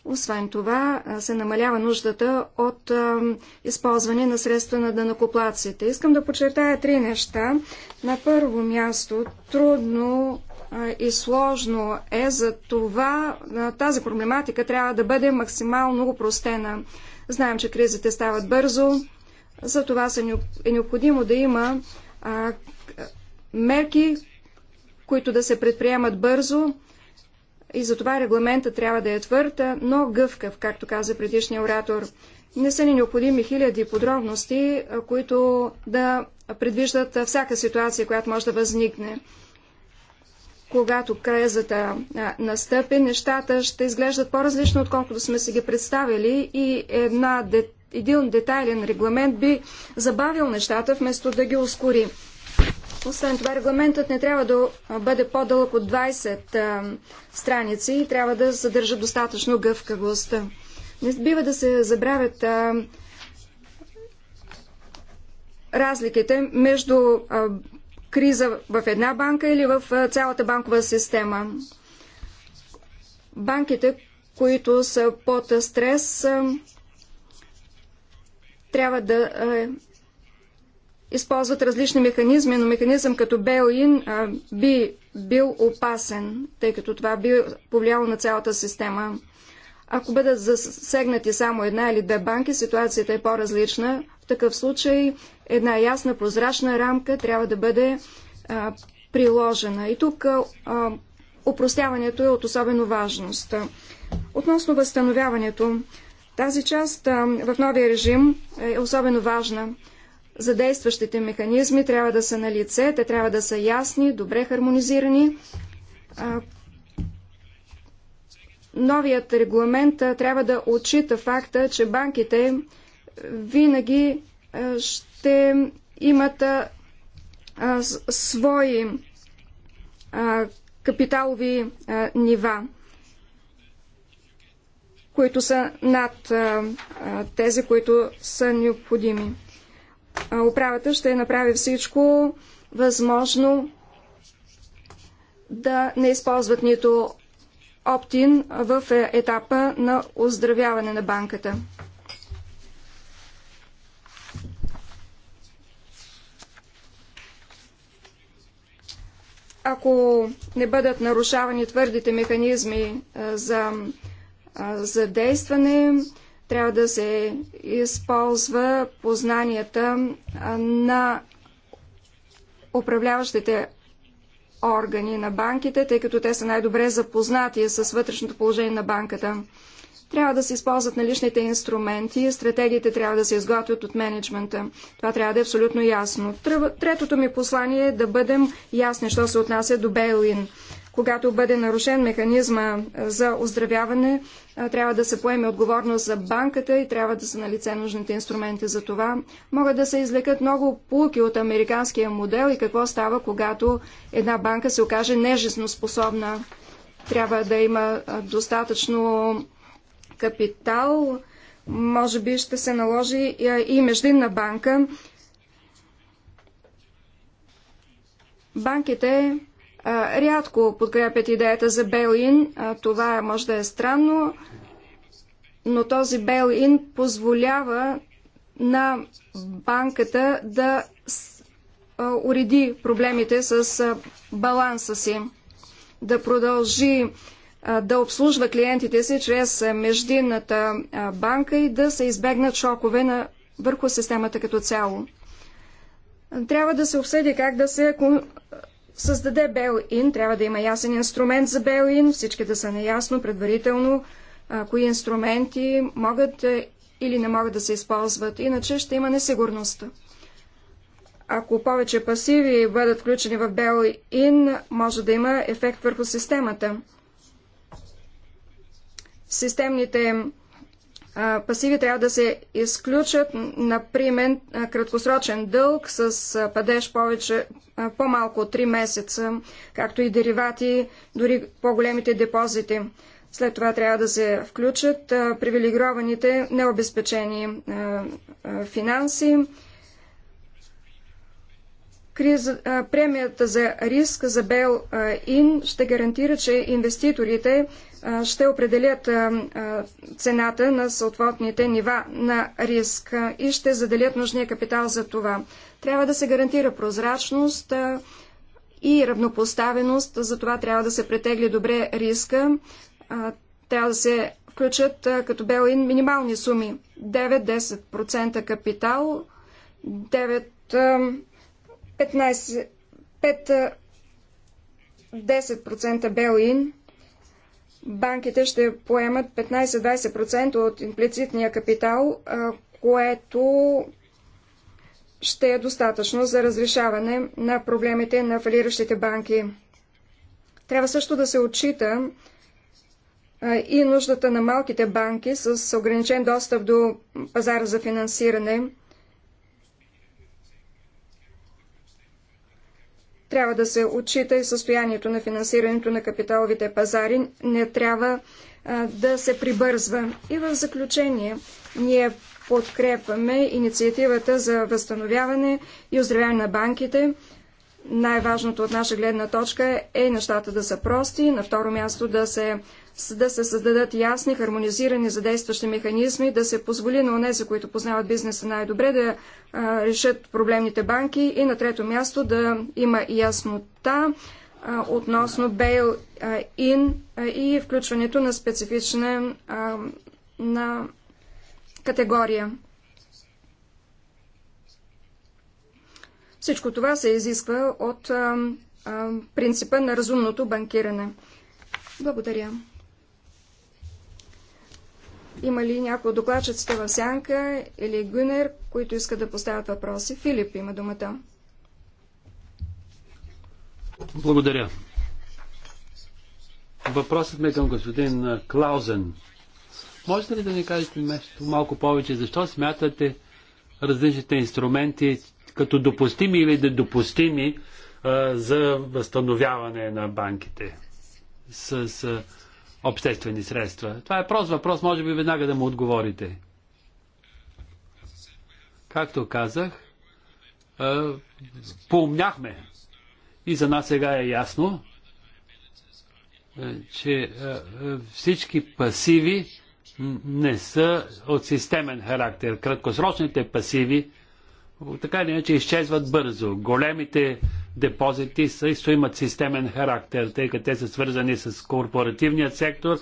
Освен това, се намалява нуждата от а, използване на средства на дънакоплаците. Искам да подчертая три неща. На първо място, трудно и сложно е, за това тази проблематика трябва да бъде максимално упростена. Знаем, че кризите стават бързо, за това е необходимо да има мерки, които да се предприемат бързо и за това регламента трябва да е твърд, но гъвкав, както каза предишния оратор. Не са ни необходими хиляди подробности, които да предвиждат всяка ситуация, която може да възникне когато кризата настъпи, нещата ще изглеждат по-различно, отколкото сме си ги представили и една, един детайлен регламент би забавил нещата, вместо да ги ускори. Освен това, регламентът не трябва да бъде по-дълъг от 20 а, страници и трябва да съдържа достатъчно гъвкавост. Не бива да се забравят а, разликите между а, криза в една банка или в цялата банкова система. Банките, които са под стрес, трябва да използват различни механизми, но механизъм като Белин би бил опасен, тъй като това би повлияло на цялата система. Ако бъдат засегнати само една или две банки, ситуацията е по-различна. В такъв случай една ясна, прозрачна рамка трябва да бъде а, приложена. И тук а, упростяването е от особено важност. Относно възстановяването, тази част а, в новия режим е особено важна. За действащите механизми трябва да са на лице, те трябва да са ясни, добре хармонизирани. А, новият регламент а, трябва да отчита факта, че банките винаги ще ще имат а, а, свои а, капиталови а, нива, които са над а, а, тези, които са необходими. А, управата ще направи всичко възможно да не използват нито оптин в е, етапа на оздравяване на банката. ако не бъдат нарушавани твърдите механизми за действане, трябва да се използва познанията на управляващите органи на банките, тъй като те са най-добре запознати с вътрешното положение на банката. Трябва да се използват наличните инструменти, стратегиите трябва да се изготвят от менеджмента. Това трябва да е абсолютно ясно. Третото ми послание е да бъдем ясни, що се отнася до Бейлин. Когато бъде нарушен механизма за оздравяване, трябва да се поеме отговорност за банката и трябва да са налице нужните инструменти за това. Могат да се излекат много пулки от американския модел и какво става, когато една банка се окаже нежизноспособна. Трябва да има достатъчно капитал, може би ще се наложи е, и междинна банка. Банките е, рядко подкрепят идеята за Белин. Е, това може да е странно, но този Белин позволява на банката да уреди проблемите с баланса си, да продължи да обслужва клиентите си чрез междинната банка и да се избегнат шокове на, върху системата като цяло. Трябва да се обсъди как да се създаде бел-ин, трябва да има ясен инструмент за бел-ин, всички да са наясно предварително кои инструменти могат или не могат да се използват, иначе ще има несигурност. Ако повече пасиви бъдат включени в бел може да има ефект върху системата системните пасиви трябва да се изключат, например, краткосрочен дълг с падеж повече, по-малко от 3 месеца, както и деривати, дори по-големите депозити. След това трябва да се включат привилегированите необезпечени финанси, Криза, премията за риск за Бел Ин ще гарантира, че инвеститорите ще определят цената на съответните нива на риск и ще заделят нужния капитал за това. Трябва да се гарантира прозрачност и равнопоставеност, за това трябва да се претегли добре риска, трябва да се включат като Белин минимални суми 9-10% капитал, 9-15-10% Белин банките ще поемат 15-20% от имплицитния капитал, което ще е достатъчно за разрешаване на проблемите на фалиращите банки. Трябва също да се отчита и нуждата на малките банки с ограничен достъп до пазара за финансиране – Трябва да се отчита и състоянието на финансирането на капиталовите пазари. Не трябва а, да се прибързва. И в заключение, ние подкрепваме инициативата за възстановяване и оздравяване на банките. Най-важното от наша гледна точка е нещата да са прости, на второ място да се да се създадат ясни, хармонизирани задействащи механизми, да се позволи на онези, които познават бизнеса най-добре, да а, решат проблемните банки и на трето място да има яснота а, относно bail in и включването на специфична а, на категория. Всичко това се изисква от принципа на разумното банкиране. Благодаря. Има ли някой от докладчиците в Сянка или Гюнер, които искат да поставят въпроси? Филип има думата. Благодаря. Въпросът ми е към господин Клаузен. Можете ли да ни кажете нещо малко повече? Защо смятате различните инструменти като допустими или недопустими а, за възстановяване на банките? С с, обществени средства? Това е прост въпрос, може би веднага да му отговорите. Както казах, поумняхме. И за нас сега е ясно, че всички пасиви не са от системен характер. Краткосрочните пасиви така или иначе изчезват бързо. Големите депозити също имат системен характер, тъй като те са свързани с корпоративният сектор.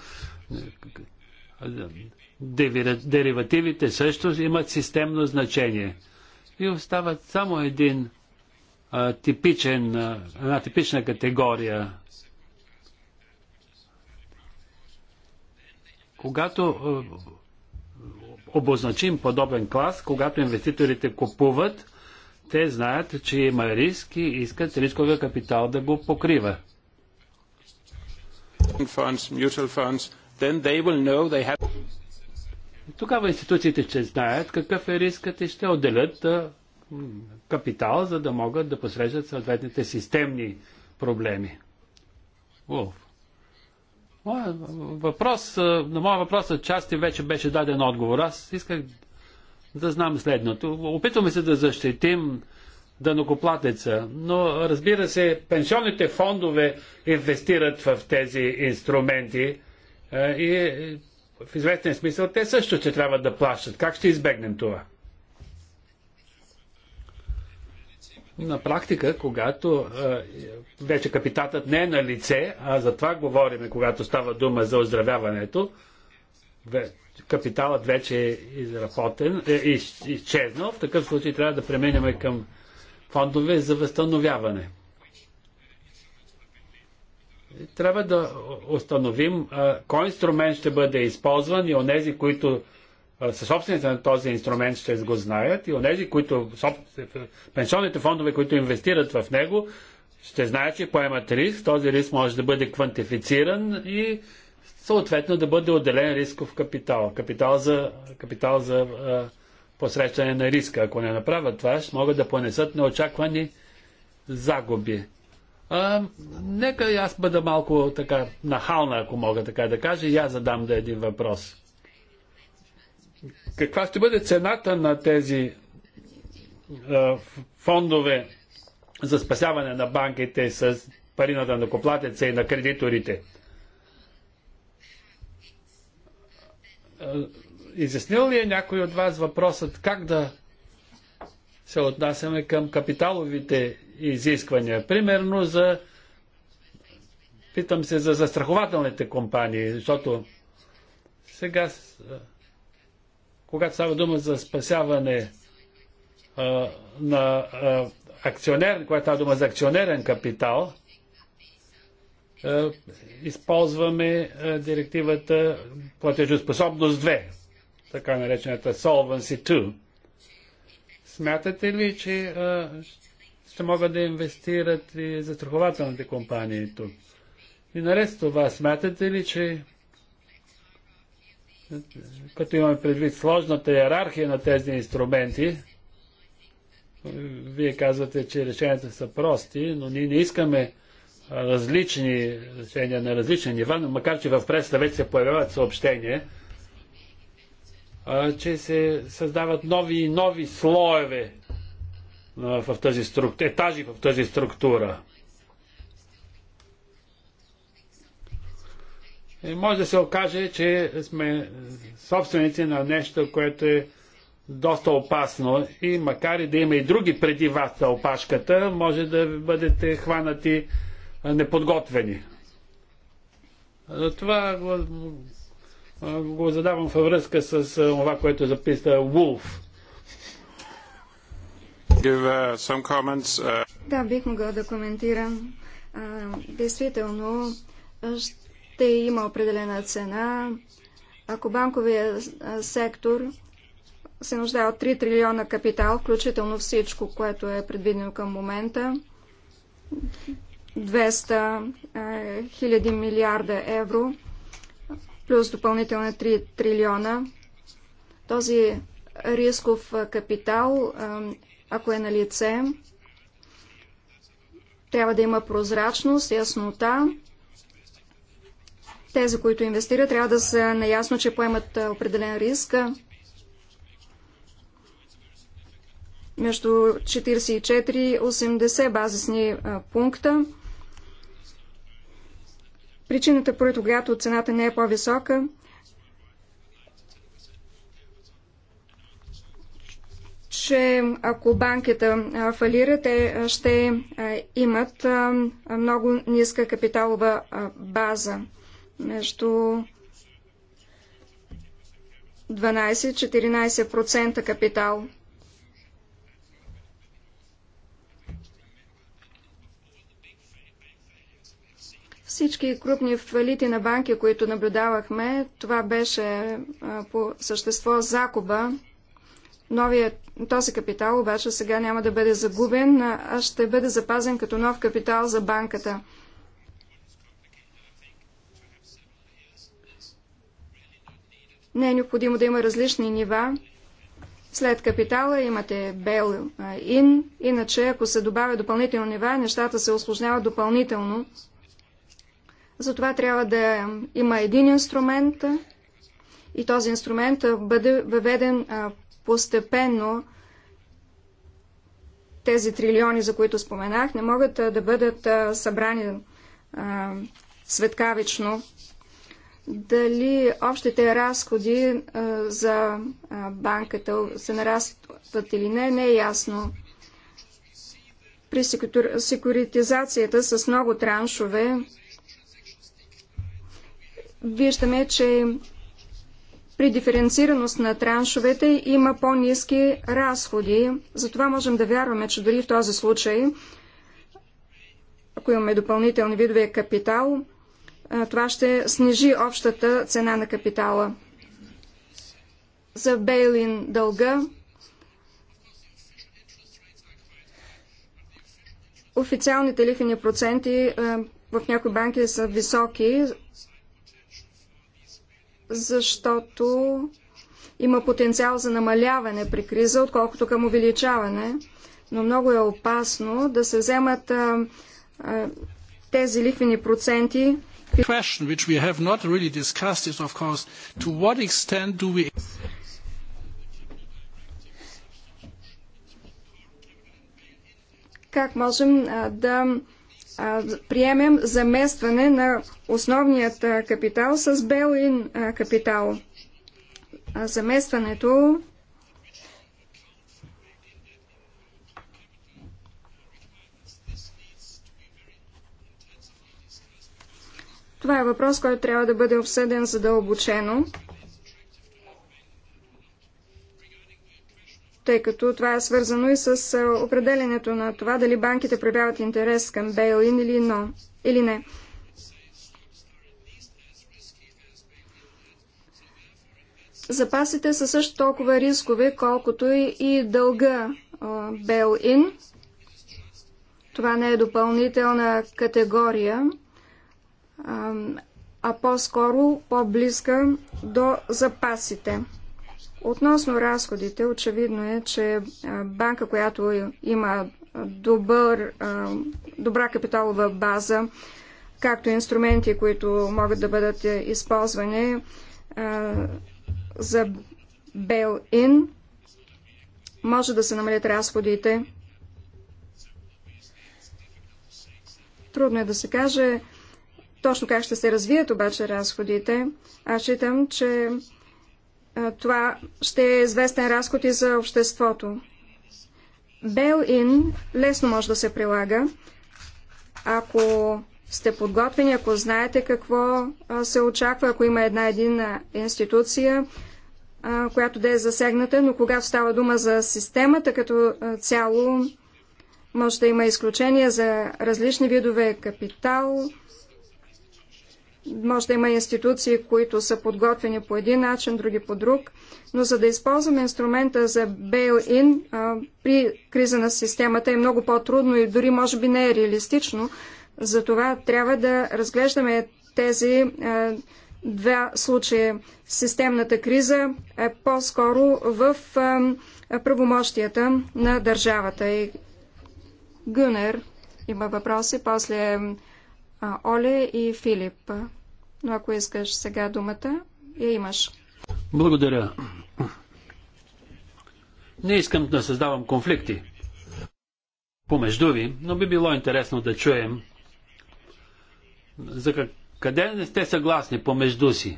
Деривативите също имат системно значение. И остават само един а, типичен, а, една типична категория. Когато а, обозначим подобен клас, когато инвеститорите купуват, те знаят, че има риск и искат рисковия капитал да го покрива. Тогава институциите ще знаят какъв е рискът и ще отделят капитал, за да могат да посрещат съответните системни проблеми. Уф. Моя въпрос, е, на моя въпрос части вече беше даден отговор. Аз исках да знам следното. Опитваме се да защитим дънокоплатеца, но разбира се, пенсионните фондове инвестират в тези инструменти е, и е, в известен смисъл те също ще трябва да плащат. Как ще избегнем това? На практика, когато вече капитатът не е на лице, а за това говорим, когато става дума за оздравяването, капиталът вече е изработен, е, е изчезнал, в такъв случай трябва да преминем към фондове за възстановяване. Трябва да установим а, кой инструмент ще бъде използван и онези, които е, съсобствените на този инструмент ще го знаят и онези, които пенсионните фондове, които инвестират в него, ще знаят, че поемат риск. Този риск може да бъде квантифициран и съответно да бъде отделен рисков капитал. Капитал за, капитал за а, е, посрещане на риска. Ако не направят това, ще могат да понесат неочаквани загуби. А, нека аз бъда малко така нахална, ако мога така да кажа, и аз задам да един въпрос. Каква ще бъде цената на тези фондове за спасяване на банките с пари на данокоплатеца и на кредиторите? Изяснил ли е някой от вас въпросът как да се отнасяме към капиталовите изисквания? Примерно за Питам се за застрахователните компании, защото сега когато става дума за спасяване а, на а, акционер, когато става дума за акционерен капитал, а, използваме а, директивата платежоспособност 2, така наречената Solvency 2. Смятате ли, че а, ще могат да инвестират и застрахователните компании тук? И наред с това, смятате ли, че като имаме предвид сложната иерархия на тези инструменти, вие казвате, че решенията са прости, но ние не искаме различни решения на различни нива, но макар че в преста вече се появяват съобщения, че се създават нови и нови слоеве в тази структура, етажи в тази структура. може да се окаже, че сме собственици на нещо, което е доста опасно и макар и да има и други преди вас за опашката, може да бъдете хванати неподготвени. Това го, го задавам във връзка с това, което записа Вулф. Uh, uh. Да, бих могъл да коментирам. Действително, ще има определена цена. Ако банковия сектор се нуждае от 3 трилиона капитал, включително всичко, което е предвидено към момента, 200 хиляди милиарда евро, плюс допълнителни 3 трилиона, този рисков капитал, ако е на лице, трябва да има прозрачност, яснота тези, които инвестират, трябва да са наясно, че поемат определен риск. Между 44 и 80 базисни пункта. Причината, поради когато цената не е по-висока, че ако банката фалира, те ще имат много ниска капиталова база между 12-14% капитал. Всички крупни фалити на банки, които наблюдавахме, това беше по същество загуба. Новият този капитал обаче сега няма да бъде загубен, а ще бъде запазен като нов капитал за банката. Не е необходимо да има различни нива. След капитала имате бел Ин, иначе ако се добавя допълнителни нива, нещата се осложняват допълнително. Затова трябва да има един инструмент и този инструмент бъде въведен постепенно. Тези трилиони, за които споменах, не могат да бъдат събрани светкавично дали общите разходи за банката се нарастват или не, не е ясно. При секуритизацията с много траншове виждаме, че при диференцираност на траншовете има по-низки разходи. Затова можем да вярваме, че дори в този случай, ако имаме допълнителни видове капитал, това ще снижи общата цена на капитала. За Бейлин дълга официалните лихвени проценти в някои банки са високи, защото има потенциал за намаляване при криза, отколкото към увеличаване. Но много е опасно да се вземат а, а, тези лихвени проценти question which we have not really discussed is, of course, to what extent do we как можем да приемем заместване на основният капитал с белин капитал. Заместването Това е въпрос, който трябва да бъде обсъден задълбочено, тъй като това е свързано и с определенето на това дали банките проявяват интерес към бейлин или, но, или не. Запасите са също толкова рискови, колкото и дълга бейл-ин. Това не е допълнителна категория – а, по-скоро по-близка до запасите. Относно разходите, очевидно е, че банка, която има добър, добра капиталова база, както и инструменти, които могат да бъдат е, използвани за бейл-ин, може да се намалят разходите. Трудно е да се каже точно как ще се развият обаче разходите, аз считам, че това ще е известен разход и за обществото. Бел-ин лесно може да се прилага, ако сте подготвени, ако знаете какво се очаква, ако има една единна институция, която да е засегната, но когато става дума за системата като цяло, може да има изключения за различни видове капитал, може да има институции, които са подготвени по един начин, други по друг, но за да използваме инструмента за bail-in при криза на системата е много по-трудно и дори може би не е реалистично. Затова трябва да разглеждаме тези а, два случая. Системната криза е по-скоро в а, правомощията на държавата. И Гюнер има въпроси, после а, Оле и Филип. Но ако искаш сега думата, я имаш. Благодаря. Не искам да създавам конфликти помежду ви, но би било интересно да чуем за как... къде не сте съгласни помежду си.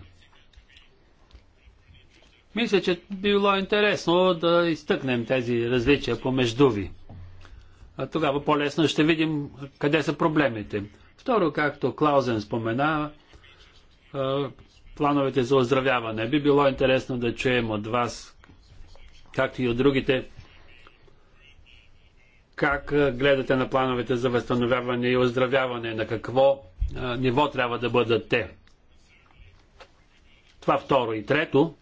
Мисля, че би било интересно да изтъкнем тези различия помежду ви. А тогава по-лесно ще видим къде са проблемите. Второ, както Клаузен спомена, плановете за оздравяване. Би било интересно да чуем от вас, както и от другите, как гледате на плановете за възстановяване и оздравяване, на какво ниво трябва да бъдат те. Това второ. И трето,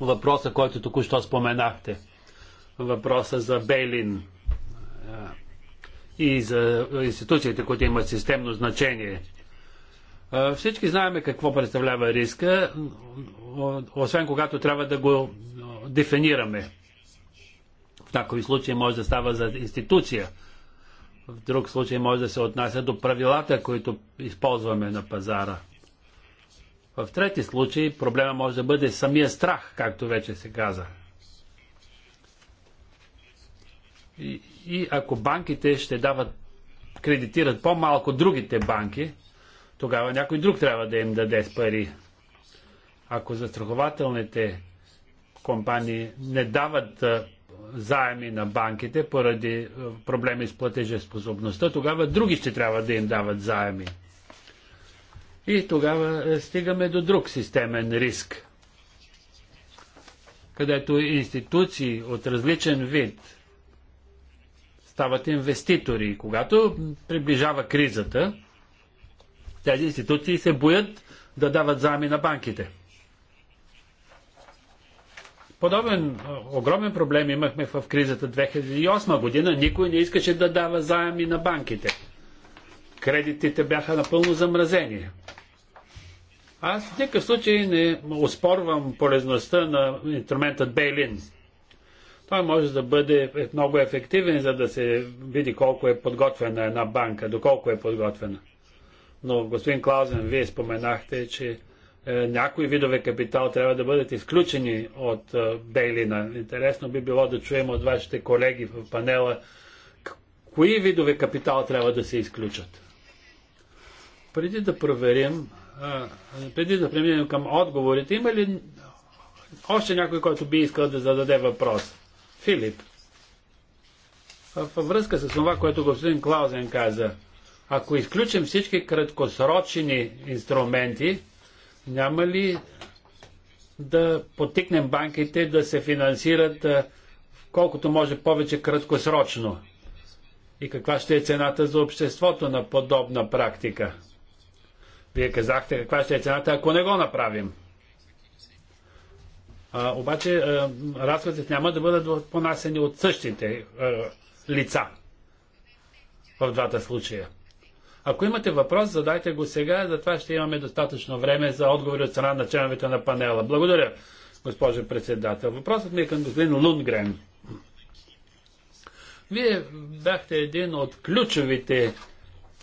въпроса, който току-що споменахте. Въпроса за Бейлин и за институциите, които имат системно значение. Всички знаем какво представлява риска, освен когато трябва да го дефинираме. В някои случаи може да става за институция, в друг случай може да се отнася до правилата, които използваме на пазара. В трети случай проблема може да бъде самия страх, както вече се каза. И ако банките ще дават, кредитират по-малко другите банки, тогава някой друг трябва да им даде с пари. Ако застрахователните компании не дават заеми на банките поради проблеми с платежеспособността, тогава други ще трябва да им дават заеми. И тогава е, стигаме до друг системен риск, където институции от различен вид, стават инвеститори. когато приближава кризата, тези институции се боят да дават заеми на банките. Подобен огромен проблем имахме в кризата 2008 година. Никой не искаше да дава заеми на банките. Кредитите бяха напълно замразени. Аз в никакъв случай не оспорвам полезността на инструментът Бейлин. Той може да бъде много ефективен, за да се види колко е подготвена една банка, доколко е подготвена. Но, господин Клаузен, вие споменахте, че е, някои видове капитал трябва да бъдат изключени от е, Бейлина. Интересно би било да чуем от вашите колеги в панела кои видове капитал трябва да се изключат. Преди да проверим, е, преди да преминем към отговорите, има ли още някой, който би искал да зададе въпрос? Филип. Във връзка с това, което господин Клаузен каза, ако изключим всички краткосрочни инструменти, няма ли да потикнем банките да се финансират колкото може повече краткосрочно? И каква ще е цената за обществото на подобна практика? Вие казахте каква ще е цената, ако не го направим обаче а, разходите няма да бъдат понасени от същите лица в двата случая. Ако имате въпрос, задайте го сега, за това ще имаме достатъчно време за отговори от страна на членовете на панела. Благодаря, госпожо председател. Въпросът ми е към господин Лунгрен. Вие бяхте един от ключовите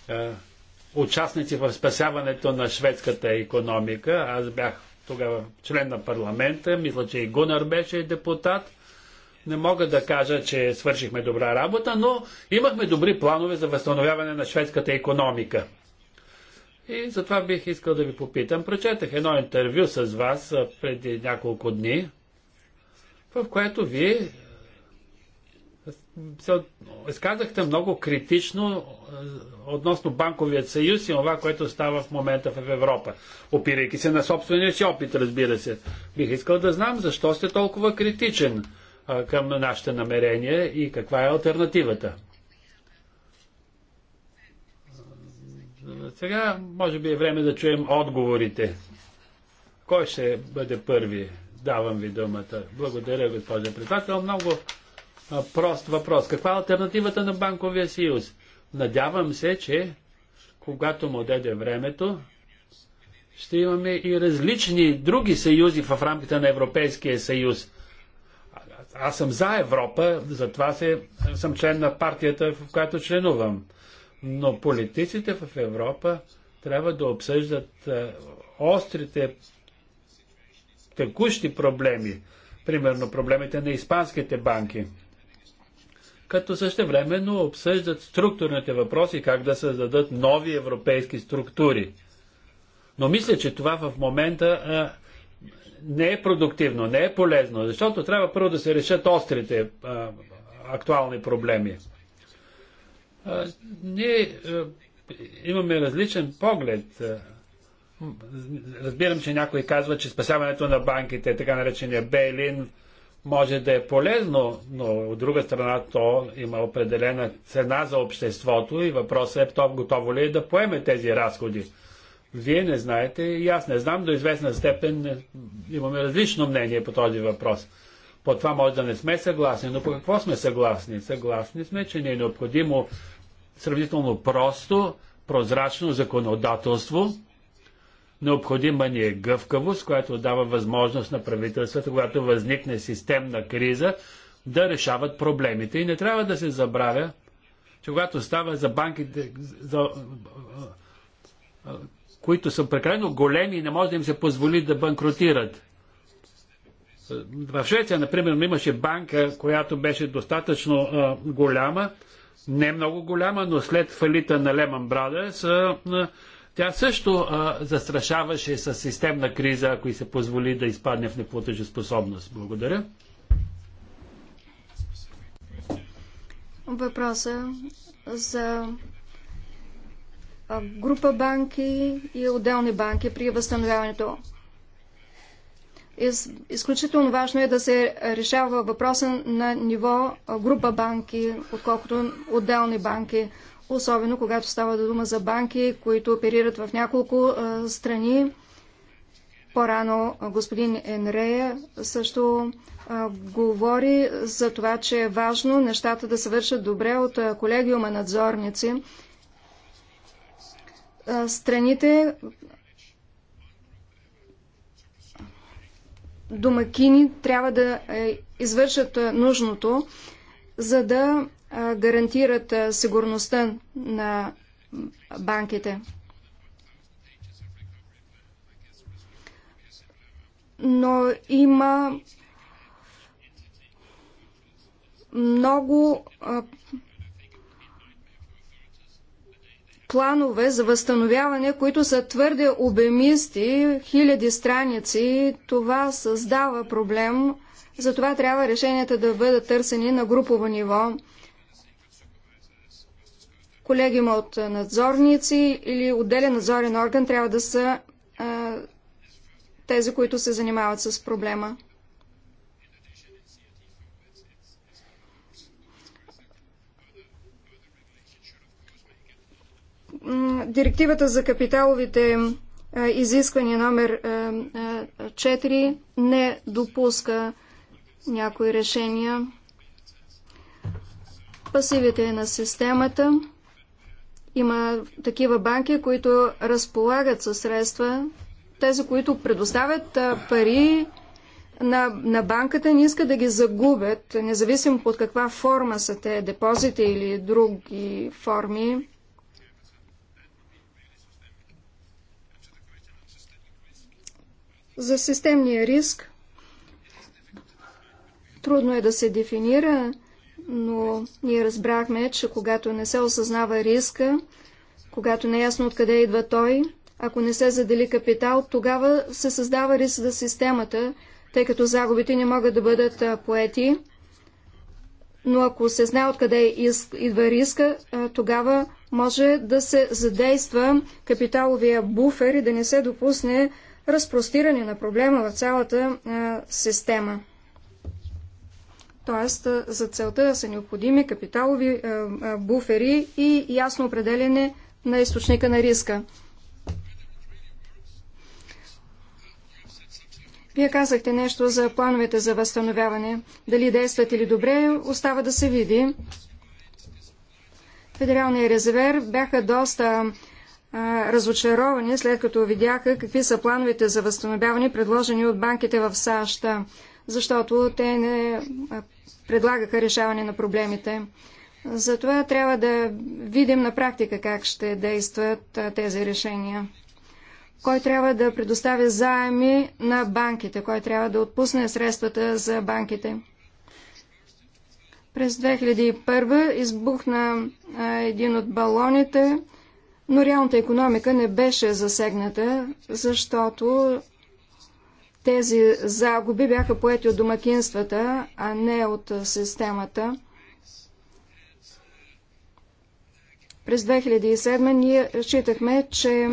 е, участници в спасяването на шведската економика. Аз бях тогава член на парламента, мисля, че и Гунар беше депутат. Не мога да кажа, че свършихме добра работа, но имахме добри планове за възстановяване на шведската економика. И затова бих искал да ви попитам. Прочетах едно интервю с вас преди няколко дни, в което вие изказахте много критично е, относно банковият съюз и това, което става в момента в Европа, опирайки се на собствения си опит, разбира се. Бих искал да знам защо сте толкова критичен е, към нашите намерения и каква е альтернативата. Сега може би е време да чуем отговорите. Кой ще бъде първи? Давам ви думата. Благодаря, госпожа председател. Много прост въпрос. Каква е альтернативата на банковия съюз? Надявам се, че когато му даде времето, ще имаме и различни други съюзи в рамките на Европейския съюз. Аз съм за Европа, затова се, съм член на партията, в която членувам. Но политиците в Европа трябва да обсъждат острите текущи проблеми, примерно проблемите на испанските банки като същевременно обсъждат структурните въпроси, как да създадат нови европейски структури. Но мисля, че това в момента а, не е продуктивно, не е полезно, защото трябва първо да се решат острите а, актуални проблеми. А, ние а, имаме различен поглед. Разбирам, че някой казва, че спасяването на банките, така наречения Бейлин, може да е полезно, но от друга страна то има определена цена за обществото и въпросът е то готово ли е да поеме тези разходи. Вие не знаете и аз не знам, до известна степен имаме различно мнение по този въпрос. По това може да не сме съгласни, но по какво сме съгласни? Съгласни сме, че ни е необходимо сравнително просто, прозрачно законодателство, Необходима ни е гъвкавост, която дава възможност на правителствата, когато възникне системна криза, да решават проблемите. И не трябва да се забравя, че когато става за банките, за, които са прекалено големи и не може да им се позволи да банкротират. В Швеция, например, имаше банка, която беше достатъчно а, голяма, не много голяма, но след фалита на Lehman Brothers а, а, тя също а, застрашаваше с системна криза, ако и се позволи да изпадне в неплатежеспособност. Благодаря. Въпроса за група банки и отделни банки при възстановяването. Из, изключително важно е да се решава въпроса на ниво група банки, отколкото отделни банки особено когато става да дума за банки, които оперират в няколко страни. По-рано господин Енрея също а, говори за това, че е важно нещата да се вършат добре от а, колегиума надзорници. А, страните домакини трябва да е, извършат нужното, за да гарантират сигурността на банките. Но има много планове за възстановяване, които са твърде обемисти, хиляди страници. Това създава проблем. Затова трябва решенията да бъдат търсени на групово ниво колегиума от надзорници или отделен надзорен орган трябва да са а, тези, които се занимават с проблема. Директивата за капиталовите изисквания номер 4 не допуска някои решения. Пасивите на системата има такива банки, които разполагат със средства. Тези, които предоставят пари на, на банката, не искат да ги загубят, независимо под каква форма са те, депозити или други форми. За системния риск трудно е да се дефинира но ние разбрахме, че когато не се осъзнава риска, когато не е ясно откъде идва той, ако не се задели капитал, тогава се създава риск за системата, тъй като загубите не могат да бъдат поети. Но ако се знае откъде идва риска, тогава може да се задейства капиталовия буфер и да не се допусне разпростиране на проблема в цялата система. Т.е. за целта са необходими капиталови буфери и ясно определене на източника на риска. Вие казахте нещо за плановете за възстановяване. Дали действат или добре, остава да се види. Федералния резервер бяха доста разочаровани, след като видяха какви са плановете за възстановяване, предложени от банките в САЩ защото те не предлагаха решаване на проблемите. Затова трябва да видим на практика как ще действат тези решения. Кой трябва да предоставя заеми на банките? Кой трябва да отпусне средствата за банките? През 2001 избухна един от балоните, но реалната економика не беше засегната, защото тези загуби бяха поети от домакинствата, а не от системата. През 2007 ние считахме, че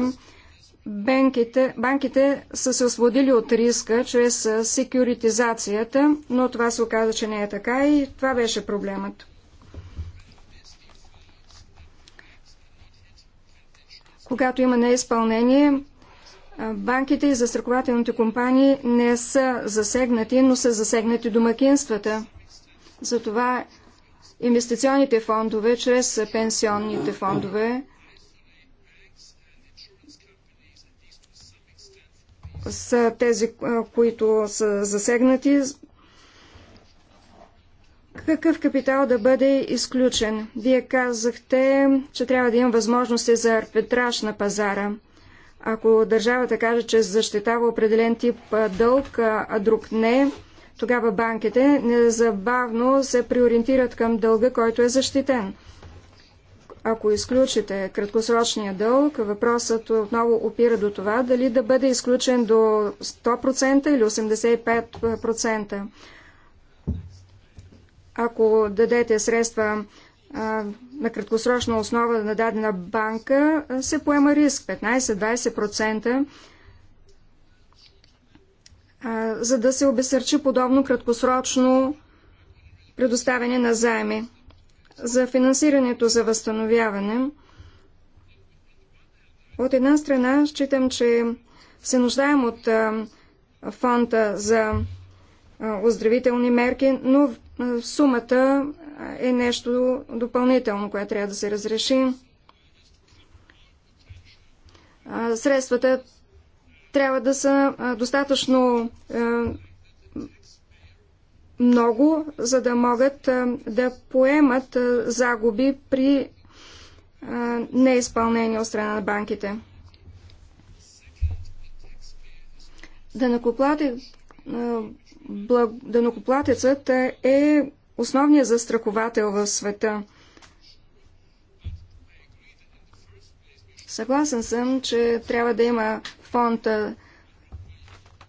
банките, банките са се освободили от риска чрез секюритизацията, но това се оказа, че не е така и това беше проблемът. Когато има неизпълнение, Банките и застрахователните компании не са засегнати, но са засегнати домакинствата. Затова инвестиционните фондове, чрез пенсионните фондове, са тези, които са засегнати. Какъв капитал да бъде изключен? Вие казахте, че трябва да има възможности за арбитраж на пазара – ако държавата каже, че защитава определен тип дълг, а друг не, тогава банките незабавно се приориентират към дълга, който е защитен. Ако изключите краткосрочния дълг, въпросът отново опира до това дали да бъде изключен до 100% или 85%. Ако дадете средства на краткосрочна основа на дадена банка се поема риск 15-20%, за да се обесърчи подобно краткосрочно предоставяне на заеми. За финансирането за възстановяване, от една страна считам, че се нуждаем от фонда за оздравителни мерки, но сумата е нещо допълнително, което трябва да се разреши. Средствата трябва да са достатъчно много, за да могат да поемат загуби при неизпълнение от страна на банките. Данакоплатецът е основният застраховател в света. Съгласен съм, че трябва да има фонда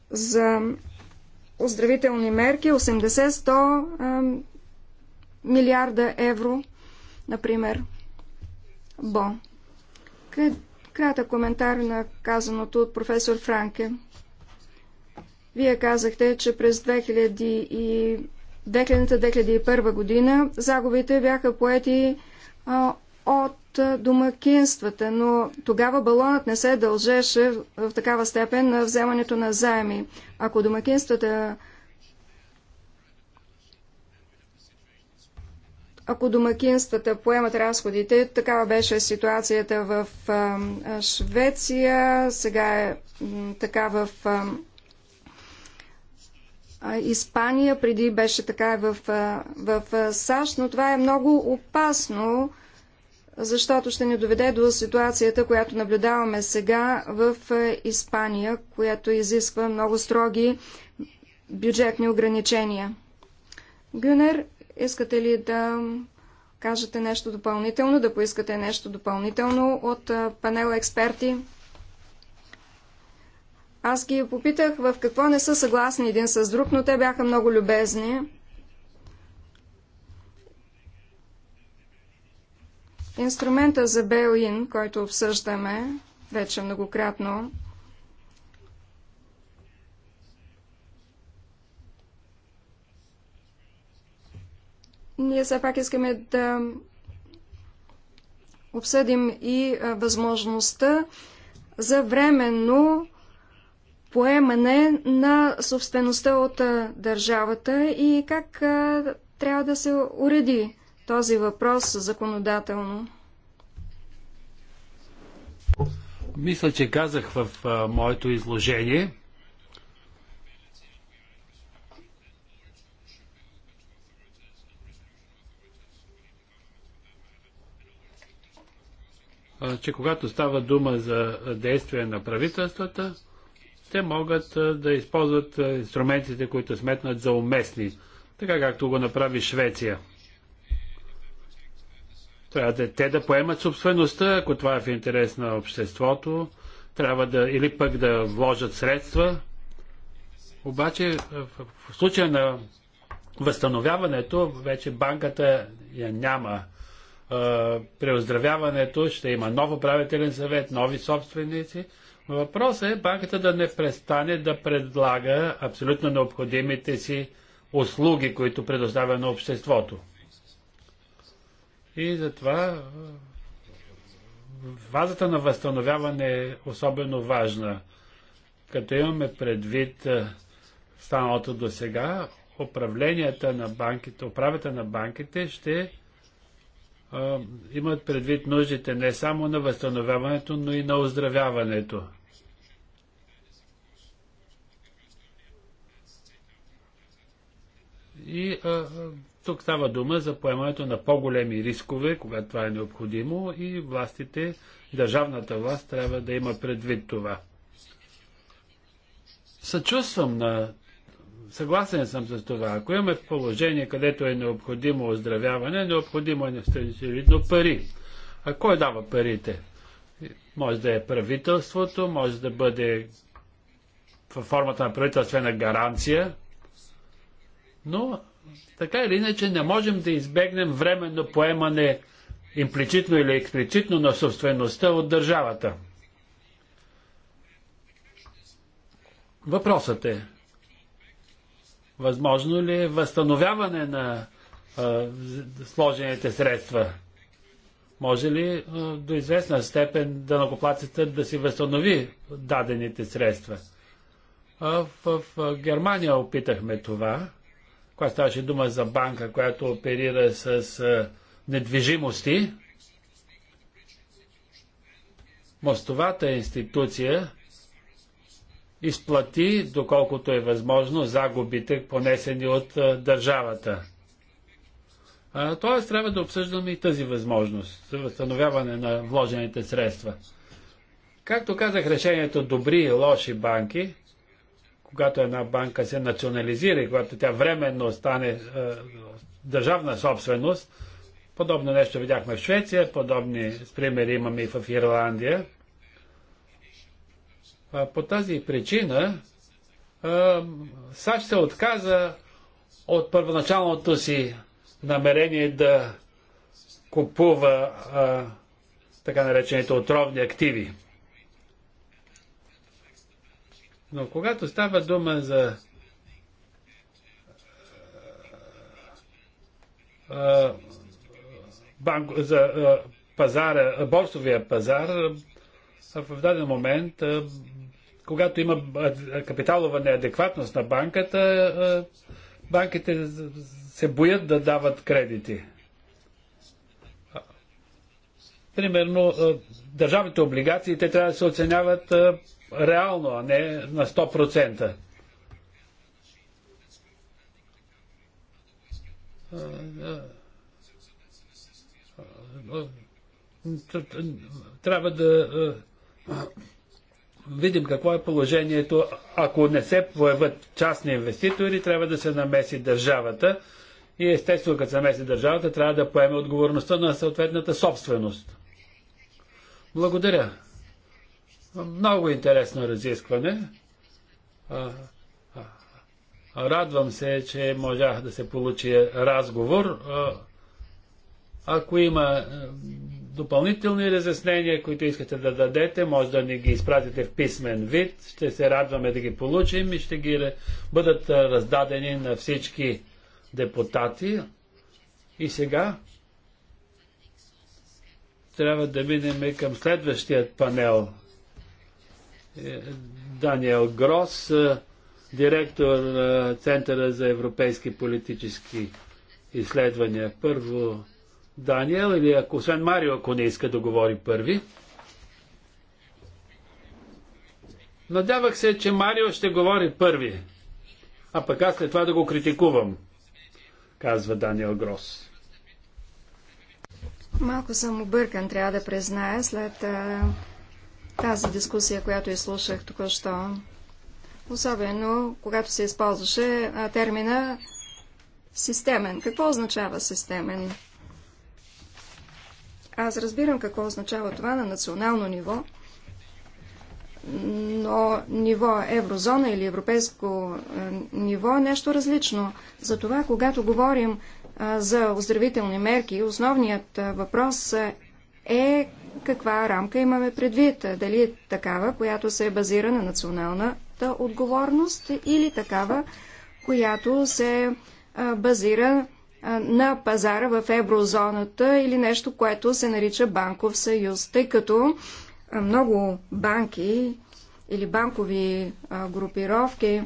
за оздравителни мерки 80-100 милиарда евро, например. Бо. Кратък коментар на казаното от професор Франке. Вие казахте, че през 2000-2001 година загубите бяха поети а, от домакинствата, но тогава балонът не се дължеше в такава степен на вземането на заеми. Ако домакинствата ако домакинствата поемат разходите, такава беше ситуацията в Швеция, сега е така в Испания, преди беше така в, в САЩ, но това е много опасно, защото ще ни доведе до ситуацията, която наблюдаваме сега в Испания, която изисква много строги бюджетни ограничения. Гюнер, искате ли да кажете нещо допълнително, да поискате нещо допълнително от панела експерти? Аз ги попитах в какво не са съгласни един с друг, но те бяха много любезни. Инструмента за Белин, който обсъждаме вече многократно, ние все пак искаме да обсъдим и възможността за временно поемане на собствеността от държавата и как трябва да се уреди този въпрос законодателно. Мисля, че казах в моето изложение, че когато става дума за действие на правителствата, те могат да използват инструментите, които сметнат за уместни, така както го направи Швеция. Трябва да, те да поемат собствеността, ако това е в интерес на обществото, трябва да или пък да вложат средства. Обаче в случая на възстановяването вече банката я няма. При оздравяването ще има нов управителен съвет, нови собственици Въпросът е банката да не престане да предлага абсолютно необходимите си услуги, които предоставя на обществото. И затова фазата на възстановяване е особено важна. Като имаме предвид станалото до сега, управленията на банките, управата на банките ще имат предвид нуждите не само на възстановяването, но и на оздравяването. И а, тук става дума за поемането на по-големи рискове, когато това е необходимо и властите, държавната власт трябва да има предвид това. Съчувствам на Съгласен съм с това. Ако имаме положение, където е необходимо оздравяване, необходимо е необходимо пари. А кой дава парите? Може да е правителството, може да бъде в формата на правителствена гаранция, но така или иначе не можем да избегнем временно поемане имплицитно или експлицитно на собствеността от държавата. Въпросът е, Възможно ли е възстановяване на а, сложените средства? Може ли а, до известна степен да накоплацата да си възстанови дадените средства? А, в, в Германия опитахме това, когато ставаше дума за банка, която оперира с а, недвижимости. Мостовата институция изплати, доколкото е възможно, загубите, понесени от държавата. тоест, трябва да обсъждаме и тази възможност за възстановяване на вложените средства. Както казах, решението добри и лоши банки, когато една банка се национализира и когато тя временно стане е, държавна собственост, подобно нещо видяхме в Швеция, подобни примери имаме и в Ирландия – по тази причина САЩ се отказа от първоначалното си намерение да купува а, така наречените отровни активи. Но когато става дума за а, банк, за а, пазара, борсовия пазар, в даден момент, когато има капиталова неадекватност на банката, банките се боят да дават кредити. Примерно, държавните облигации, те трябва да се оценяват реално, а не на 100%. Трябва да видим какво е положението. Ако не се появат частни инвеститори, трябва да се намеси държавата. И естествено, като се намеси държавата, трябва да поеме отговорността на съответната собственост. Благодаря. Много интересно разискване. Радвам се, че можах да се получи разговор. Ако има допълнителни разяснения, които искате да дадете, може да ни ги изпратите в писмен вид. Ще се радваме да ги получим и ще ги бъдат раздадени на всички депутати. И сега трябва да минем към следващия панел. Е, Даниел Грос, директор на Центъра за европейски политически изследвания. Първо Даниел или ако, освен Марио, ако не иска да говори първи. Надявах се, че Марио ще говори първи. А пък аз след това да го критикувам, казва Даниел Грос. Малко съм объркан, трябва да призная, след а, тази дискусия, която изслушах току-що. Особено, когато се използваше а, термина системен. Какво означава системен? Аз разбирам какво означава това на национално ниво, но ниво еврозона или европейско е, ниво е нещо различно. Затова, когато говорим за оздравителни мерки, основният въпрос е, е каква рамка имаме предвид. Дали е такава, която се базира на националната отговорност или такава, която се базира на пазара в еврозоната или нещо, което се нарича банков съюз, тъй като много банки или банкови групировки,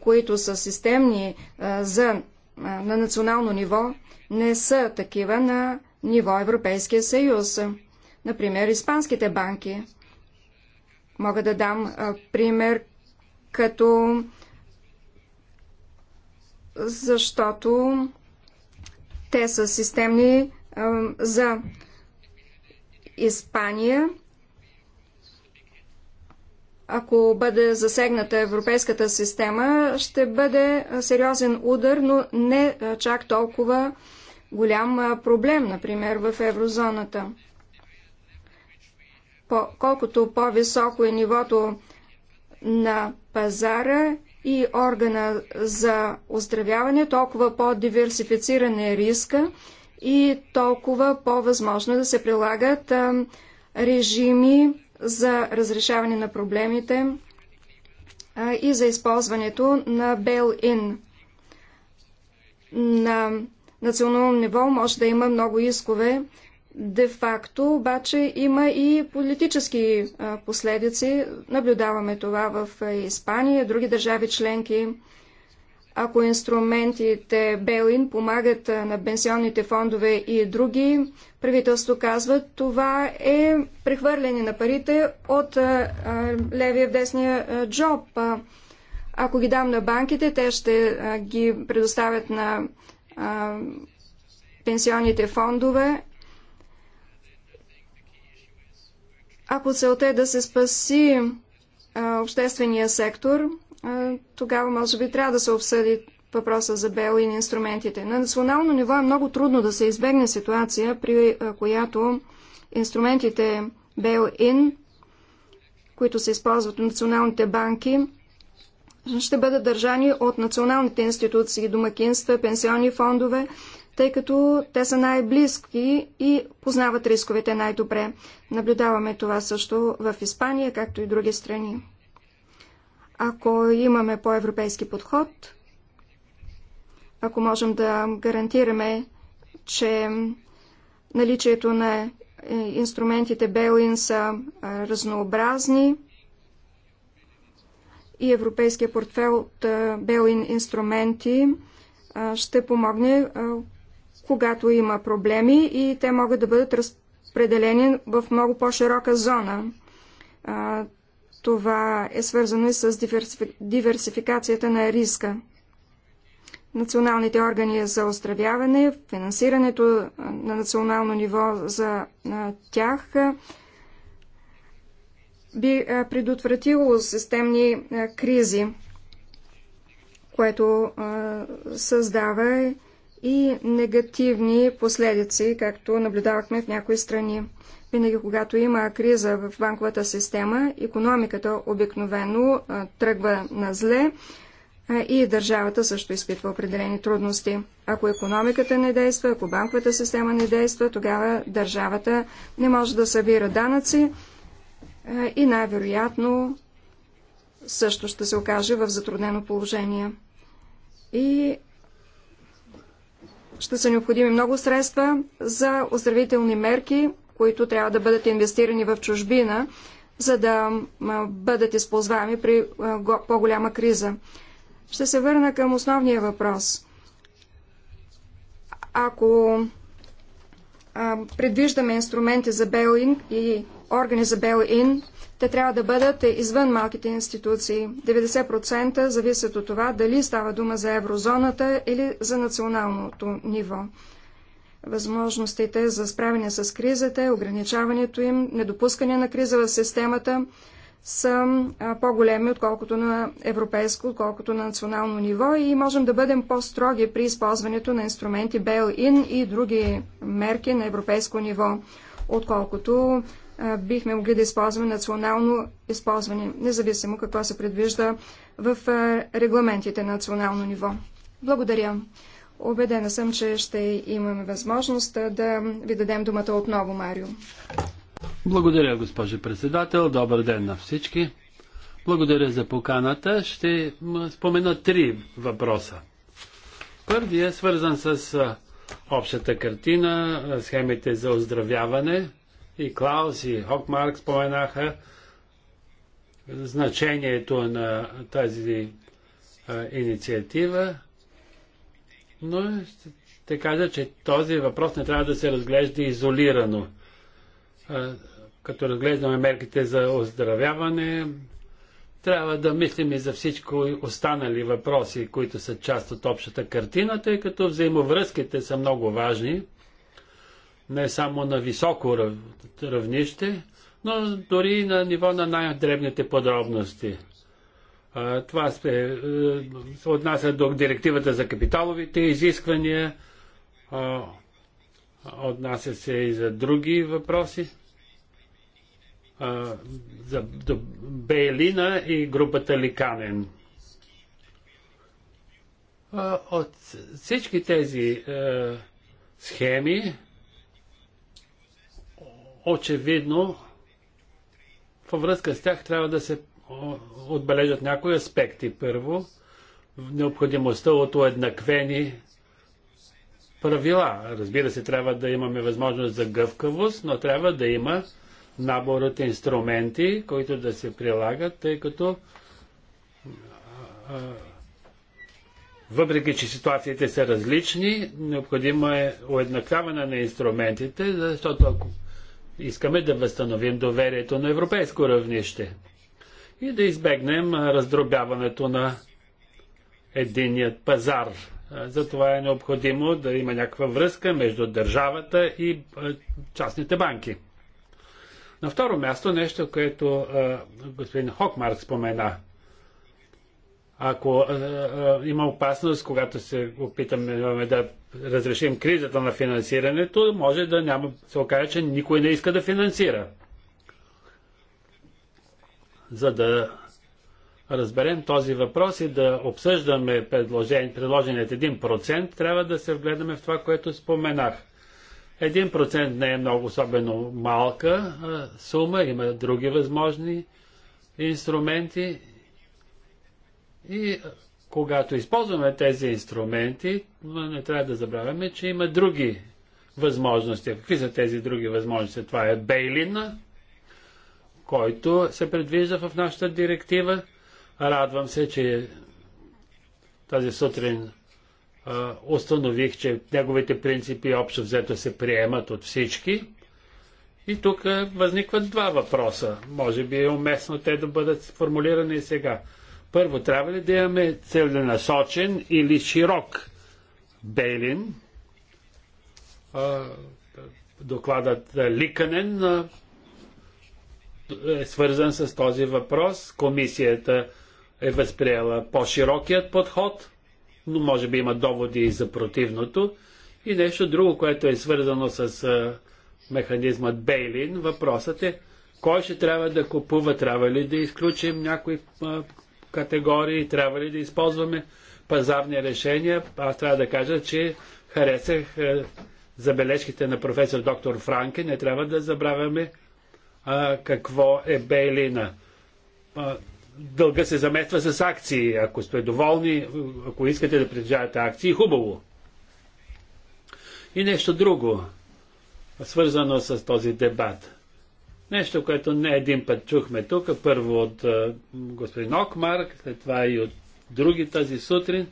които са системни за, на национално ниво, не са такива на ниво Европейския съюз. Например, испанските банки. Мога да дам пример като защото те са системни за Испания. Ако бъде засегната европейската система, ще бъде сериозен удар, но не чак толкова голям проблем, например, в еврозоната. По, колкото по-високо е нивото на пазара и органа за оздравяване, толкова по-диверсифициран е риска и толкова по-възможно е да се прилагат а, режими за разрешаване на проблемите а, и за използването на бел ин На национално ниво може да има много искове Де-факто обаче има и политически последици. Наблюдаваме това в Испания, други държави членки. Ако инструментите Белин помагат на пенсионните фондове и други, правителство казва, това е прехвърляне на парите от левия в десния джоб. Ако ги дам на банките, те ще ги предоставят на пенсионните фондове Ако целта е да се спаси а, обществения сектор, а, тогава може би трябва да се обсъди въпроса за бел и инструментите. На национално ниво е много трудно да се избегне ситуация, при а, която инструментите бейл-ин, които се използват от националните банки, ще бъдат държани от националните институции, домакинства, пенсионни фондове, тъй като те са най-близки и познават рисковете най-добре. Наблюдаваме това също в Испания, както и други страни. Ако имаме по-европейски подход, ако можем да гарантираме, че наличието на е, инструментите Белин са разнообразни и европейския портфел от Белин инструменти ще помогне когато има проблеми и те могат да бъдат разпределени в много по-широка зона. Това е свързано и с диверсификацията на риска. Националните органи за оздравяване, финансирането на национално ниво за тях би предотвратило системни кризи, което създава и негативни последици, както наблюдавахме в някои страни. Винаги, когато има криза в банковата система, економиката обикновено тръгва на зле и държавата също изпитва определени трудности. Ако економиката не действа, ако банковата система не действа, тогава държавата не може да събира данъци и най-вероятно също ще се окаже в затруднено положение. И ще са необходими много средства за оздравителни мерки, които трябва да бъдат инвестирани в чужбина, за да бъдат използвани при по-голяма криза. Ще се върна към основния въпрос. Ако предвиждаме инструменти за бейлин и органи за бейлин, те трябва да бъдат извън малките институции. 90% зависят от това дали става дума за еврозоната или за националното ниво. Възможностите за справяне с кризата, ограничаването им, недопускане на криза в системата са по-големи, отколкото на европейско, отколкото на национално ниво и можем да бъдем по-строги при използването на инструменти bail-in и други мерки на европейско ниво, отколкото бихме могли да използваме национално използване, независимо какво се предвижда в регламентите на национално ниво. Благодаря. Обедена съм, че ще имаме възможност да ви дадем думата отново, Марио. Благодаря, госпожо председател. Добър ден на всички. Благодаря за поканата. Ще спомена три въпроса. Първият е свързан с общата картина, схемите за оздравяване – и Клаус и Хокмарк споменаха значението на тази а, инициатива, но те кажа, че този въпрос не трябва да се разглежда изолирано. А, като разглеждаме мерките за оздравяване, трябва да мислим и за всичко останали въпроси, които са част от общата картина, тъй като взаимовръзките са много важни не само на високо равнище, но дори и на ниво на най-дребните подробности. Това е, се, отнася до директивата за капиталовите изисквания, отнася се и за други въпроси. За Бейлина и групата Ликанен. От всички тези е, схеми очевидно във връзка с тях трябва да се отбележат някои аспекти. Първо, необходимостта от уеднаквени правила. Разбира се, трябва да имаме възможност за гъвкавост, но трябва да има набор от инструменти, които да се прилагат, тъй като въпреки, че ситуациите са различни, необходимо е уеднаквяване на инструментите, защото ако искаме да възстановим доверието на европейско равнище и да избегнем раздробяването на единният пазар. Затова е необходимо да има някаква връзка между държавата и частните банки. На второ място нещо, което господин Хокмарк спомена. Ако а, а, има опасност, когато се опитаме да разрешим кризата на финансирането, може да няма, се окаже, че никой не иска да финансира. За да разберем този въпрос и да обсъждаме предложеният 1%, трябва да се вгледаме в това, което споменах. 1% не е много особено малка сума, има други възможни инструменти и когато използваме тези инструменти, не трябва да забравяме, че има други възможности. Какви са тези други възможности? Това е бейлина, който се предвижда в нашата директива. Радвам се, че тази сутрин а, установих, че неговите принципи общо взето се приемат от всички. И тук възникват два въпроса. Може би е уместно те да бъдат формулирани сега. Първо, трябва ли да имаме целенасочен или широк бейлин. Докладът Ликанен е свързан с този въпрос. Комисията е възприела по-широкият подход, но може би има доводи и за противното. И нещо друго, което е свързано с механизмът Бейлин, въпросът е кой ще трябва да купува, трябва ли да изключим някой категории, трябва ли да използваме пазарни решения. Аз трябва да кажа, че харесах е, забележките на професор доктор Франке. Не трябва да забравяме а, какво е Бейлина. А, дълга се замества с акции. Ако сте доволни, ако искате да притежавате акции, хубаво. И нещо друго, свързано с този дебат. Нещо, което не един път чухме тук, първо от господин Окмарк, след това и от други тази сутрин,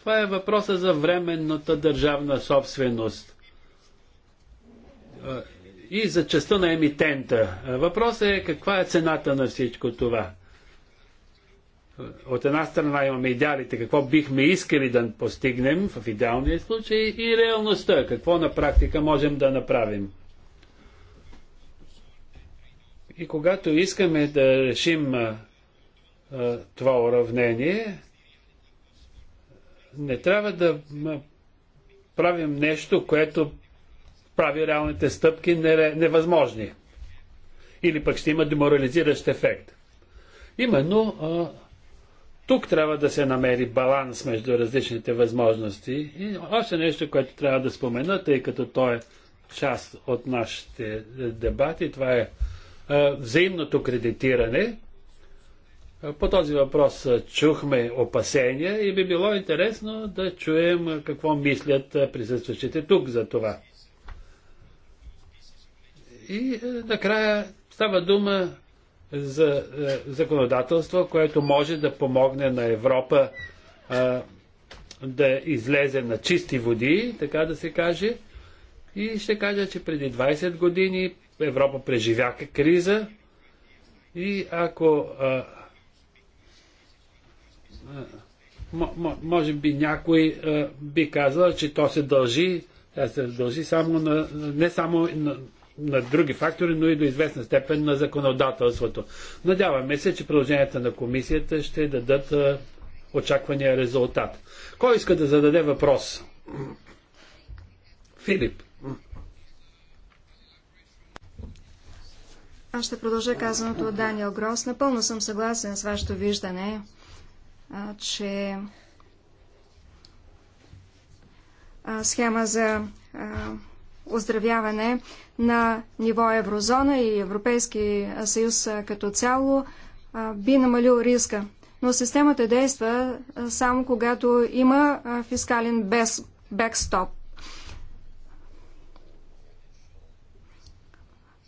това е въпроса за временната държавна собственост и за частта на емитента. Въпросът е каква е цената на всичко това. От една страна имаме идеалите, какво бихме искали да постигнем в идеалния случай и реалността, какво на практика можем да направим. И когато искаме да решим а, а, това уравнение, не трябва да правим нещо, което прави реалните стъпки невъзможни. Или пък ще има деморализиращ ефект. Именно а, тук трябва да се намери баланс между различните възможности. И още нещо, което трябва да спомена, тъй като то е част от нашите дебати, това е взаимното кредитиране. По този въпрос чухме опасения и би било интересно да чуем какво мислят присъстващите тук за това. И накрая става дума за законодателство, което може да помогне на Европа да излезе на чисти води, така да се каже. И ще кажа, че преди 20 години Европа преживяка криза и ако а, а, може би някой а, би казал, че то се дължи, се дължи само на, не само на, на други фактори, но и до известна степен на законодателството. Надяваме се, че продълженията на комисията ще дадат а, очаквания резултат. Кой иска да зададе въпрос? Филип. Аз ще продължа казаното от Даниел Грос. Напълно съм съгласен с вашето виждане, че схема за оздравяване на ниво еврозона и Европейски съюз като цяло би намалил риска. Но системата действа само когато има фискален бекстоп.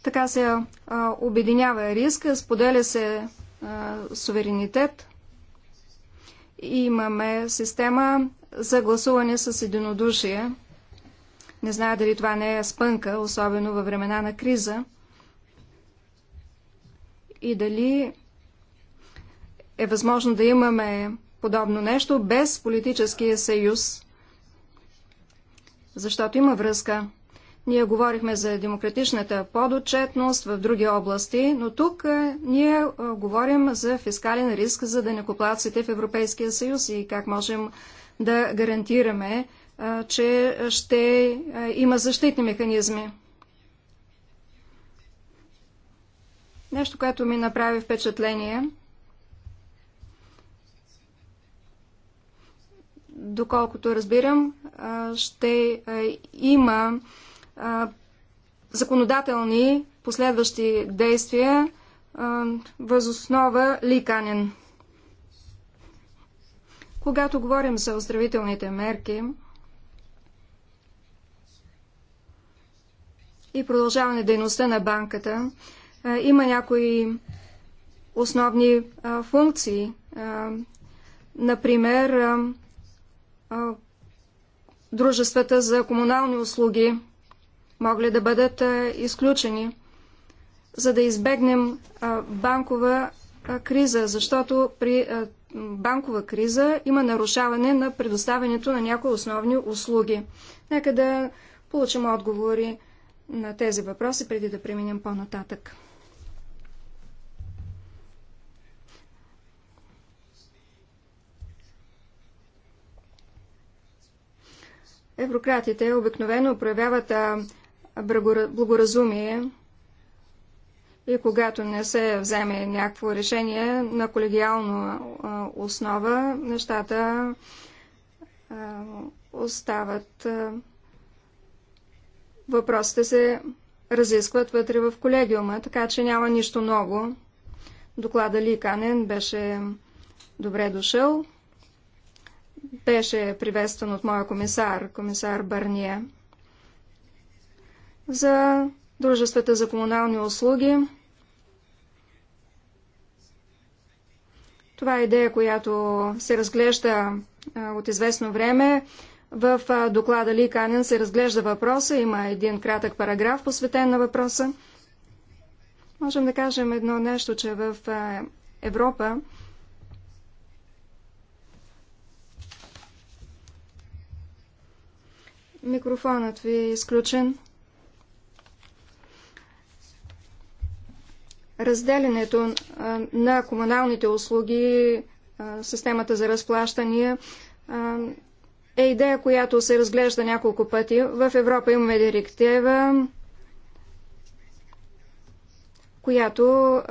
Така се обединява риска, споделя се суверенитет. И имаме система за гласуване с единодушие. Не зная дали това не е спънка, особено във времена на криза. И дали е възможно да имаме подобно нещо без политическия съюз, защото има връзка. Ние говорихме за демократичната подотчетност в други области, но тук е, ние е, говорим за фискален риск за денекоплаците в Европейския съюз и как можем да гарантираме, е, че ще има защитни механизми. Нещо, което ми направи впечатление, доколкото разбирам, ще има законодателни последващи действия възоснова ликанен. Когато говорим за оздравителните мерки и продължаване дейността на банката, има някои основни функции. Например, дружествата за комунални услуги могли да бъдат изключени, за да избегнем банкова криза, защото при банкова криза има нарушаване на предоставянето на някои основни услуги. Нека да получим отговори на тези въпроси, преди да преминем по-нататък. Еврократите обикновено проявяват благоразумие и когато не се вземе някакво решение на колегиална основа, нещата остават. Въпросите се разискват вътре в колегиума, така че няма нищо ново. Доклада Ли Канен беше добре дошъл. Беше приветстван от моя комисар, комисар Барния за дружествата за комунални услуги. Това е идея, която се разглежда от известно време. В доклада Ли Канен се разглежда въпроса. Има един кратък параграф, посветен на въпроса. Можем да кажем едно нещо, че в Европа микрофонът ви е изключен. разделянето на комуналните услуги, системата за разплащания, е идея, която се разглежда няколко пъти. В Европа имаме директива, която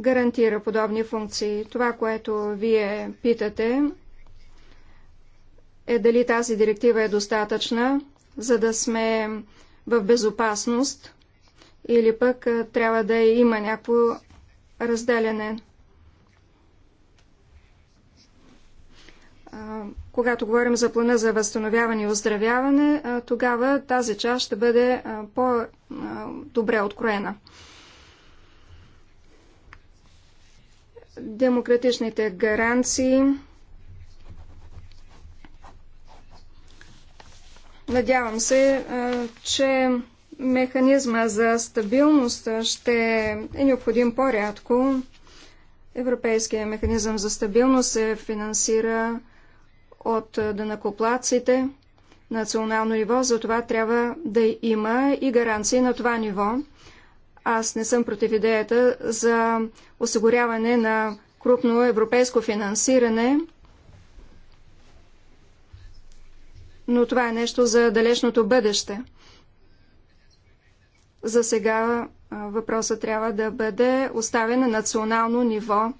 гарантира подобни функции. Това, което вие питате, е дали тази директива е достатъчна, за да сме в безопасност – или пък трябва да има някакво разделяне. Когато говорим за плана за възстановяване и оздравяване, тогава тази част ще бъде по-добре откроена. Демократичните гаранции. Надявам се, че Механизма за стабилност ще е необходим по-рядко. Европейския механизъм за стабилност се финансира от дънакоплаците национално ниво, затова трябва да има и гаранции на това ниво. Аз не съм против идеята за осигуряване на крупно европейско финансиране, но това е нещо за далечното бъдеще. За сега въпросът трябва да бъде оставен на национално ниво,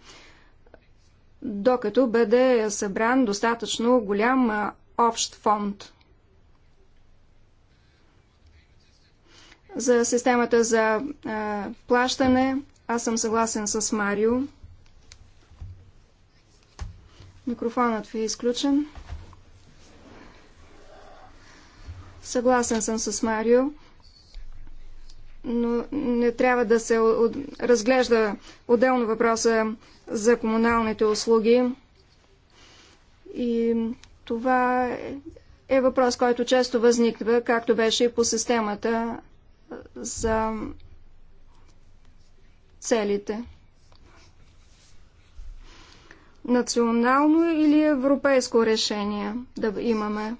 докато бъде събран достатъчно голям общ фонд. За системата за плащане аз съм съгласен с Марио. Микрофонът ви е изключен. Съгласен съм с Марио но не трябва да се разглежда отделно въпроса за комуналните услуги. И това е въпрос, който често възниква, както беше и по системата за целите. Национално или европейско решение да имаме?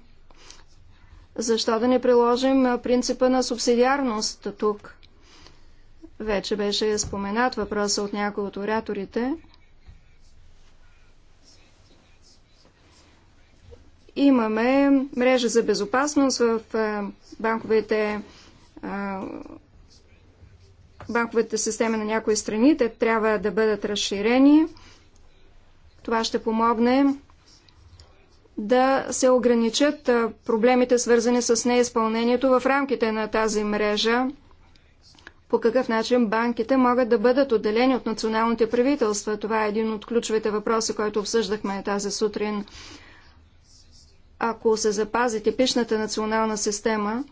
Защо да не приложим принципа на субсидиарност тук? Вече беше споменат въпроса от някои от ораторите. Имаме мрежа за безопасност в банковите банковите системи на някои страни. Те трябва да бъдат разширени. Това ще помогне да се ограничат проблемите, свързани с неизпълнението в рамките на тази мрежа. По какъв начин банките могат да бъдат отделени от националните правителства? Това е един от ключовите въпроси, който обсъждахме тази сутрин. Ако се запази типичната национална система,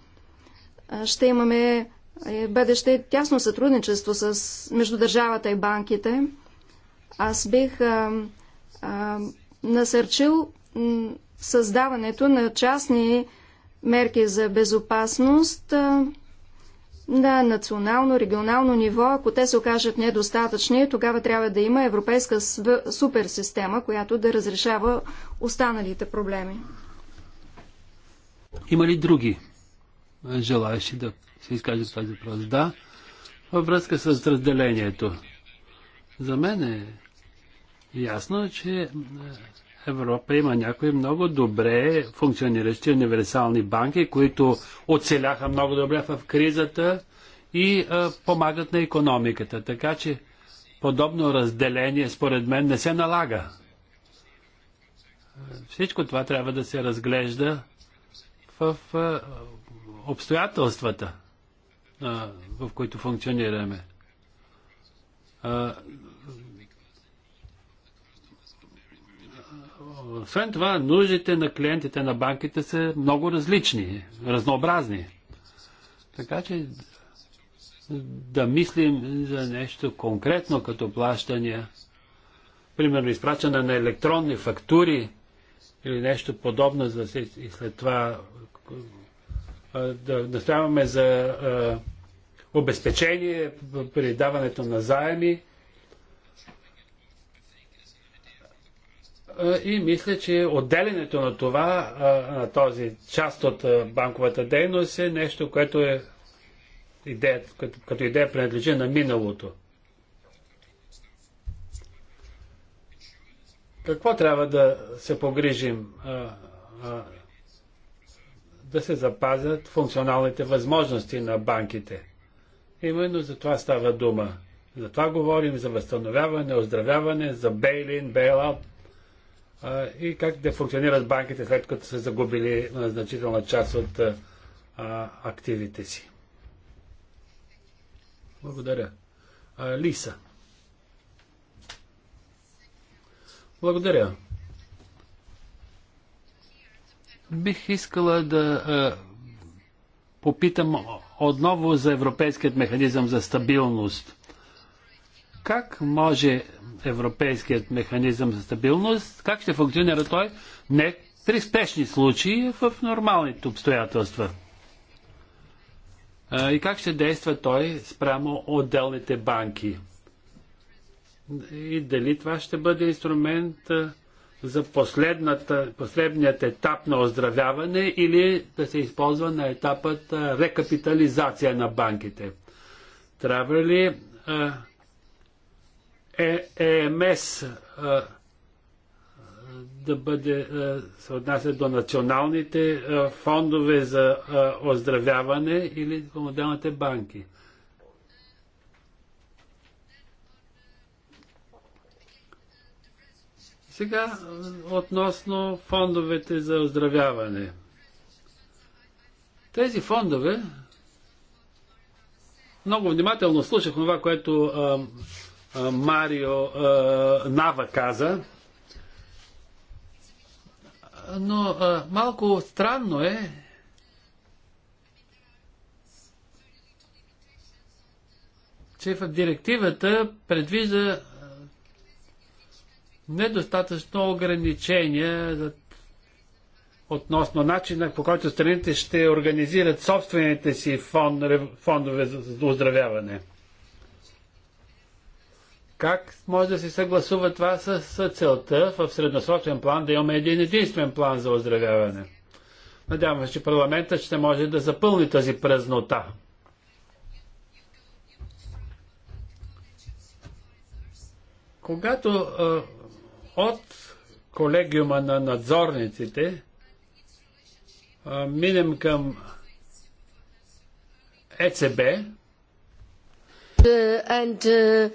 ще имаме е, бъдеще тясно сътрудничество с, между държавата и банките. Аз бих а, а, насърчил създаването на частни мерки за безопасност на национално, регионално ниво, ако те се окажат недостатъчни, тогава трябва да има европейска суперсистема, която да разрешава останалите проблеми. Има ли други желаящи да се изкажат този въпрос? Да, във връзка с разделението. За мен е ясно, че Европа има някои много добре функциониращи универсални банки, които оцеляха много добре в кризата и а, помагат на економиката. Така че подобно разделение, според мен, не се налага. Всичко това трябва да се разглежда в а, обстоятелствата, а, в които функционираме. А, Освен това, нуждите на клиентите на банките са много различни, разнообразни. Така че да мислим за нещо конкретно като плащания, примерно изпращане на електронни фактури или нещо подобно, за и след това да настояваме за обезпечение при даването на заеми И мисля, че отделянето на това, на този част от банковата дейност е нещо, което е идея, като, като идея принадлежи на миналото. Какво трябва да се погрижим? Да се запазят функционалните възможности на банките. Именно за това става дума. За това говорим за възстановяване, оздравяване, за бейлин, бейлаут, и как да функционират банките след като са загубили значителна част от активите си. Благодаря. Лиса. Благодаря. Бих искала да а, попитам отново за Европейският механизъм за стабилност. Как може Европейският механизъм за стабилност, как ще функционира той не при спешни случаи, а в нормалните обстоятелства? И как ще действа той спрямо отделните банки? И дали това ще бъде инструмент за последният етап на оздравяване или да се използва на етапът рекапитализация на банките? Трябва ли е, ЕМС а, да бъде, а, се отнася до националните а, фондове за а, оздравяване или до моделните банки. Сега относно фондовете за оздравяване. Тези фондове, много внимателно слушах това, което а, Марио Нава каза. Но малко странно е, че в директивата предвижда недостатъчно ограничения за относно начина по който страните ще организират собствените си фон, фондове за оздравяване. Как може да се съгласува това с, целта в средносрочен план да имаме един единствен план за оздравяване? Надявам се, че парламентът ще може да запълни тази празнота. Когато а, от колегиума на надзорниците а, минем към ЕЦБ, uh, and uh,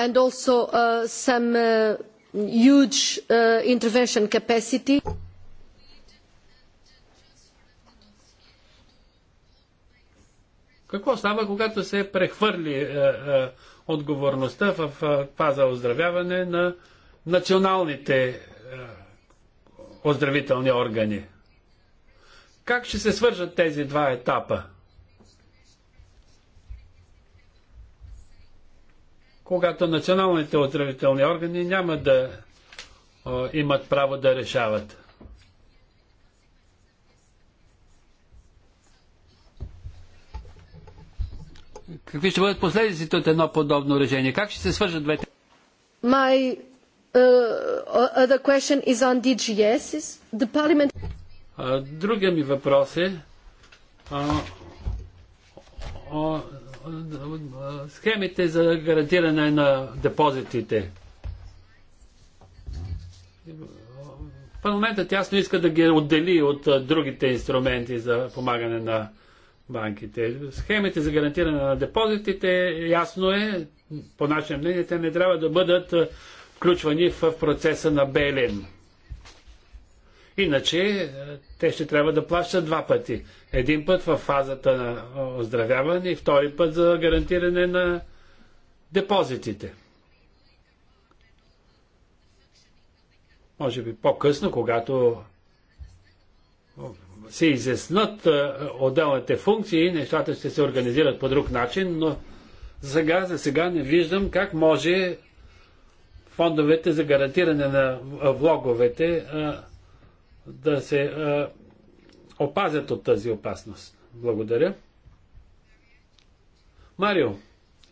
and also uh, some uh, huge uh, intervention capacity. Какво става, когато се прехвърли е, е, отговорността в фаза е, оздравяване на националните е, оздравителни органи? Как ще се свържат тези два етапа? когато националните отравителни органи няма да о, имат право да решават. Какви ще бъдат последиците от едно подобно решение? Как ще се свържат двете? My uh, other question is on DGS. Is the parliament... другия ми въпрос е uh, схемите за гарантиране на депозитите. Парламентът ясно иска да ги отдели от другите инструменти за помагане на банките. Схемите за гарантиране на депозитите, ясно е, по наше мнение, те не трябва да бъдат включвани в процеса на Белин. Иначе е, те ще трябва да плащат два пъти. Един път в фазата на оздравяване и втори път за гарантиране на депозитите. Може би по-късно, когато се изяснат отделните функции, нещата ще се организират по друг начин, но за сега, за сега не виждам как може фондовете за гарантиране на влоговете да се а, опазят от тази опасност. Благодаря. Марио,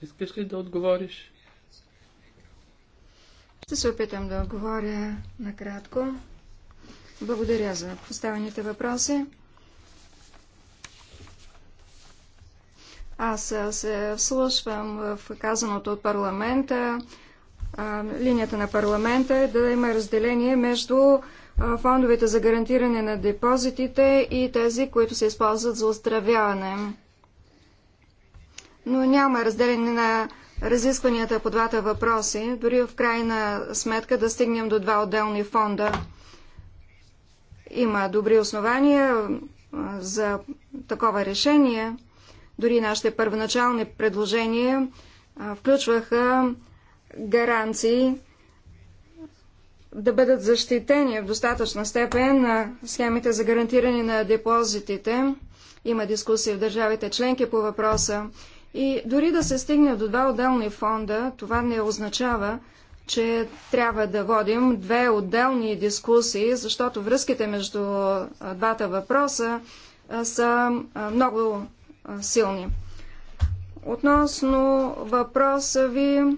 искаш ли да отговориш? Ще се опитам да отговоря накратко. Благодаря за поставените въпроси. Аз се вслушвам в казаното от парламента. Линията на парламента е да има разделение между фондовете за гарантиране на депозитите и тези, които се използват за оздравяване. Но няма разделение на разискванията по двата въпроси, дори в крайна сметка да стигнем до два отделни фонда. Има добри основания за такова решение. Дори нашите първоначални предложения включваха гаранции да бъдат защитени в достатъчна степен на схемите за гарантиране на депозитите. Има дискусии в държавите членки по въпроса. И дори да се стигне до два отделни фонда, това не означава, че трябва да водим две отделни дискусии, защото връзките между двата въпроса са много силни. Относно въпроса ви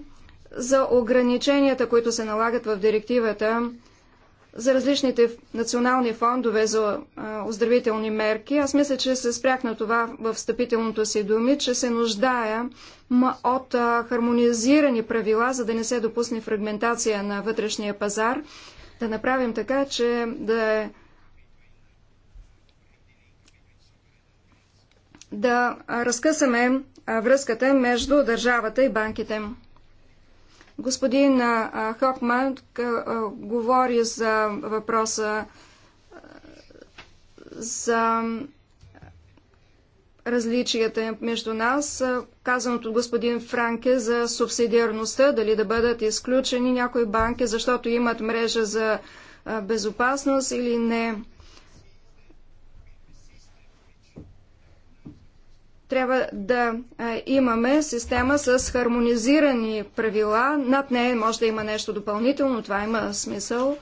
за ограниченията, които се налагат в директивата за различните национални фондове за оздравителни мерки. Аз мисля, че се спрях на това в встъпителното си думи, че се нуждая от хармонизирани правила, за да не се допусне фрагментация на вътрешния пазар, да направим така, че да да разкъсаме връзката между държавата и банките. Господин Хопман говори за въпроса за различията между нас, казаното от господин Франке за субсидиарността, дали да бъдат изключени някои банки, защото имат мрежа за безопасност или не. трябва да имаме система с хармонизирани правила. Над нея може да има нещо допълнително, това има смисъл.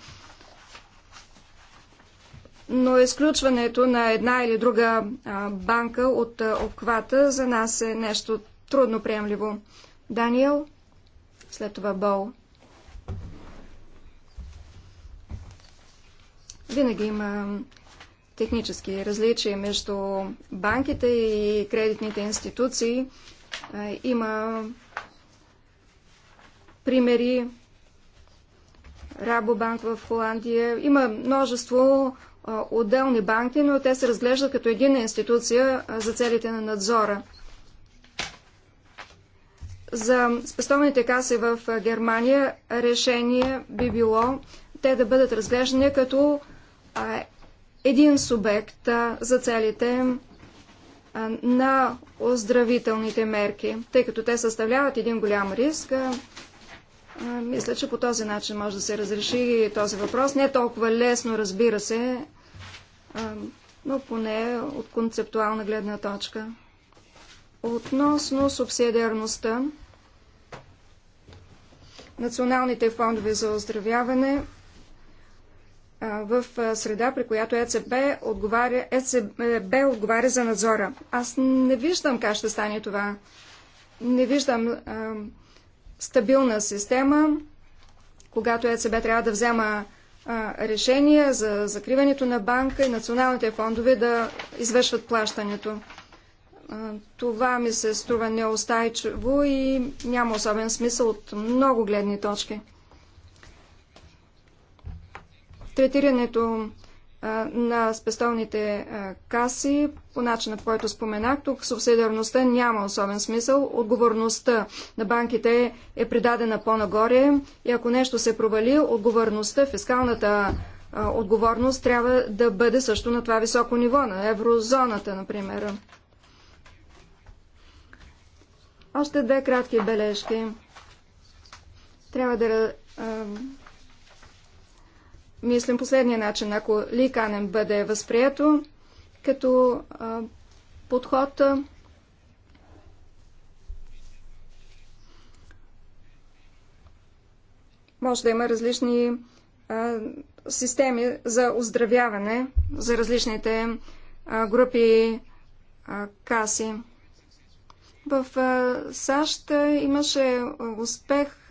Но изключването на една или друга банка от обхвата за нас е нещо трудно приемливо. Даниел, след това Бол. Винаги има технически различия между банките и кредитните институции. Е, има примери. Рабобанк в Холандия. Има множество е, отделни банки, но те се разглеждат като единна институция е, за целите на надзора. За спестовните каси в Германия решение би било те да бъдат разглеждани като един субект за целите на оздравителните мерки, тъй като те съставляват един голям риск. Мисля, че по този начин може да се разреши този въпрос. Не е толкова лесно, разбира се, но поне от концептуална гледна точка. Относно субсидиарността, националните фондове за оздравяване – в среда, при която ЕЦБ отговаря, ЕЦБ отговаря за надзора. Аз не виждам как ще стане това. Не виждам а, стабилна система, когато ЕЦБ трябва да взема а, решение за закриването на банка и националните фондове да извършват плащането. А, това ми се струва неостайчиво и няма особен смисъл от много гледни точки. Третирането на спестовните каси по начина, по който споменах. Тук субсидиарността няма особен смисъл. Отговорността на банките е придадена по-нагоре и ако нещо се провали, отговорността, фискалната отговорност трябва да бъде също на това високо ниво, на еврозоната, например. Още две кратки бележки. Трябва да мислим последния начин. Ако Ликанен бъде възприето като а, подход, може да има различни а, системи за оздравяване за различните а, групи а, каси. В САЩ имаше успех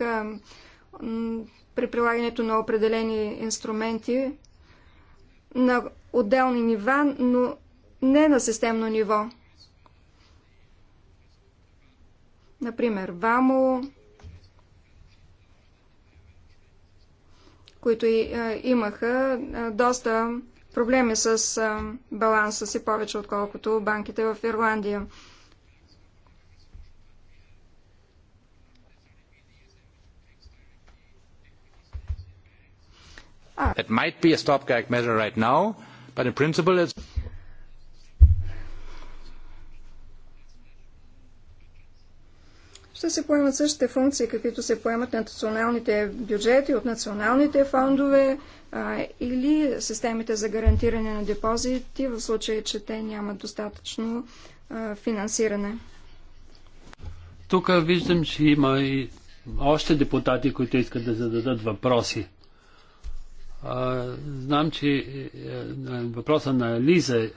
при прилагането на определени инструменти на отделни нива, но не на системно ниво. Например, ВАМО, които и, а, имаха а, доста проблеми с а, баланса си, повече отколкото банките в Ирландия. Ah. That might be a stopgap measure right now, but in principle it's ще се поемат същите функции, каквито се поемат на националните бюджети, от националните фондове а, или системите за гарантиране на депозити, в случай, че те нямат достатъчно а, финансиране. Тук виждам, че има и още депутати, които искат да зададат въпроси. Знам, че е, въпроса на Лиза е,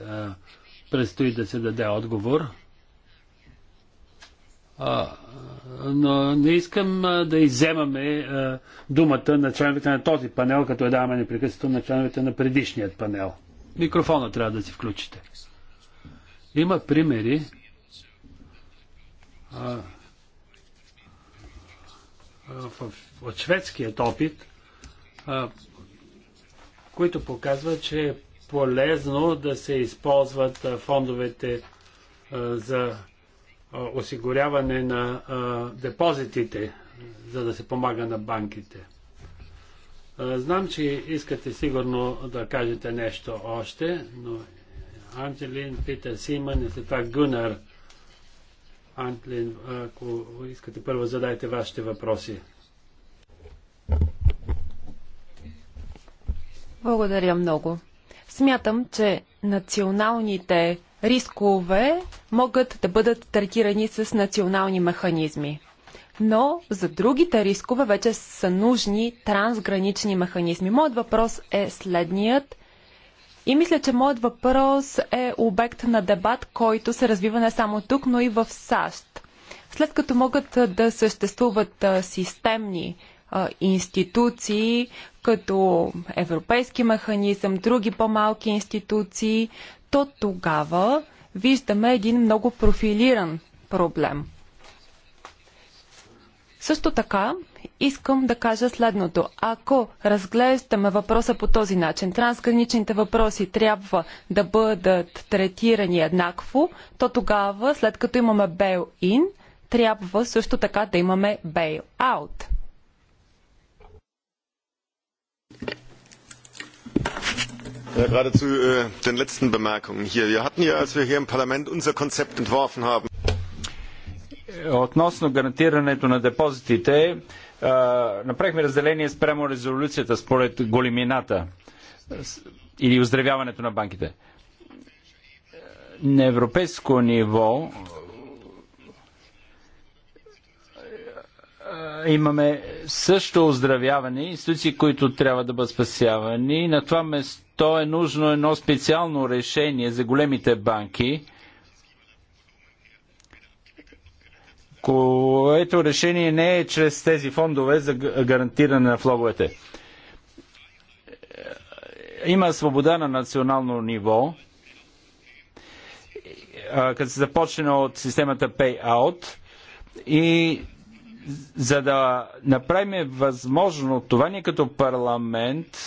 предстои да се даде отговор. но не искам да иземаме думата на членовете на този панел, като я даваме непрекъснато на членовете на предишният панел. Микрофона трябва да си включите. Има примери. в, от шведският опит които показват, че е полезно да се използват фондовете за осигуряване на депозитите, за да се помага на банките. Знам, че искате сигурно да кажете нещо още, но Анджелин, Питер Симън и след това Гунар. Антлин, ако искате първо задайте вашите въпроси. Благодаря много. Смятам, че националните рискове могат да бъдат третирани с национални механизми. Но за другите рискове вече са нужни трансгранични механизми. Моят въпрос е следният. И мисля, че моят въпрос е обект на дебат, който се развива не само тук, но и в САЩ. След като могат да съществуват системни институции, като Европейски механизъм, други по-малки институции, то тогава виждаме един много профилиран проблем. Също така, искам да кажа следното. Ако разглеждаме въпроса по този начин, трансграничните въпроси трябва да бъдат третирани еднакво, то тогава, след като имаме bail-in, трябва също така да имаме bail-out. gerade zu äh, den letzten Bemerkungen hier. Wir hatten ja, als wir hier im Parlament unser Konzept entworfen haben. Относно гарантирането на депозитите, е, направихме разделение спрямо резолюцията според големината или оздравяването на банките. На европейско ниво е, е, имаме също оздравяване, институции, които трябва да бъдат спасявани. На това место то е нужно едно специално решение за големите банки, което решение не е чрез тези фондове за гарантиране на влоговете. Има свобода на национално ниво, като се започне от системата Payout и за да направим възможно това ние като парламент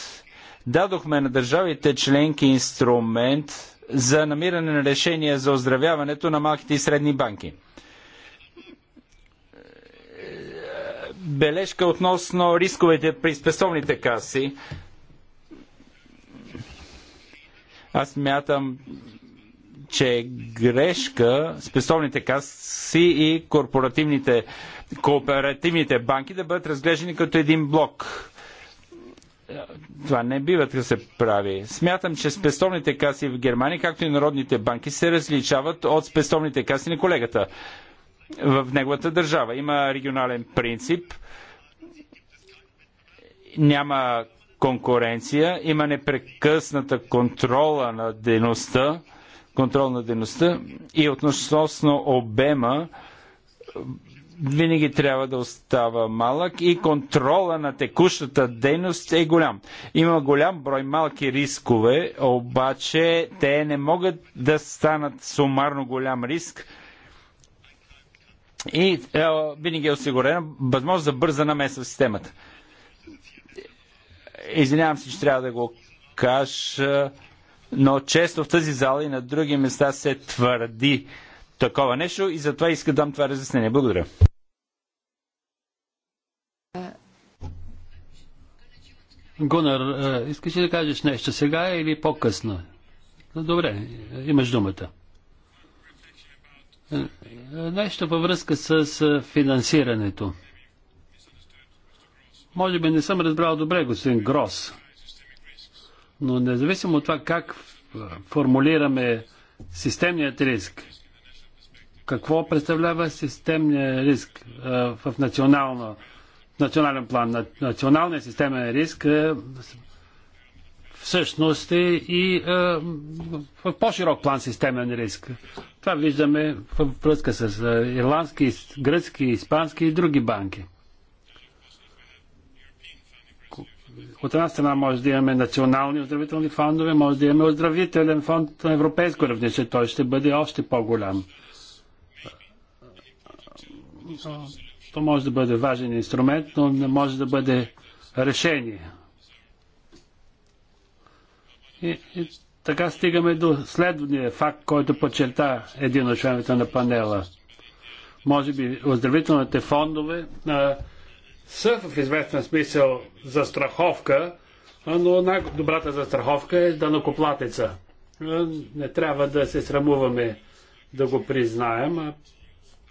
дадохме на държавите членки инструмент за намиране на решения за оздравяването на малките и средни банки. Бележка относно рисковете при спестовните каси. Аз мятам, че е грешка спесовните каси и корпоративните, кооперативните банки да бъдат разглеждани като един блок това не бива да се прави. Смятам, че спестовните каси в Германия, както и народните банки, се различават от спестовните каси на колегата в неговата държава. Има регионален принцип, няма конкуренция, има непрекъсната контрола на дейността, контрол на дейността и относно обема винаги трябва да остава малък и контрола на текущата дейност е голям. Има голям брой малки рискове, обаче те не могат да станат сумарно голям риск и е, винаги е осигурена възможност за бърза намеса в системата. Извинявам се, че трябва да го кажа, но често в тази зала и на други места се твърди такова нещо и затова иска да дам това разяснение. Благодаря. Гунар, искаш ли да кажеш нещо сега или по-късно? Добре, имаш думата. Нещо във връзка с финансирането. Може би не съм разбрал добре, господин Грос, но независимо от това как формулираме системният риск, какво представлява системният риск в национално национален план, на националния системен риск е, всъщност е и е, в по-широк план системен риск. Това виждаме в връзка с е, ирландски, гръцки, испански и други банки. От една страна може да имаме национални оздравителни фондове, може да имаме оздравителен фонд на европейско равнище. Той ще бъде още по-голям то може да бъде важен инструмент, но не може да бъде решение. И, и така стигаме до следния факт, който подчерта един от членовете на панела. Може би оздравителните фондове а, са в известен смисъл застраховка, но най-добрата застраховка е данокоплатеца. Не трябва да се срамуваме да го признаем, а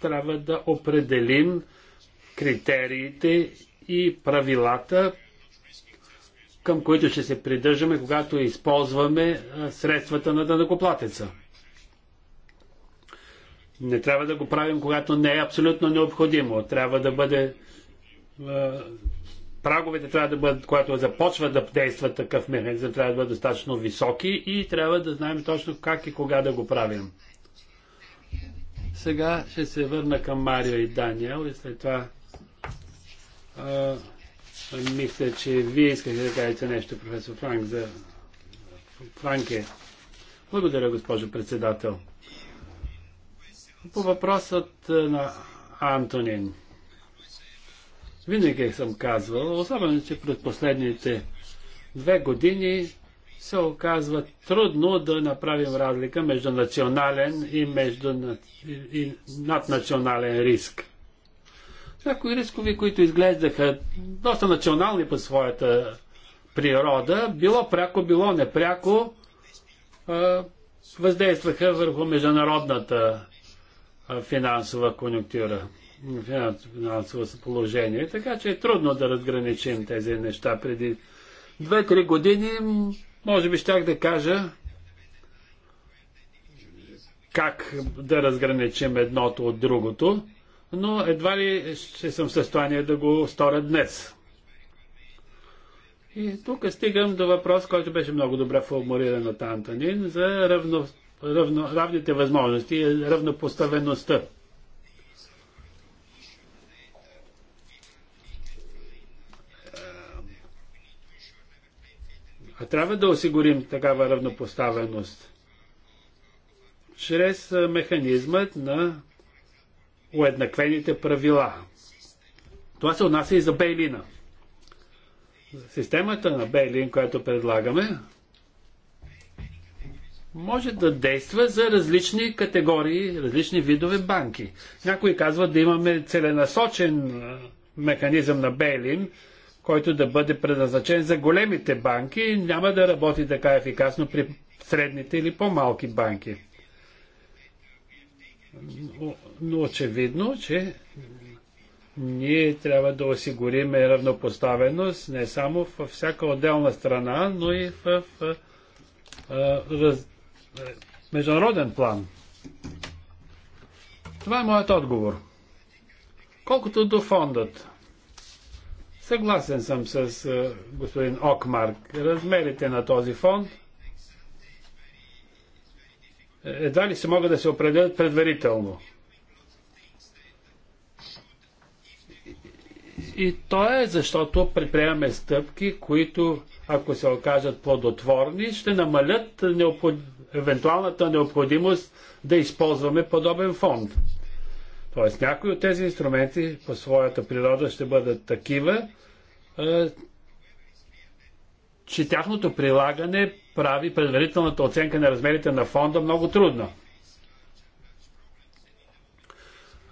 трябва да определим критериите и правилата, към които ще се придържаме, когато използваме средствата на дънакоплатеца. Не трябва да го правим, когато не е абсолютно необходимо. Трябва да бъде. Праговете трябва да бъдат, когато започва да действа такъв механизъм, трябва да бъдат достатъчно високи и трябва да знаем точно как и кога да го правим. Сега ще се върна към Марио и Даниел и след това мисля, че вие искате да кажете нещо, професор Франк, за Франке. Благодаря, госпожо председател. По въпросът на Антонин. Винаги съм казвал, особено, че през последните две години се оказва трудно да направим разлика между национален и, между, и наднационален риск някои рискови, които изглеждаха доста национални по своята природа, било пряко, било непряко, въздействаха върху международната финансова конъюнктура, финансово положение. Така че е трудно да разграничим тези неща. Преди 2-3 години, може би, щях да кажа как да разграничим едното от другото но едва ли ще съм в състояние да го сторя днес. И тук стигам до въпрос, който беше много добре формулиран от Антонин, за равно, равно, равните възможности и равнопоставеността. А трябва да осигурим такава равнопоставеност чрез механизмът на уеднаквените правила. Това се отнася и за Бейлина. Системата на Бейлин, която предлагаме, може да действа за различни категории, различни видове банки. Някои казват да имаме целенасочен механизъм на Бейлин, който да бъде предназначен за големите банки, няма да работи така ефикасно при средните или по-малки банки но очевидно, че ние трябва да осигурим равнопоставеност не само във всяка отделна страна, но и в, в, в в международен план. Това е моят отговор. Колкото до фондът, съгласен съм с господин Окмарк. Размерите на този фонд – едва ли се могат да се определят предварително. И то е защото предприемаме стъпки, които, ако се окажат плодотворни, ще намалят необход... евентуалната необходимост да използваме подобен фонд. Тоест, някои от тези инструменти по своята природа ще бъдат такива, че тяхното прилагане прави предварителната оценка на размерите на фонда много трудно.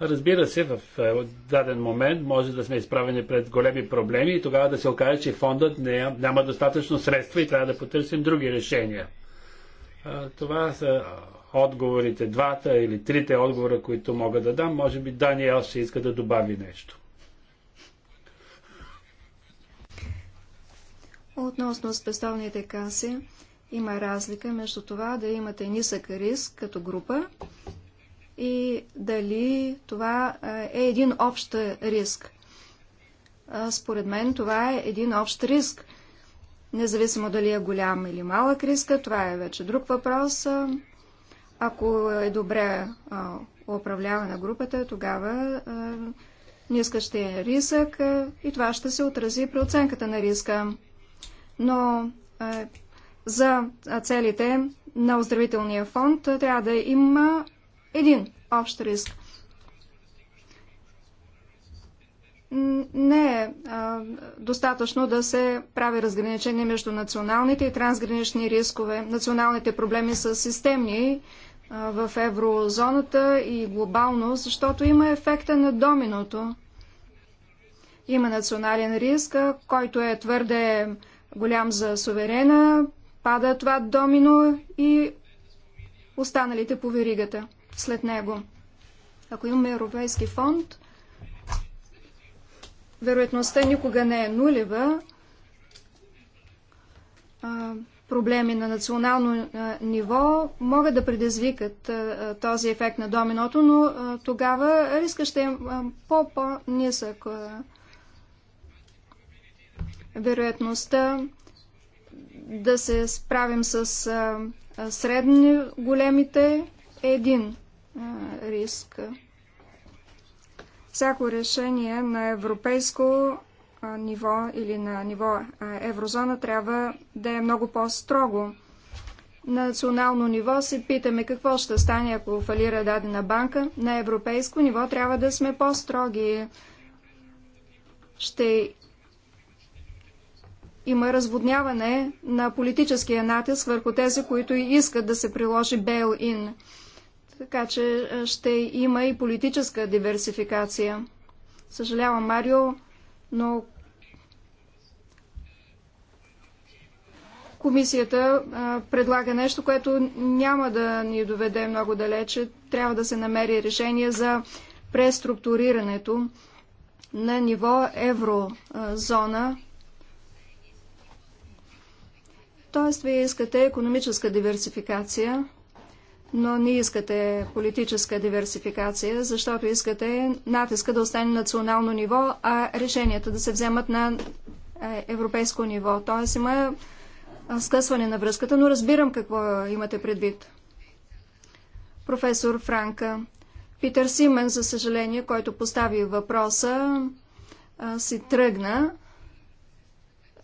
Разбира се, в е, даден момент може да сме изправени пред големи проблеми и тогава да се окаже, че фондът не, е, няма достатъчно средства и трябва да потърсим други решения. Е, това са отговорите, двата или трите отговора, които мога да дам. Може би Даниел ще иска да добави нещо. Относно спестовните каси, има разлика между това да имате нисък риск като група и дали това е един общ риск. Според мен това е един общ риск. Независимо дали е голям или малък риск, това е вече друг въпрос. Ако е добре управлявана групата, тогава ниска ще е рисък и това ще се отрази при оценката на риска но е, за целите на оздравителния фонд трябва да има един общ риск. Не е а, достатъчно да се прави разграничение между националните и трансгранични рискове. Националните проблеми са системни а, в еврозоната и глобално, защото има ефекта на доминото. Има национален риск, който е твърде а, голям за суверена, пада това домино и останалите по веригата след него. Ако имаме Европейски фонд, вероятността никога не е нулева. Проблеми на национално ниво могат да предизвикат този ефект на доминото, но тогава риска ще е по-нисък. -по вероятността да се справим с средни големите е един риск. Всяко решение на европейско ниво или на ниво еврозона трябва да е много по-строго. На национално ниво се питаме какво ще стане, ако фалира дадена банка. На европейско ниво трябва да сме по-строги. Ще има разводняване на политическия натиск върху тези, които искат да се приложи бейл-ин. Така че ще има и политическа диверсификация. Съжалявам, Марио, но комисията предлага нещо, което няма да ни доведе много далече. Трябва да се намери решение за преструктурирането на ниво еврозона Тоест, вие искате економическа диверсификация, но не искате политическа диверсификация, защото искате натиска да остане национално ниво, а решенията да се вземат на е, европейско ниво. Тоест има скъсване на връзката, но разбирам какво имате предвид. Професор Франка. Питър Симен, за съжаление, който постави въпроса, си тръгна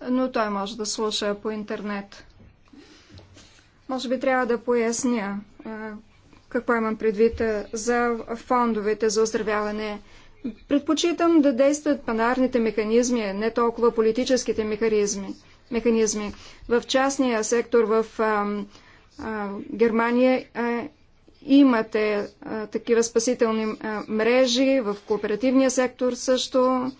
но той може да слуша по интернет. Може би трябва да поясня какво имам предвид за фондовете за оздравяване. Предпочитам да действат панарните механизми, не толкова политическите механизми. механизми. В частния сектор в а, а, Германия а, имате а, такива спасителни а, мрежи, в кооперативния сектор също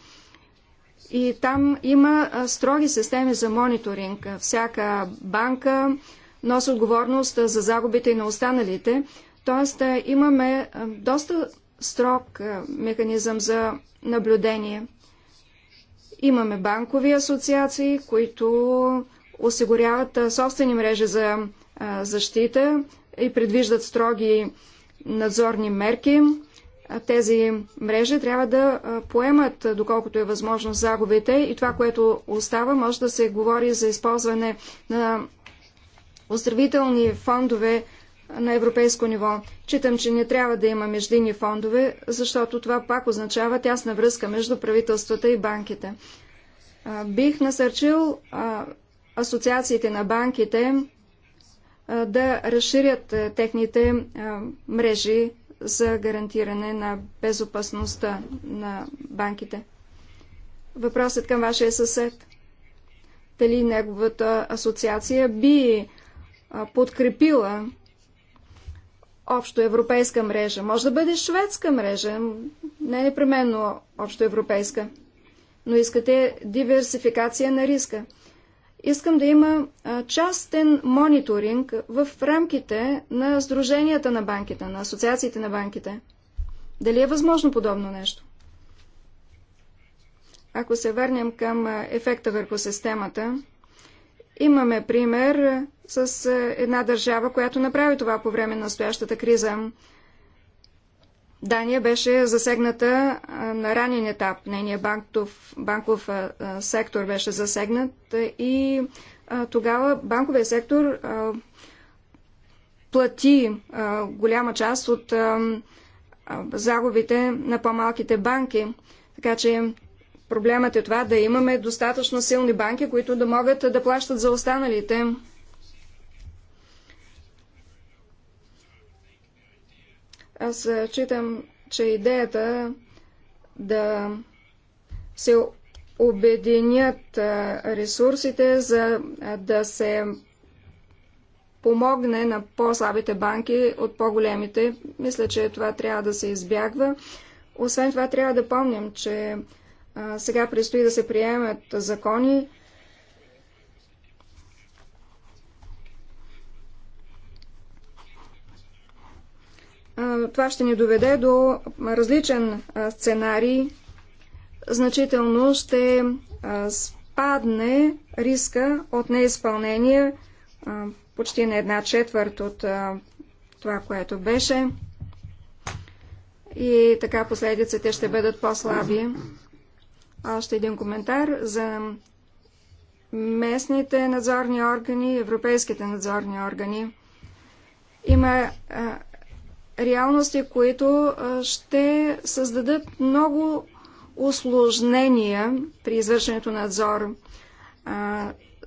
и там има строги системи за мониторинг. Всяка банка носи отговорност за загубите и на останалите. Тоест имаме доста строг механизъм за наблюдение. Имаме банкови асоциации, които осигуряват собствени мрежи за защита и предвиждат строги надзорни мерки тези мрежи трябва да поемат, доколкото е възможно, загубите и това, което остава, може да се говори за използване на оздравителни фондове на европейско ниво. Читам, че не трябва да има междинни фондове, защото това пак означава тясна връзка между правителствата и банките. Бих насърчил асоциациите на банките да разширят техните мрежи за гарантиране на безопасността на банките. Въпросът към вашия съсед. Дали неговата асоциация би подкрепила общо европейска мрежа? Може да бъде шведска мрежа, не непременно общо европейска. Но искате диверсификация на риска. Искам да има частен мониторинг в рамките на сдруженията на банките, на асоциациите на банките. Дали е възможно подобно нещо? Ако се върнем към ефекта върху системата, имаме пример с една държава, която направи това по време на настоящата криза. Дания беше засегната на ранен етап. Нейният банков, банков сектор беше засегнат и тогава банковия сектор плати голяма част от загубите на по-малките банки. Така че проблемът е това да имаме достатъчно силни банки, които да могат да плащат за останалите. Аз читам, че идеята да се обединят ресурсите, за да се помогне на по-слабите банки от по-големите. Мисля, че това трябва да се избягва. Освен това, трябва да помним, че а, сега предстои да се приемат закони, това ще ни доведе до различен сценарий. Значително ще спадне риска от неизпълнение почти на една четвърт от това, което беше. И така последиците ще бъдат по-слаби. Още един коментар за местните надзорни органи, европейските надзорни органи. Има реалности, които ще създадат много осложнения при извършването на надзор,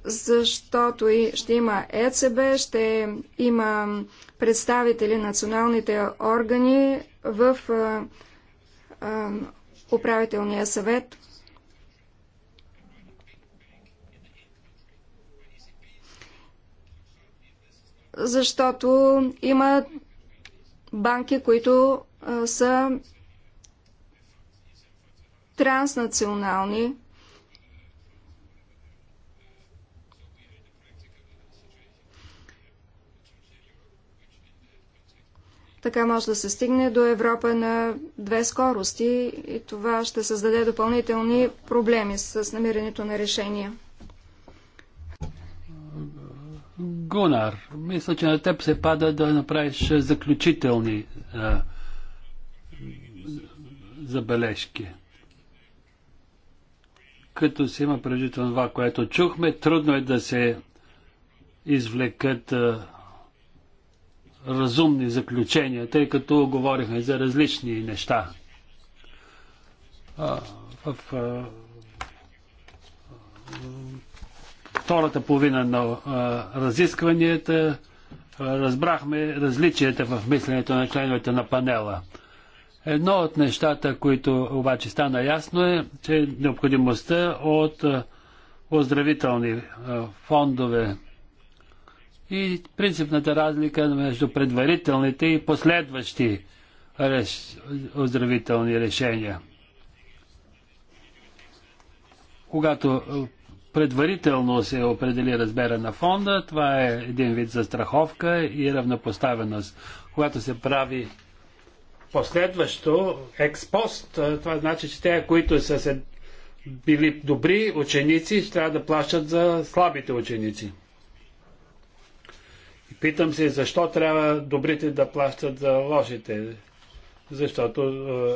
защото ще има ЕЦБ, ще има представители на националните органи в управителния съвет. Защото има банки, които а, са транснационални. Така може да се стигне до Европа на две скорости и това ще създаде допълнителни проблеми с намирането на решения. Гунар, мисля, че на теб се пада да направиш е, заключителни а, е, забележки. Като се има предвид това, което чухме, трудно е да се извлекат а, е, разумни заключения, тъй като говорихме за различни неща. А, в, а, втората половина на разискванията разбрахме различията в мисленето на членовете на панела. Едно от нещата, които обаче стана ясно е, че необходимостта от оздравителни фондове и принципната разлика между предварителните и последващи реш... оздравителни решения. Когато предварително се определи размера на фонда. Това е един вид застраховка и равнопоставеност. Когато се прави последващо, експост, това значи, че те, които са се били добри ученици, ще трябва да плащат за слабите ученици. И питам се, защо трябва добрите да плащат за лошите? Защото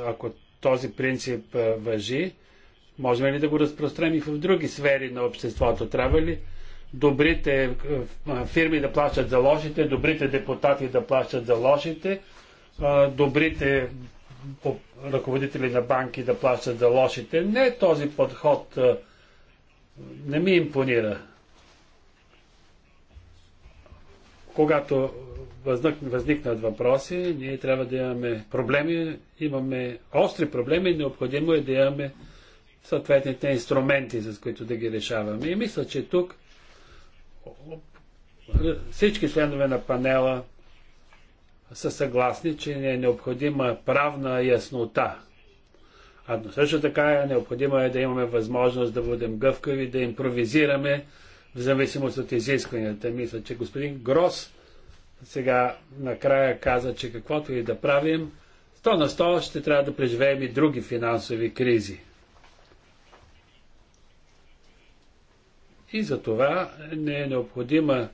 ако този принцип въжи, Можем ли да го разпрострем и в други сфери на обществото? Трябва ли добрите е, фирми да плащат за лошите, добрите депутати да плащат за лошите, добрите ръководители на банки да плащат за лошите? Не, този подход не ми импонира. Когато възникнат въпроси, ние трябва да имаме проблеми, имаме остри проблеми, необходимо е да имаме съответните инструменти, с които да ги решаваме. И мисля, че тук всички членове на панела са съгласни, че не е необходима правна яснота. А също така е необходимо е да имаме възможност да бъдем гъвкави, да импровизираме в зависимост от изискванията. Мисля, че господин Грос сега накрая каза, че каквото и да правим, 100 на 100 ще трябва да преживеем и други финансови кризи. И за това не е необходима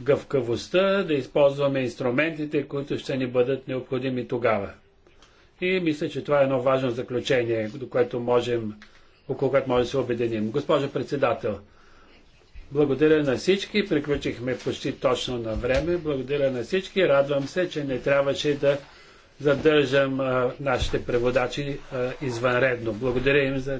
гъвкавостта да използваме инструментите, които ще ни бъдат необходими тогава. И мисля, че това е едно важно заключение, до което можем, около което можем да се обединим. Госпожо председател, благодаря на всички. Приключихме почти точно на време. Благодаря на всички. Радвам се, че не трябваше да задържам а, нашите преводачи а, извънредно. Благодаря им за